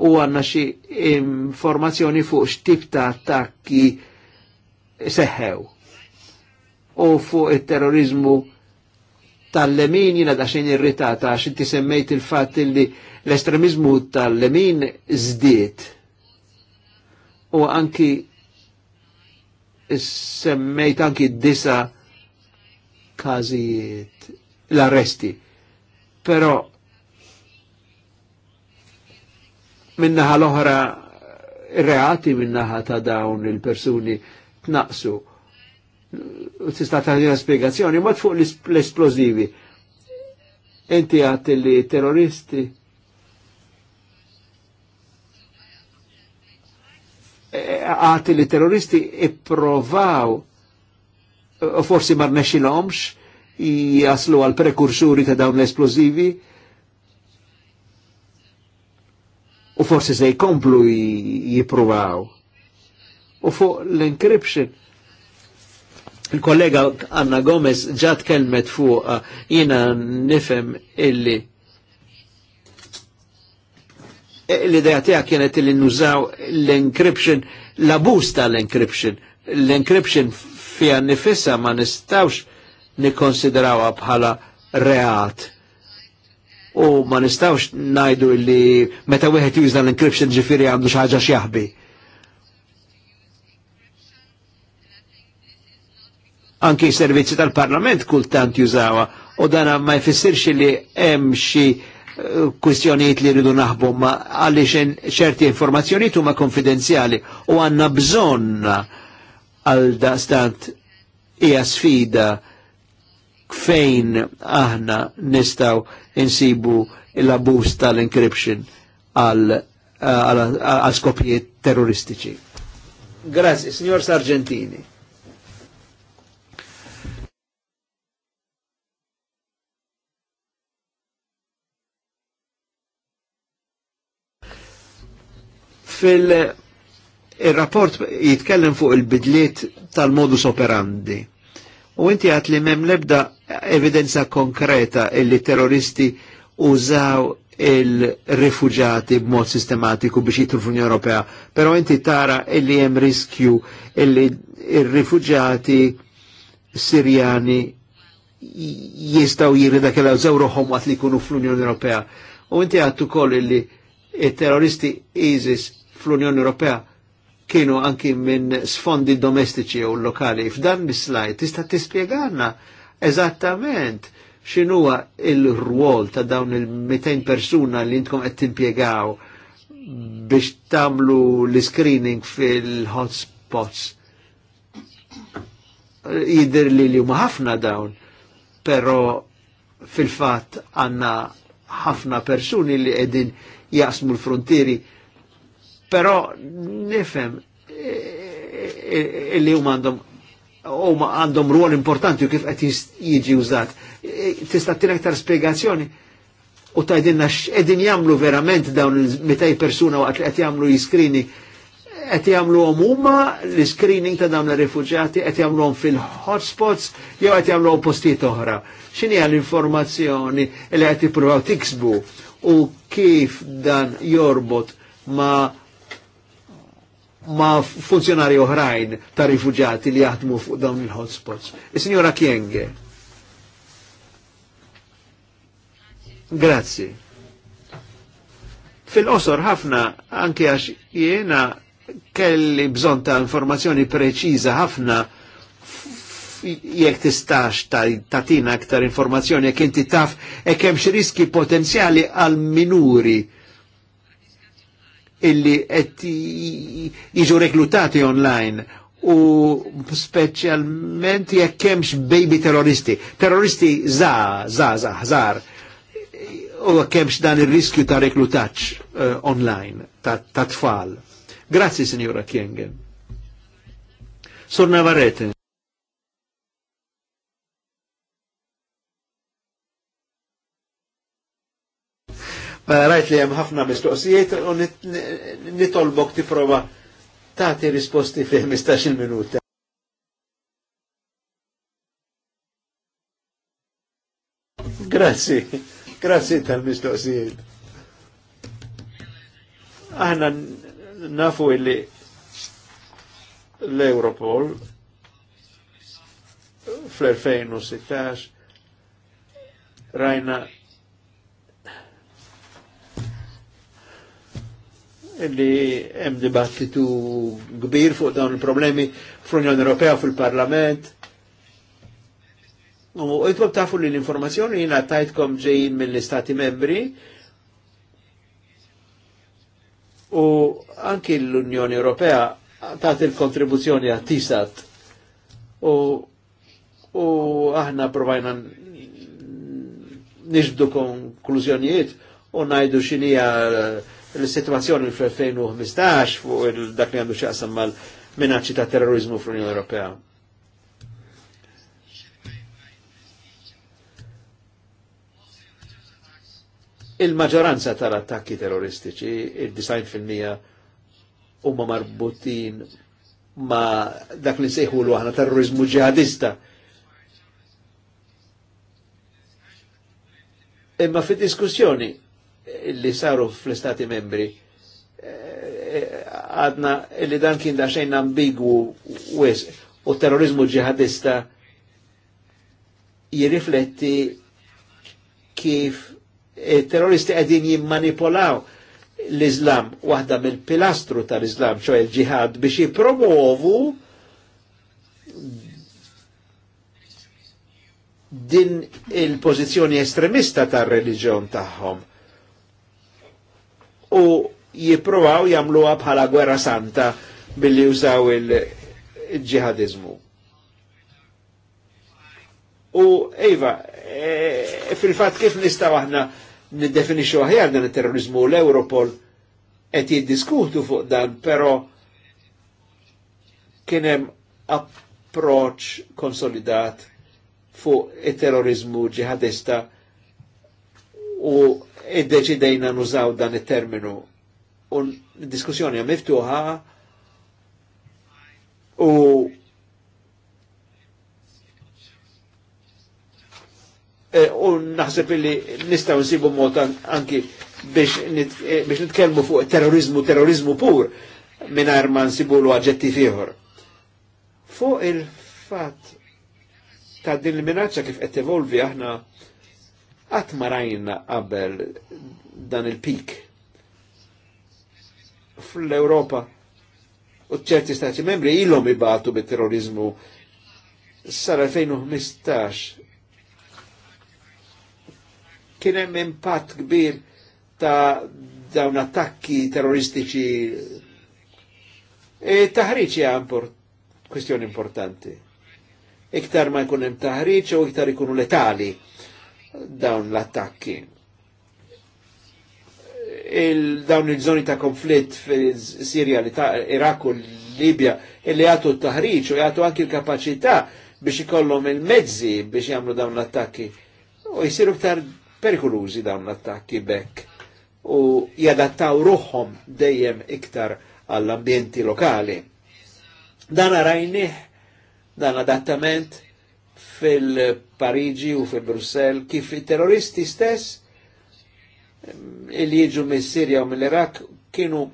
u għanna xi informazzjoni fuq x'tip ta' attakki seħħew. U fuq it-terrorizmu tal-lemin jina xejn irritata għax inti semmejt il fat li l-estremizmu tal-lemin zdiet. U anki semmejt anki disa kazijiet l-arresti. Pero minnaħa l-oħra reati minnaħa ta' dawn il-persuni tnaqsu. Tista' taħdina spiegazzjoni, ma fuq l-esplosivi. Enti għat li terroristi e, għat li terroristi i-provaw, forsi mar nexilomx jaslu għal prekursuri ta' dawn l-esplosivi u forsi se jkomplu jipruvaw. U fuq l-encryption, il-kollega Anna Gomez ġat kelmet fuq eh, jina nifem illi eh, l-ideja tijak kienet li nużaw l-encryption, l-abus tal-encryption. L-encryption fija nifissa ma nistawx nikonsiderawa bħala reat u ma nistawx najdu li meta wieħed juża l-encryption ġifieri għandu xi ħaġa xjaħbi. Anki s-servizzi tal-Parlament kultant jużawa u dana ma jfissirx li hemm xi eh, kwistjonijiet li rridu naħbu ma għaliex ċerti informazzjonijiet huma konfidenzjali u għandna bżonn għal dastant hija sfida fejn aħna nistaw insibu l-abus tal-encryption eh, għal skopijiet terroristiċi. Grazie, signor Sargentini. fil-rapport jitkellem fuq il-bidliet tal-modus operandi U inti għat li mem lebda evidenza konkreta illi terroristi użaw il-refugjati b'mod sistematiku biex jitru fl-Unjoni Ewropea, però inti tara illi hemm riskju illi il refugġati Sirjani jistaw jiri dakela użaw ruħom għat li kunu fl-Unjoni Ewropea. U inti għattu koll illi il-terroristi ISIS fl-Unjoni Ewropea kienu anki minn sfondi domestiċi u lokali. F'dan l-slajd tista' tispjegana eżattament x'inhuwa il-rwol ta' dawn il-200 persuna li intkom qed tinpjegaw biex tamlu l-screening fil-hotspots. Jidir li li huma ħafna dawn, pero fil-fat għanna ħafna persuni li edin jasmu l-frontieri Però nifhem illi eh, eh, eh, huma għandhom u għandhom ruol importanti u kif qed jiġi użat. Tista' tina aktar spjegazzjoni u tajdinna x'qegħdin jagħmlu verament dawn il-200 persuna waqt li qed jagħmlu jiskrini qed jagħmluhom huma l-screening ta' dawn ir-rifuġjati qed jagħmluhom fil-hotspots jew qed jagħmluhom postijiet oħra. X'inhi l-informazzjoni li qed jippruvaw tiksbu u kif dan jorbot ma' ma funzjonari oħrajn ta' rifugjati li jaħdmu fuq dawn il-hotspots. Is-Signora Kienge. Grazzi. Fil-qosor ħafna anke għax jiena kelli bżon ta' informazzjoni preċiża ħafna jekk tistax tatina aktar informazzjoni jekk inti taf e kemm xi riski potenzjali għal minuri illi qed jiġu reklutati online u speċjalment jekk hemmx baby terroristi. Terroristi za, za, za, zar. U kemx dan ir-riskju ta' reklutaċ uh, eh, online ta', ta tfal. Grazzi, Signora Kiengen. Sur Navarrete. Mela, rajt li jem ħafna mistoqsijiet u nitolbok tipprova tagħti risposti fi 15 minuta. Grazzi, grazzi tal-mistoqsijiet. Aħna nafu illi l-Europol fl-2016 rajna li hemm dibattitu kbir fuq dawn il-problemi fl-Unjoni Ewropea fil-Parlament. U jitlob tafu li l-informazzjoni jina tajtkom ġejjin mill-Istati membri u anki l-Unjoni Ewropea tat il-kontribuzzjoni għat-tisat u, u aħna provajna nixbdu konklużjonijiet u najdu xinija uh, l-situazzjoni fl-2015 fuq dak li għandu xaqsam mal-minacċi ta' terrorizmu fl-Unjoni Ewropea. Il-maġoranza tal-attakki terroristiċi, il-90% huma marbutin ma' dak li sejħu l terrorizmu ġihadista. Imma fi diskussjoni li saru fl-Istati membri eh, għadna li dan kien da xejn ambigwu wis u terrorizmu ġihadista jirrifletti kif eh, terroristi għedin jimmanipolaw l-Islam, waħda mill-pilastru tal-Islam, ċo il-ġihad, biex jipromovu din il-pozizjoni estremista tal-reġjon tagħhom u jipprovaw jagħmluha bħala gwerra santa billi jużaw il-ġihadizmu. U Eva, e, fil-fat kif nistaw aħna niddefinixxu aħjar dan it-terrorizmu l-Europol qed jiddiskutu fuq dan, però kien hemm approċ konsolidat fuq it-terrorizmu ġihadista u id-deċidejna nużaw dan il-terminu u diskussjoni iftuħa u e, u naħseb illi nistaw nsibu mod anki e, biex nitkellmu fuq terrorizmu, terrorizmu pur minar ma nsibu lu għagġetti fiħor. Fuq il-fat ta' din il-minaccia kif qed evolvi aħna Qatt marajna qabel dan il-pik. Fl-Europa u ċerti stati membri ilhom ibatu bit-terrorizmu sar-2015 kien hemm impatt kbir ta' dawn attakki terroristiċi e taħriġ hija import, kwestjoni importanti. Iktar ma jkun hemm taħriġ u iktar ikunu letali dawn l-attakki. Il dawn il-żoni ta' konflitt fil-Sirja, l-Iraq u l-Libja, illi għatu t-taħriċ u għatu anki l-kapacità biex ikollhom il-mezzi biex jagħmlu dawn l-attakki. U jisiru ktar perikolużi dawn l-attakki bekk u jadattaw ruħom dejjem iktar għall-ambjenti lokali. Dan għarajniħ, dan adattament fil-Parigi u fil-Brussel kif i terroristi stess il jieġu mis sirja u mill-Iraq kienu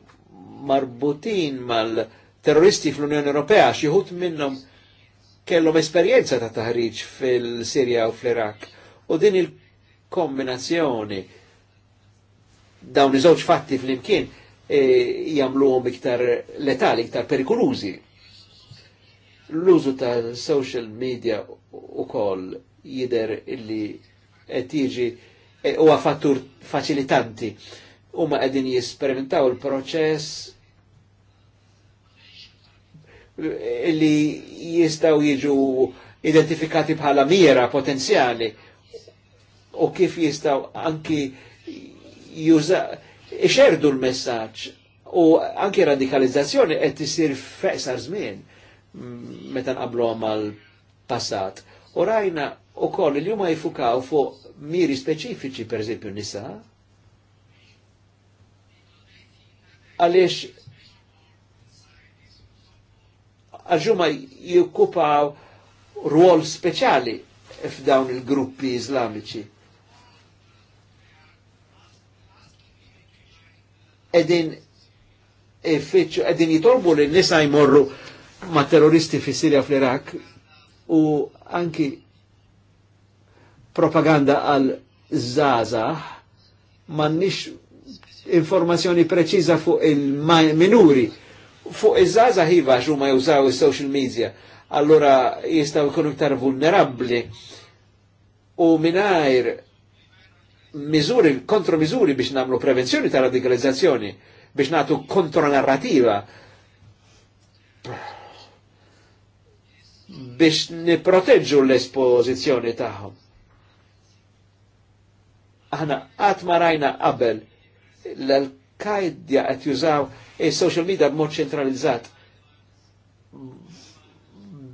marbutin mal-terroristi fl-Unjoni Ewropea, xieħut minnom kellhom esperjenza ta' taħriġ fil-Sirja u fl-Iraq. U din il-kombinazzjoni dawn iż-żewġ fatti fl-imkien e, jagħmluhom iktar letali, iktar perikolużi. L-użu ta' social media kol jider illi tiġi u e, huwa facilitanti faċilitanti huma qegħdin jisperimentaw il-proċess illi jistaw jiġu identifikati bħala mira potenzjali u kif jistaw anki juża ixerdu l-messaġġ u anki radikalizzazzjoni qed isir feqsar żmien meta nqablu mal passat. U rajna u koll li huma jifukaw fuq miri speċifiċi per eżempju nisa. Għaliex għalġuma jikupaw ruol speċali f'dawn il-gruppi islamiċi. Edin e edin jitolbu li nisa jmorru ma terroristi fi Sirja fl-Irak u anki propaganda għal zaza nix informazzjoni preċiza fuq il-minuri. Fuq iż-żaza hiva ħiva ma jużaw il social media, allura jistaw jkunu iktar vulnerabli u mingħajr miżuri, kontromiżuri biex namlu prevenzjoni ta' radikalizzazzjoni, biex natu kontro narrativa biex niproteġu l-espożizzjoni taħħom. Aħna għat marajna qabel l-Al-Qaeda qed jużaw is-social media b'mod ċentralizzat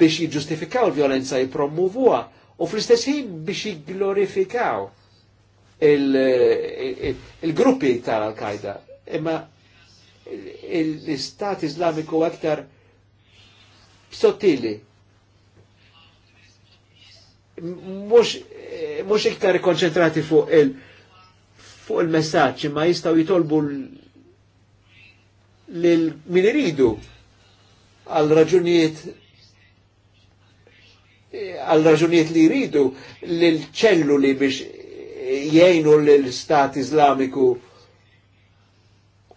biex jġustifikaw l-violenza jipromuvuha u fl-istess ħin biex jigglorifikaw il-gruppi tal-Al-Qaeda. Imma l-Istat Islamiku aktar sottili mux eh, iktar konċentrati fuq il- fuq il-messaċ ma jistaw jitolbu lil min iridu għal raġunijiet eh, għal raġunijiet li jridu lil ċelluli biex jgħinu l-Stat Islamiku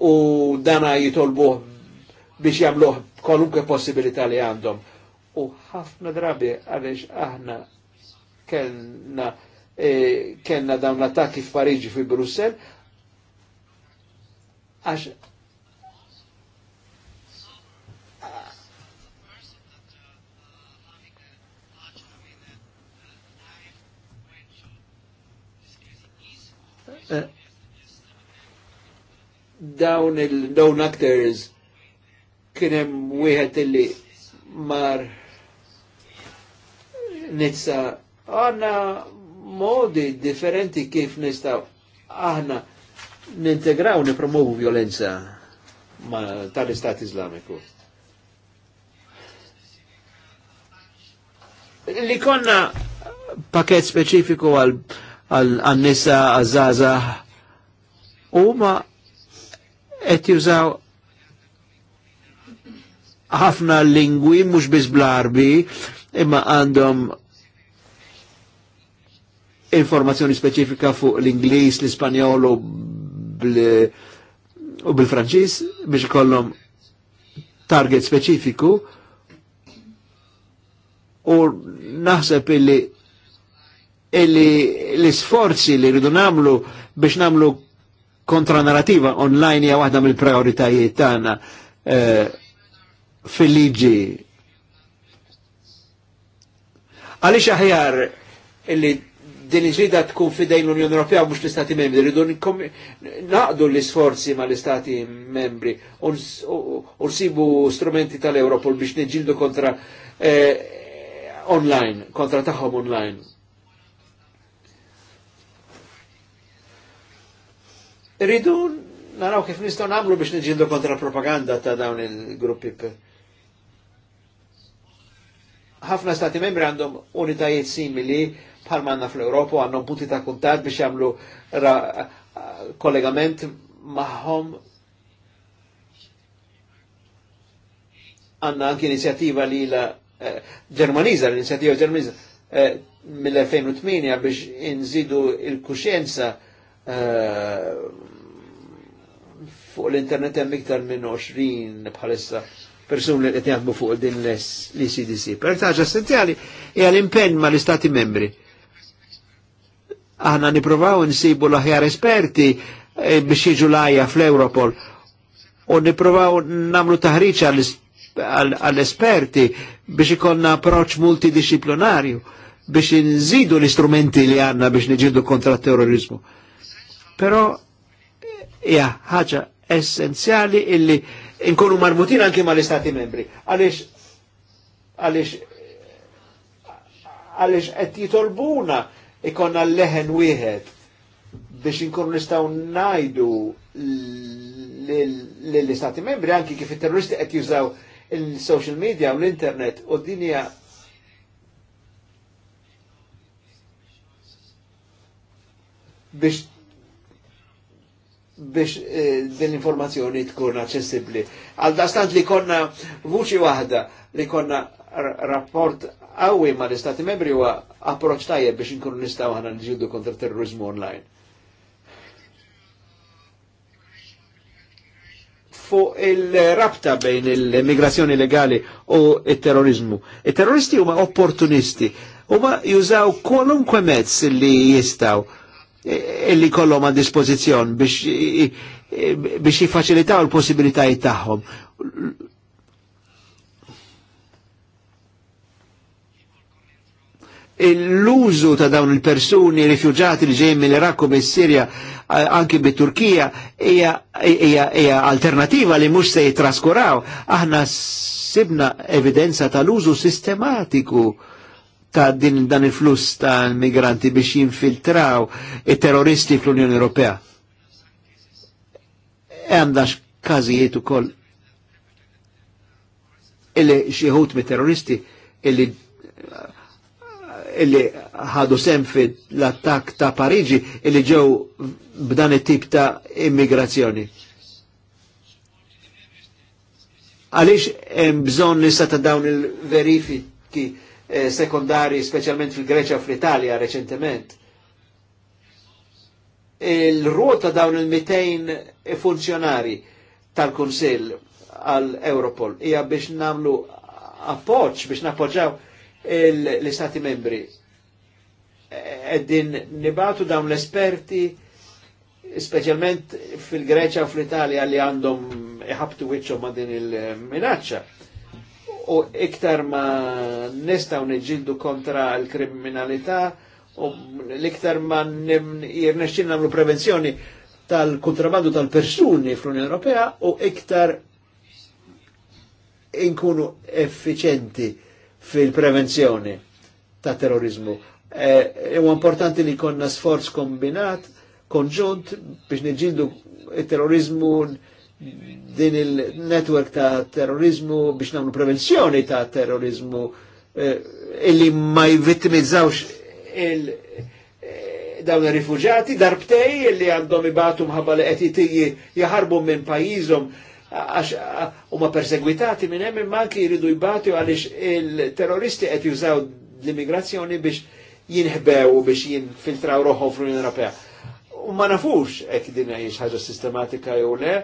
u dana jitolbu biex jamluħ kwalunkwe possibilità li għandhom. U ħafna drabi għaliex aħna kellna eh, kellna dawn l-attakki f'Pariġi fi Brussel għax eh, dawn il dawn actors kienem wieħed illi mar nitsa għanna modi differenti kif nistaw aħna nintegraw nipromovu violenza ma tal-Istat Islamiku. Li konna paket specifiku għal għannissa għal u ma għet jużaw ħafna lingwi mux bizblarbi imma għandhom informazzjoni speċifika fuq l-Inglis, l-Ispanjol u bil-Franċis biex kollom target speċifiku u naħseb illi illi l-sforzi li rridu namlu biex namlu kontranarrativa online hija waħda mill-prioritajiet tagħna eh, fil-liġi. Għaliex aħjar illi din iġrida tkun fidej l-Unjoni Ewropea mhux l-Istati Membri, rridu naqdu l-isforzi ma l-Istati Membri u nsibu strumenti tal-Europol biex niġildu kontra eh, online, kontra tagħhom online. Rridu naraw kif nistgħu nagħmlu biex niġildu kontra propaganda ta' dawn il-gruppi ħafna stati membri għandhom unitajiet simili bħal manna fl-Europa għandhom punti ta' kuntat biex jagħmlu kollegament magħhom għanna anki inizjattiva li la eh, ġermaniza, l-inizjattiva ġermaniza eh, mill-2008 biex inżidu il kuxenza eh, fuq l-internet hemm iktar minn 20 bħalissa persuni li qed jaħdmu fuq din l-ECDC. Pertaġ essenzjali hija l-impenn ma l-Istati membri. Aħna niprovaw nsibu l-aħjar esperti e, biex jiġu lajja fl-Europol u niprovaw namlu taħriċ għall-esperti biex ikonna approċ multidisciplinarju biex nżidu l-istrumenti li għanna biex niġidu kontra terrorizmu. Però, ja, ħaġa essenzjali illi inkunu marmutin anki mal-Istati membri. Għalix, għalix, għalix qed jitolbuna ikonna leħen wieħed biex inkunu nistaw najdu l-Istati membri anki kif il-terroristi qed jużaw il-social media u l-internet u dinja biex biex eh, din l-informazzjoni tkun aċċessibbli. Għal dastant li konna vuċi waħda li konna rapport għawi ma l-Istati membri huwa approċ tajjeb biex nkunu nistgħu aħna nġildu kontra terrorizmu online. Fuq il-rabta bejn il immigrazzjoni legali u il-terrorizmu. Il-terroristi huma opportunisti, huma jużaw kwalunkwe mezz li jistaw illi e, e kollom għad dispożizzjon biex biex jiffaċilitaw il-possibilitajiet tagħhom. l-użu ta' dawn il-persuni rifjuġati li ġejjin mill-Iraq u mis-Sirja anki bit-Turkija hija alternativa li mhux se jitraskuraw. Aħna sibna evidenza tal-użu sistematiku ta' din dan il flus ta' migranti biex jinfiltraw il-terroristi fl-Unjoni Ewropea. E għandax kazijiet ukoll illi xieħut me terroristi illi illi ħadu sem l-attak ta' Pariġi illi ġew b'dan it-tip ta' immigrazzjoni. Għaliex hemm bżonn nista' ta' dawn il-verifiki Eh, sekondari, specialment fil-Greċa fl-Italja reċentement. Il-ruol ta' dawn il-200 e funzjonari tal-Kunsill għal Europol hija biex namlu appoġġ biex nappoġġaw l-Istati membri. E-, eddin nibatu dawn l-esperti specialment fil greċja u fl-Italja li għandhom iħabtu wiċċhom ma' din il-minaccia u iktar ma nistaw neġildu kontra l-kriminalità u l-iktar ma jirnexxin namlu prevenzjoni tal-kontrabandu tal-persuni fl-Unjoni Ewropea u iktar inkunu effiċenti fil-prevenzjoni ta' terrorizmu. E, e u importanti li konna sforz kombinat, konġunt biex neġildu il-terrorizmu din il-network ta' terrorizmu biex nagħmlu prevenzjoni ta' terrorizmu eh, illi ma jivittimizzawx eh, dawn il rifuġati darbtej illi għandhom ibatu mħabba li qed jaharbu minn pajizom għax eh, huma persegwitati minn hemm imma anki jridu jbatu għaliex il-terroristi qed jużaw l-immigrazzjoni biex jinħbew biex jinfiltraw roħhom fl-Unjoni Ewropea. U ma nafux hekk din ħaġa sistematika jew le,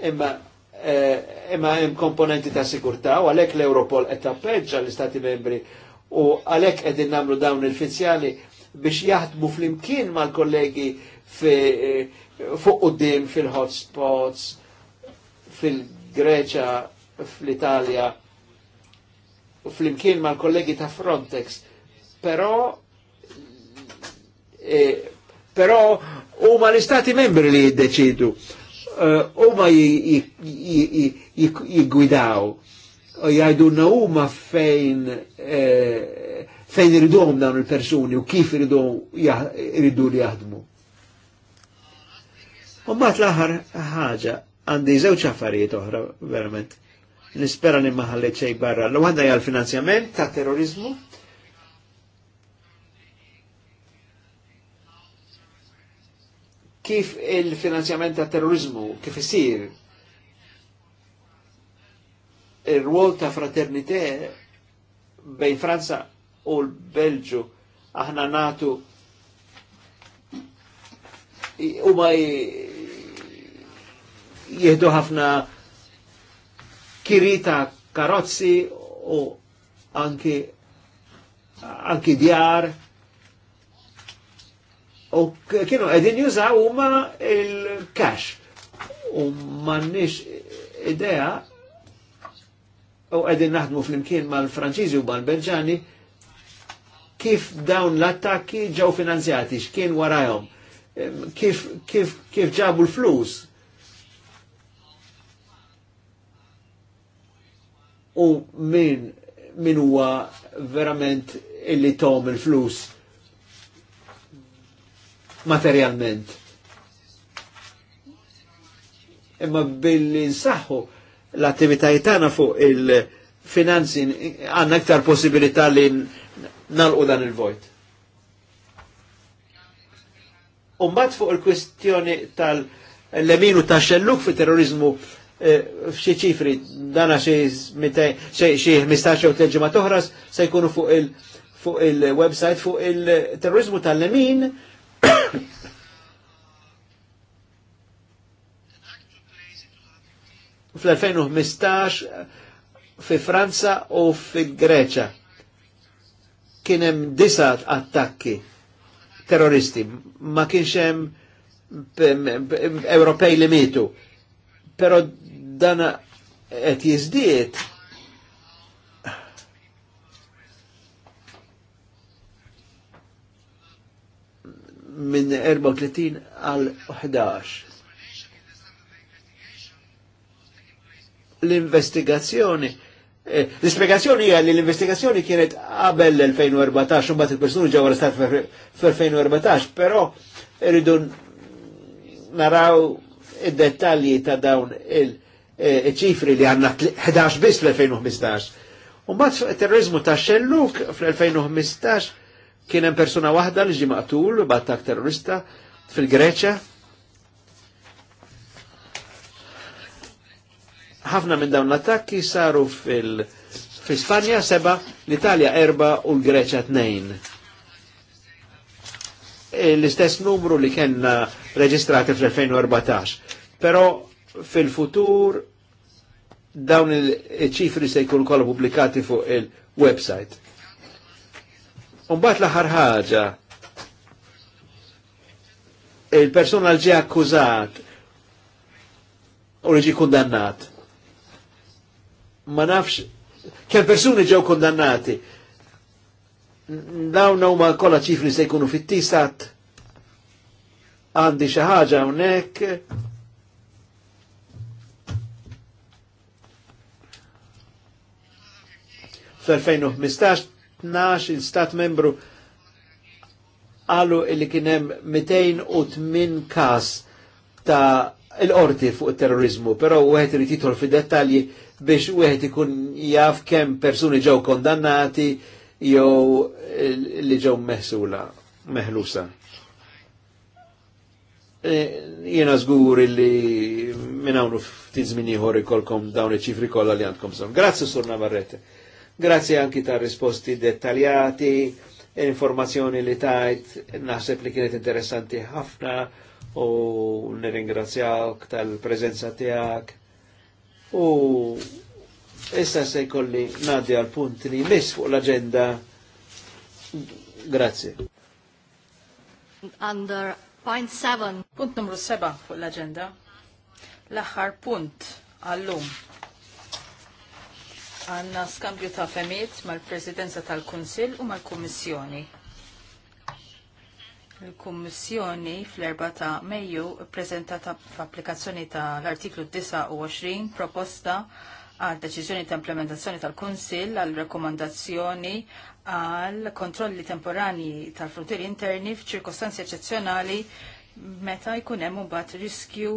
imma eh, imma hemm komponenti ta' sigurtà u għalhekk l-Europol qed tappeġġa l-Istati membri u għalhekk qegħdin nagħmlu dawn il-finzjali biex jaħdmu fl-imkien mal-kollegi eh, fuq qudiem fil-hotspots, fil-Greċa, fl-Italja, fl-imkien mal-kollegi ta' Frontex. Però eh, però huma l-istati membri li jiddeċidu Eh, u ma jigwidaw u eh, jajdunna u ma fejn eh, fejn iridom dawn il-persuni u kif iridhom iridu li jaħdmu. U mbagħad l-aħħar ħaġa għandi żewġ affarijiet oħra verament. Nispera li ma ħallet barra. L-għanda hija l-finanzjament ta' terrorizmu kif il-finanzjament ta' terrorizmu, kif isir il-rwol ta' fraternità bejn Franza u l-Belġu aħna natu u ma jihdu ħafna kirita karozzi u anki anki djar u kienu għedin jużaw huma il-cash u mannix idea u għedin naħdmu fl-imkien mal-Franċiżi u mal-Belġani kif dawn l-attakki ġew finanzjati, x'kien warajhom, kif, kif, kif ġabu l-flus. U min min huwa verament illi tom il-flus materjalment. Imma billi nsaħħu l-attivitajiet tagħna fuq il-finanzi għandna aktar possibilità li nalqu dan il-vojt. Umbat fuq il kwistjoni tal-leminu ta' xelluk fi terrorizmu eh, f'xi ċifri dana xi 15 u tleġima toħras se jkunu fuq il- fuq il-website fuq il-terrorizmu tal-lemin Fl-2015 fi Franza u fi Greċa kienem disat attakki terroristi, ma kienxem hemm Ewropej li mitu. pero dana et jizdiet minn 34 għal 11. L-investigazzjoni eh, L-ispiegazzjoni hija li l-investigazzjoni kienet qabel l-2014 u mbagħad il-persuni ġew arrestat fl-2014, però rridu naraw id-dettalji ta' dawn eh, il-ċifri li għandna 11 biss fl-2015. U mbagħad terrorizmu ta' xelluk fl-2015 Kien hemm persuna waħda li ġie maqtul b'attak terrorista fil-Greċja. Ħafna minn dawn l-attakki saru fil- fi Spanja seba, l-Italja erba u l-Greċa tnejn. E l-istess numru li kena reġistrati fl-2014. Pero fil-futur dawn il-ċifri se jkun kolla pubblikati fuq il-website. Umbat l-aħħar ħaġa, il-persuna l-ġi akkużat u l-ġi kundannat. Ma nafx, kem persuni ġew kundannati, dawn huma kollha ċifri se jkunu fit-tisat għandi xaħġa unnek, hawnhekk. Fl-2015 12 stat membru għallu il-li kienem 208 kas ta' il-qorti fuq terrorizmu, pero u għet rrit fi dettalji biex u għet ikun jaf kem persuni ġew kondannati jew li ġew meħsula, meħlusa. E, Jena zgur li minn unu ftit żmien ieħor ikolkom dawn iċ-ċifri kollha li għandkom son. Grazie, Sur Navarrete. Grazie anki ta' risposti dettaljati, informazzjoni li tajt, naħseb li kienet interessanti ħafna u nirringrazzjawk tal-prezenza tijak. U issa se jkolli nadi għal punt li mis fuq l-agenda. Grazie. Under point 7. Punt numru 7 fuq l-agenda. L-aħħar punt għallum għanna skambju ta' femiet mal-Presidenza tal-Kunsil u mal-Kummissjoni. Il-Kummissjoni fl-4 ta' Mejju prezentata f'applikazzjoni ta' l-artiklu 29 proposta għal deċiżjoni ta' implementazzjoni tal-Kunsil għal rekomandazzjoni għal kontrolli temporani tal-frontieri interni f'ċirkostanzi eccezzjonali meta jkun hemm imbagħad riskju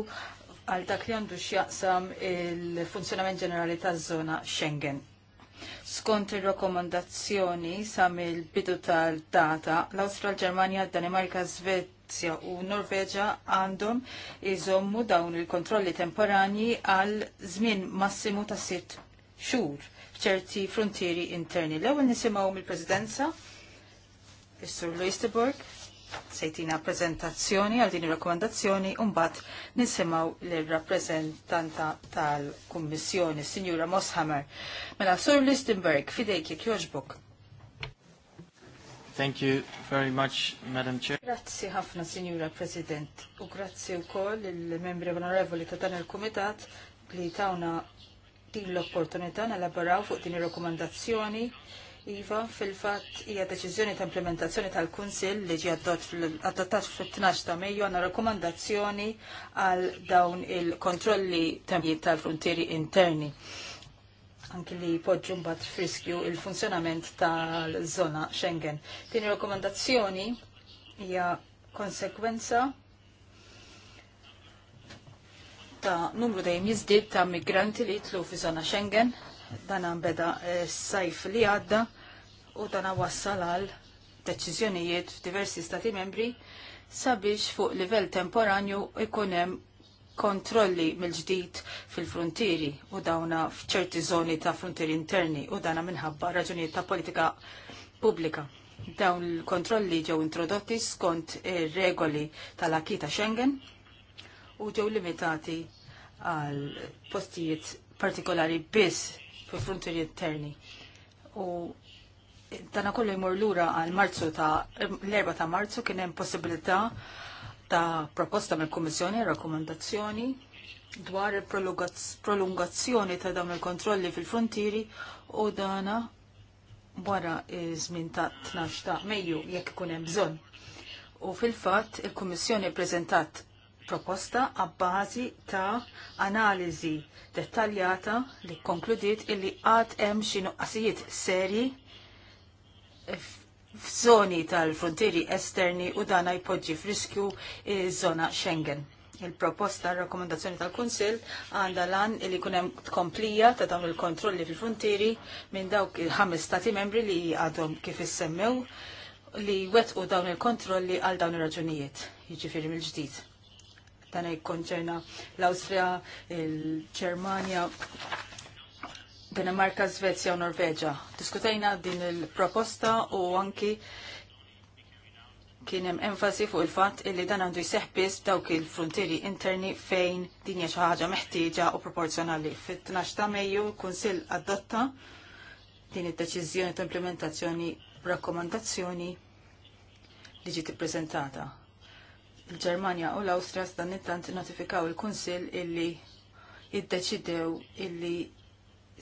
għal dak li għandu x'jaqsam il-funzjonament ġenerali taż-żona Schengen. Skont ir-rakkomandazzjoni sa mill-bidu tal-data, l-Awstra, l-Ġermanja, Danimarka, Svezja u Norveġa għandhom iżommu dawn il-kontrolli temporani għal żmien massimu ta' sitt xhur f'ċerti frontieri interni. L-ewwel nisimgħu mill-Presidenza, is-Sur Luisteborg sejtina prezentazzjoni għal din il un-bat nisimaw l-rappresentanta tal-Kummissjoni, Signora Moshammer. Mela, Sur Listenberg, fidejk jek joġbuk. Thank you very much, Madam Chair. Grazzi ħafna, Signora President, u grazie u koll il-membri onorevoli ta' dan il-Komitat li tawna din l-opportunità nalabaraw fuq din il rakkomandazzjoni Iva, fil-fat, hija deċiżjoni ta' implementazzjoni tal-Kunsill li ġi adottat fil-12 ta' Mejju għandna rakkomandazzjoni għal dawn il-kontrolli tal-frontieri interni. Anki li podġu mbagħad friskju il-funzjonament tal-żona Schengen. Din rakkomandazzjoni hija konsekwenza ta' numru dejjem jiżdied ta' migranti li jitlu fi żona Schengen dan beda eh, s-sajf li għadda u dan wassal għal deċiżjonijiet f'diversi stati membri sabiex fuq livell temporanju ikun hemm kontrolli mill-ġdid fil-frontieri u dawna f'ċerti zoni ta' frontieri interni u dana minħabba raġunijiet ta' politika pubblika. Dawn il-kontrolli ġew introdotti skont ir-regoli tal-akita Schengen u ġew limitati għal postijiet partikolari biss fi frontieri interni. U dana kollu jmur lura għal marzu ta' l erba ta' marzu kien hemm possibilità ta' proposta mill-Kummissjoni rakkomandazzjoni dwar il-prolungazzjoni ta' dawn il-kontrolli fil-frontieri u dana wara żmien ta' 12 ta' Mejju jekk ikun hemm bżonn. U fil-fatt il-Kummissjoni ppreżentat proposta għabbażi ta' analiżi dettaljata li konkludiet illi għad hemm xi nuqqasijiet serji f'żoni tal-frontieri esterni u dan jpoġġi f'riskju iż-żona Schengen. Il-proposta rakkomandazzjoni tal-Kunsill għandha lan li jkun hemm tkomplija ta' dawn il-kontrolli fil-frontieri minn dawk il-ħames stati membri li għadhom kif issemmew li wetqu dawn il-kontrolli għal dawn ir raġunijiet jiġifieri mill-ġdid tana jkonċerna l-Austria, il-Ċermanja, Danimarka, Svezja u Norveġa. Diskutajna din il-proposta u anki kien hemm enfasi fuq il-fatt illi dan għandu jseħħ biss dawk il-frontieri interni fejn din hija xi ħaġa meħtieġa u proporzjonali. Fit-12 ta' Mejju l-Kunsill adotta din id-deċiżjoni ta' implementazzjoni rakkomandazzjoni li ġiet ippreżentata il-Ġermanja u l-Awstra stan ittant notifikaw il-Kunsil illi jiddeċidew illi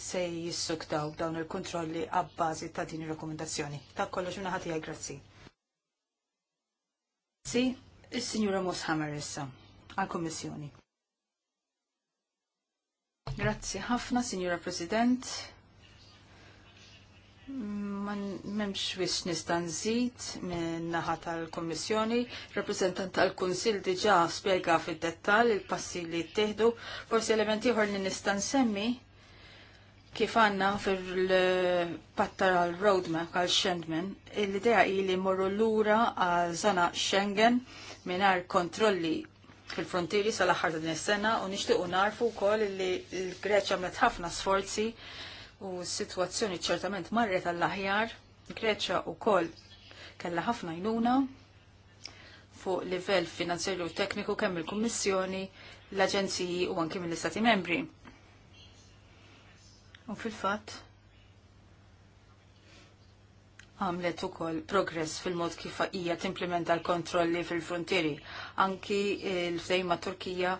se jissuktaw dawn il-kontrolli għabbażi ta' din il-rekomendazzjoni. Ta' kollox minna għaj grazzi. Si, il signora Moshammer issa, għal-Kommissjoni. Grazzi ħafna, Signora President. Memx wix nistan zid minn naħa tal komissjoni reprezentant tal-Kunsil diġa spiega fid dettal il-passi li ttieħdu, forsi elementi ħor li nistan semmi kif għanna fil-patta għal-roadmap għal-Schengen, l-idea li morru l-ura għal-zona Schengen minar kontrolli fil-frontieri sal-axar din is-sena u nixtiequ narfu wkoll li l-Greċja mlet ħafna sforzi u s-sitwazzjoni ċertament marret għall-aħjar. Greċa u koll kella ħafna jnuna fuq livell finanzjarju u tekniku kemm il-Kummissjoni, l-Aġenziji u anki mill-Istati Membri. U fil-fatt għamlet ukoll progress fil-mod kif hija timplementa l-kontrolli fil-frontieri. Anki l fdejma Turkija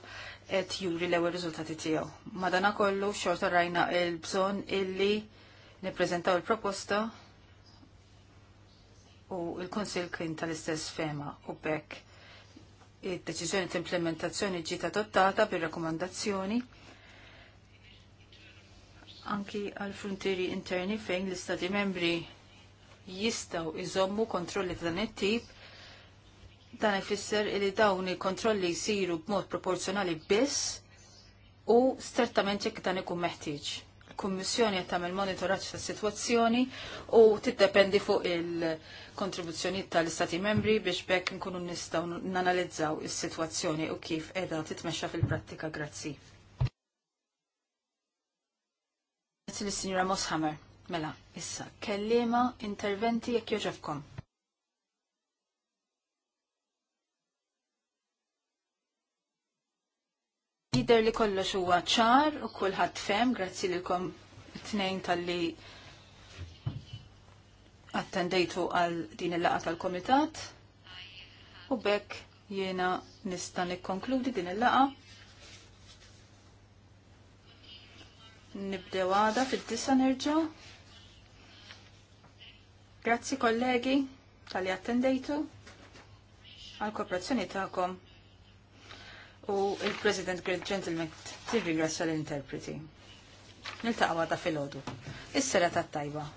qed juri l-ewwel riżultati tiegħu. Madana kollu xorta rajna l-bżonn illi nippreżentaw il-proposta u l-Kunsill kien tal-istess fema u bekk id-deċiżjoni t implementazzjoni ġiet adottata bir-rakkomandazzjoni anki għal frontieri interni fejn l-istati membri jistaw iżommu kontrolli ta' dan it-tip Dan ifisser li dawn il-kontrolli jsiru b'mod proporzjonali biss u strettament jekk dan ikun meħtieġ. il Kummissjoni qed tagħmel monitoraġġ tas-sitwazzjoni u tiddependi fuq il-kontribuzzjoni tal-Istati membri biex bekk nkunu nistgħu nanalizzaw is-sitwazzjoni u kif qiegħda titmexxa fil-prattika grazzi. Grazzi lis-Sinjura Moshammer. Mela, issa, kellima interventi jekk joġobkom. Jider li kollox huwa ċar u kulħadd fem, grazzi lilkom tnejn tal-li attendejtu għal din il-laqa tal-komitat. U bekk jiena nista' nikkonkludi din il-laqa. Nibdew għada fid-disa nerġa'. Grazzi kollegi tal-li attendejtu għal kooperazzjoni ta'kom u il-President Great Gentleman tirringrazzja l-interpreti. Niltaqgħu ta' filgħodu. Is-sera ta' tajba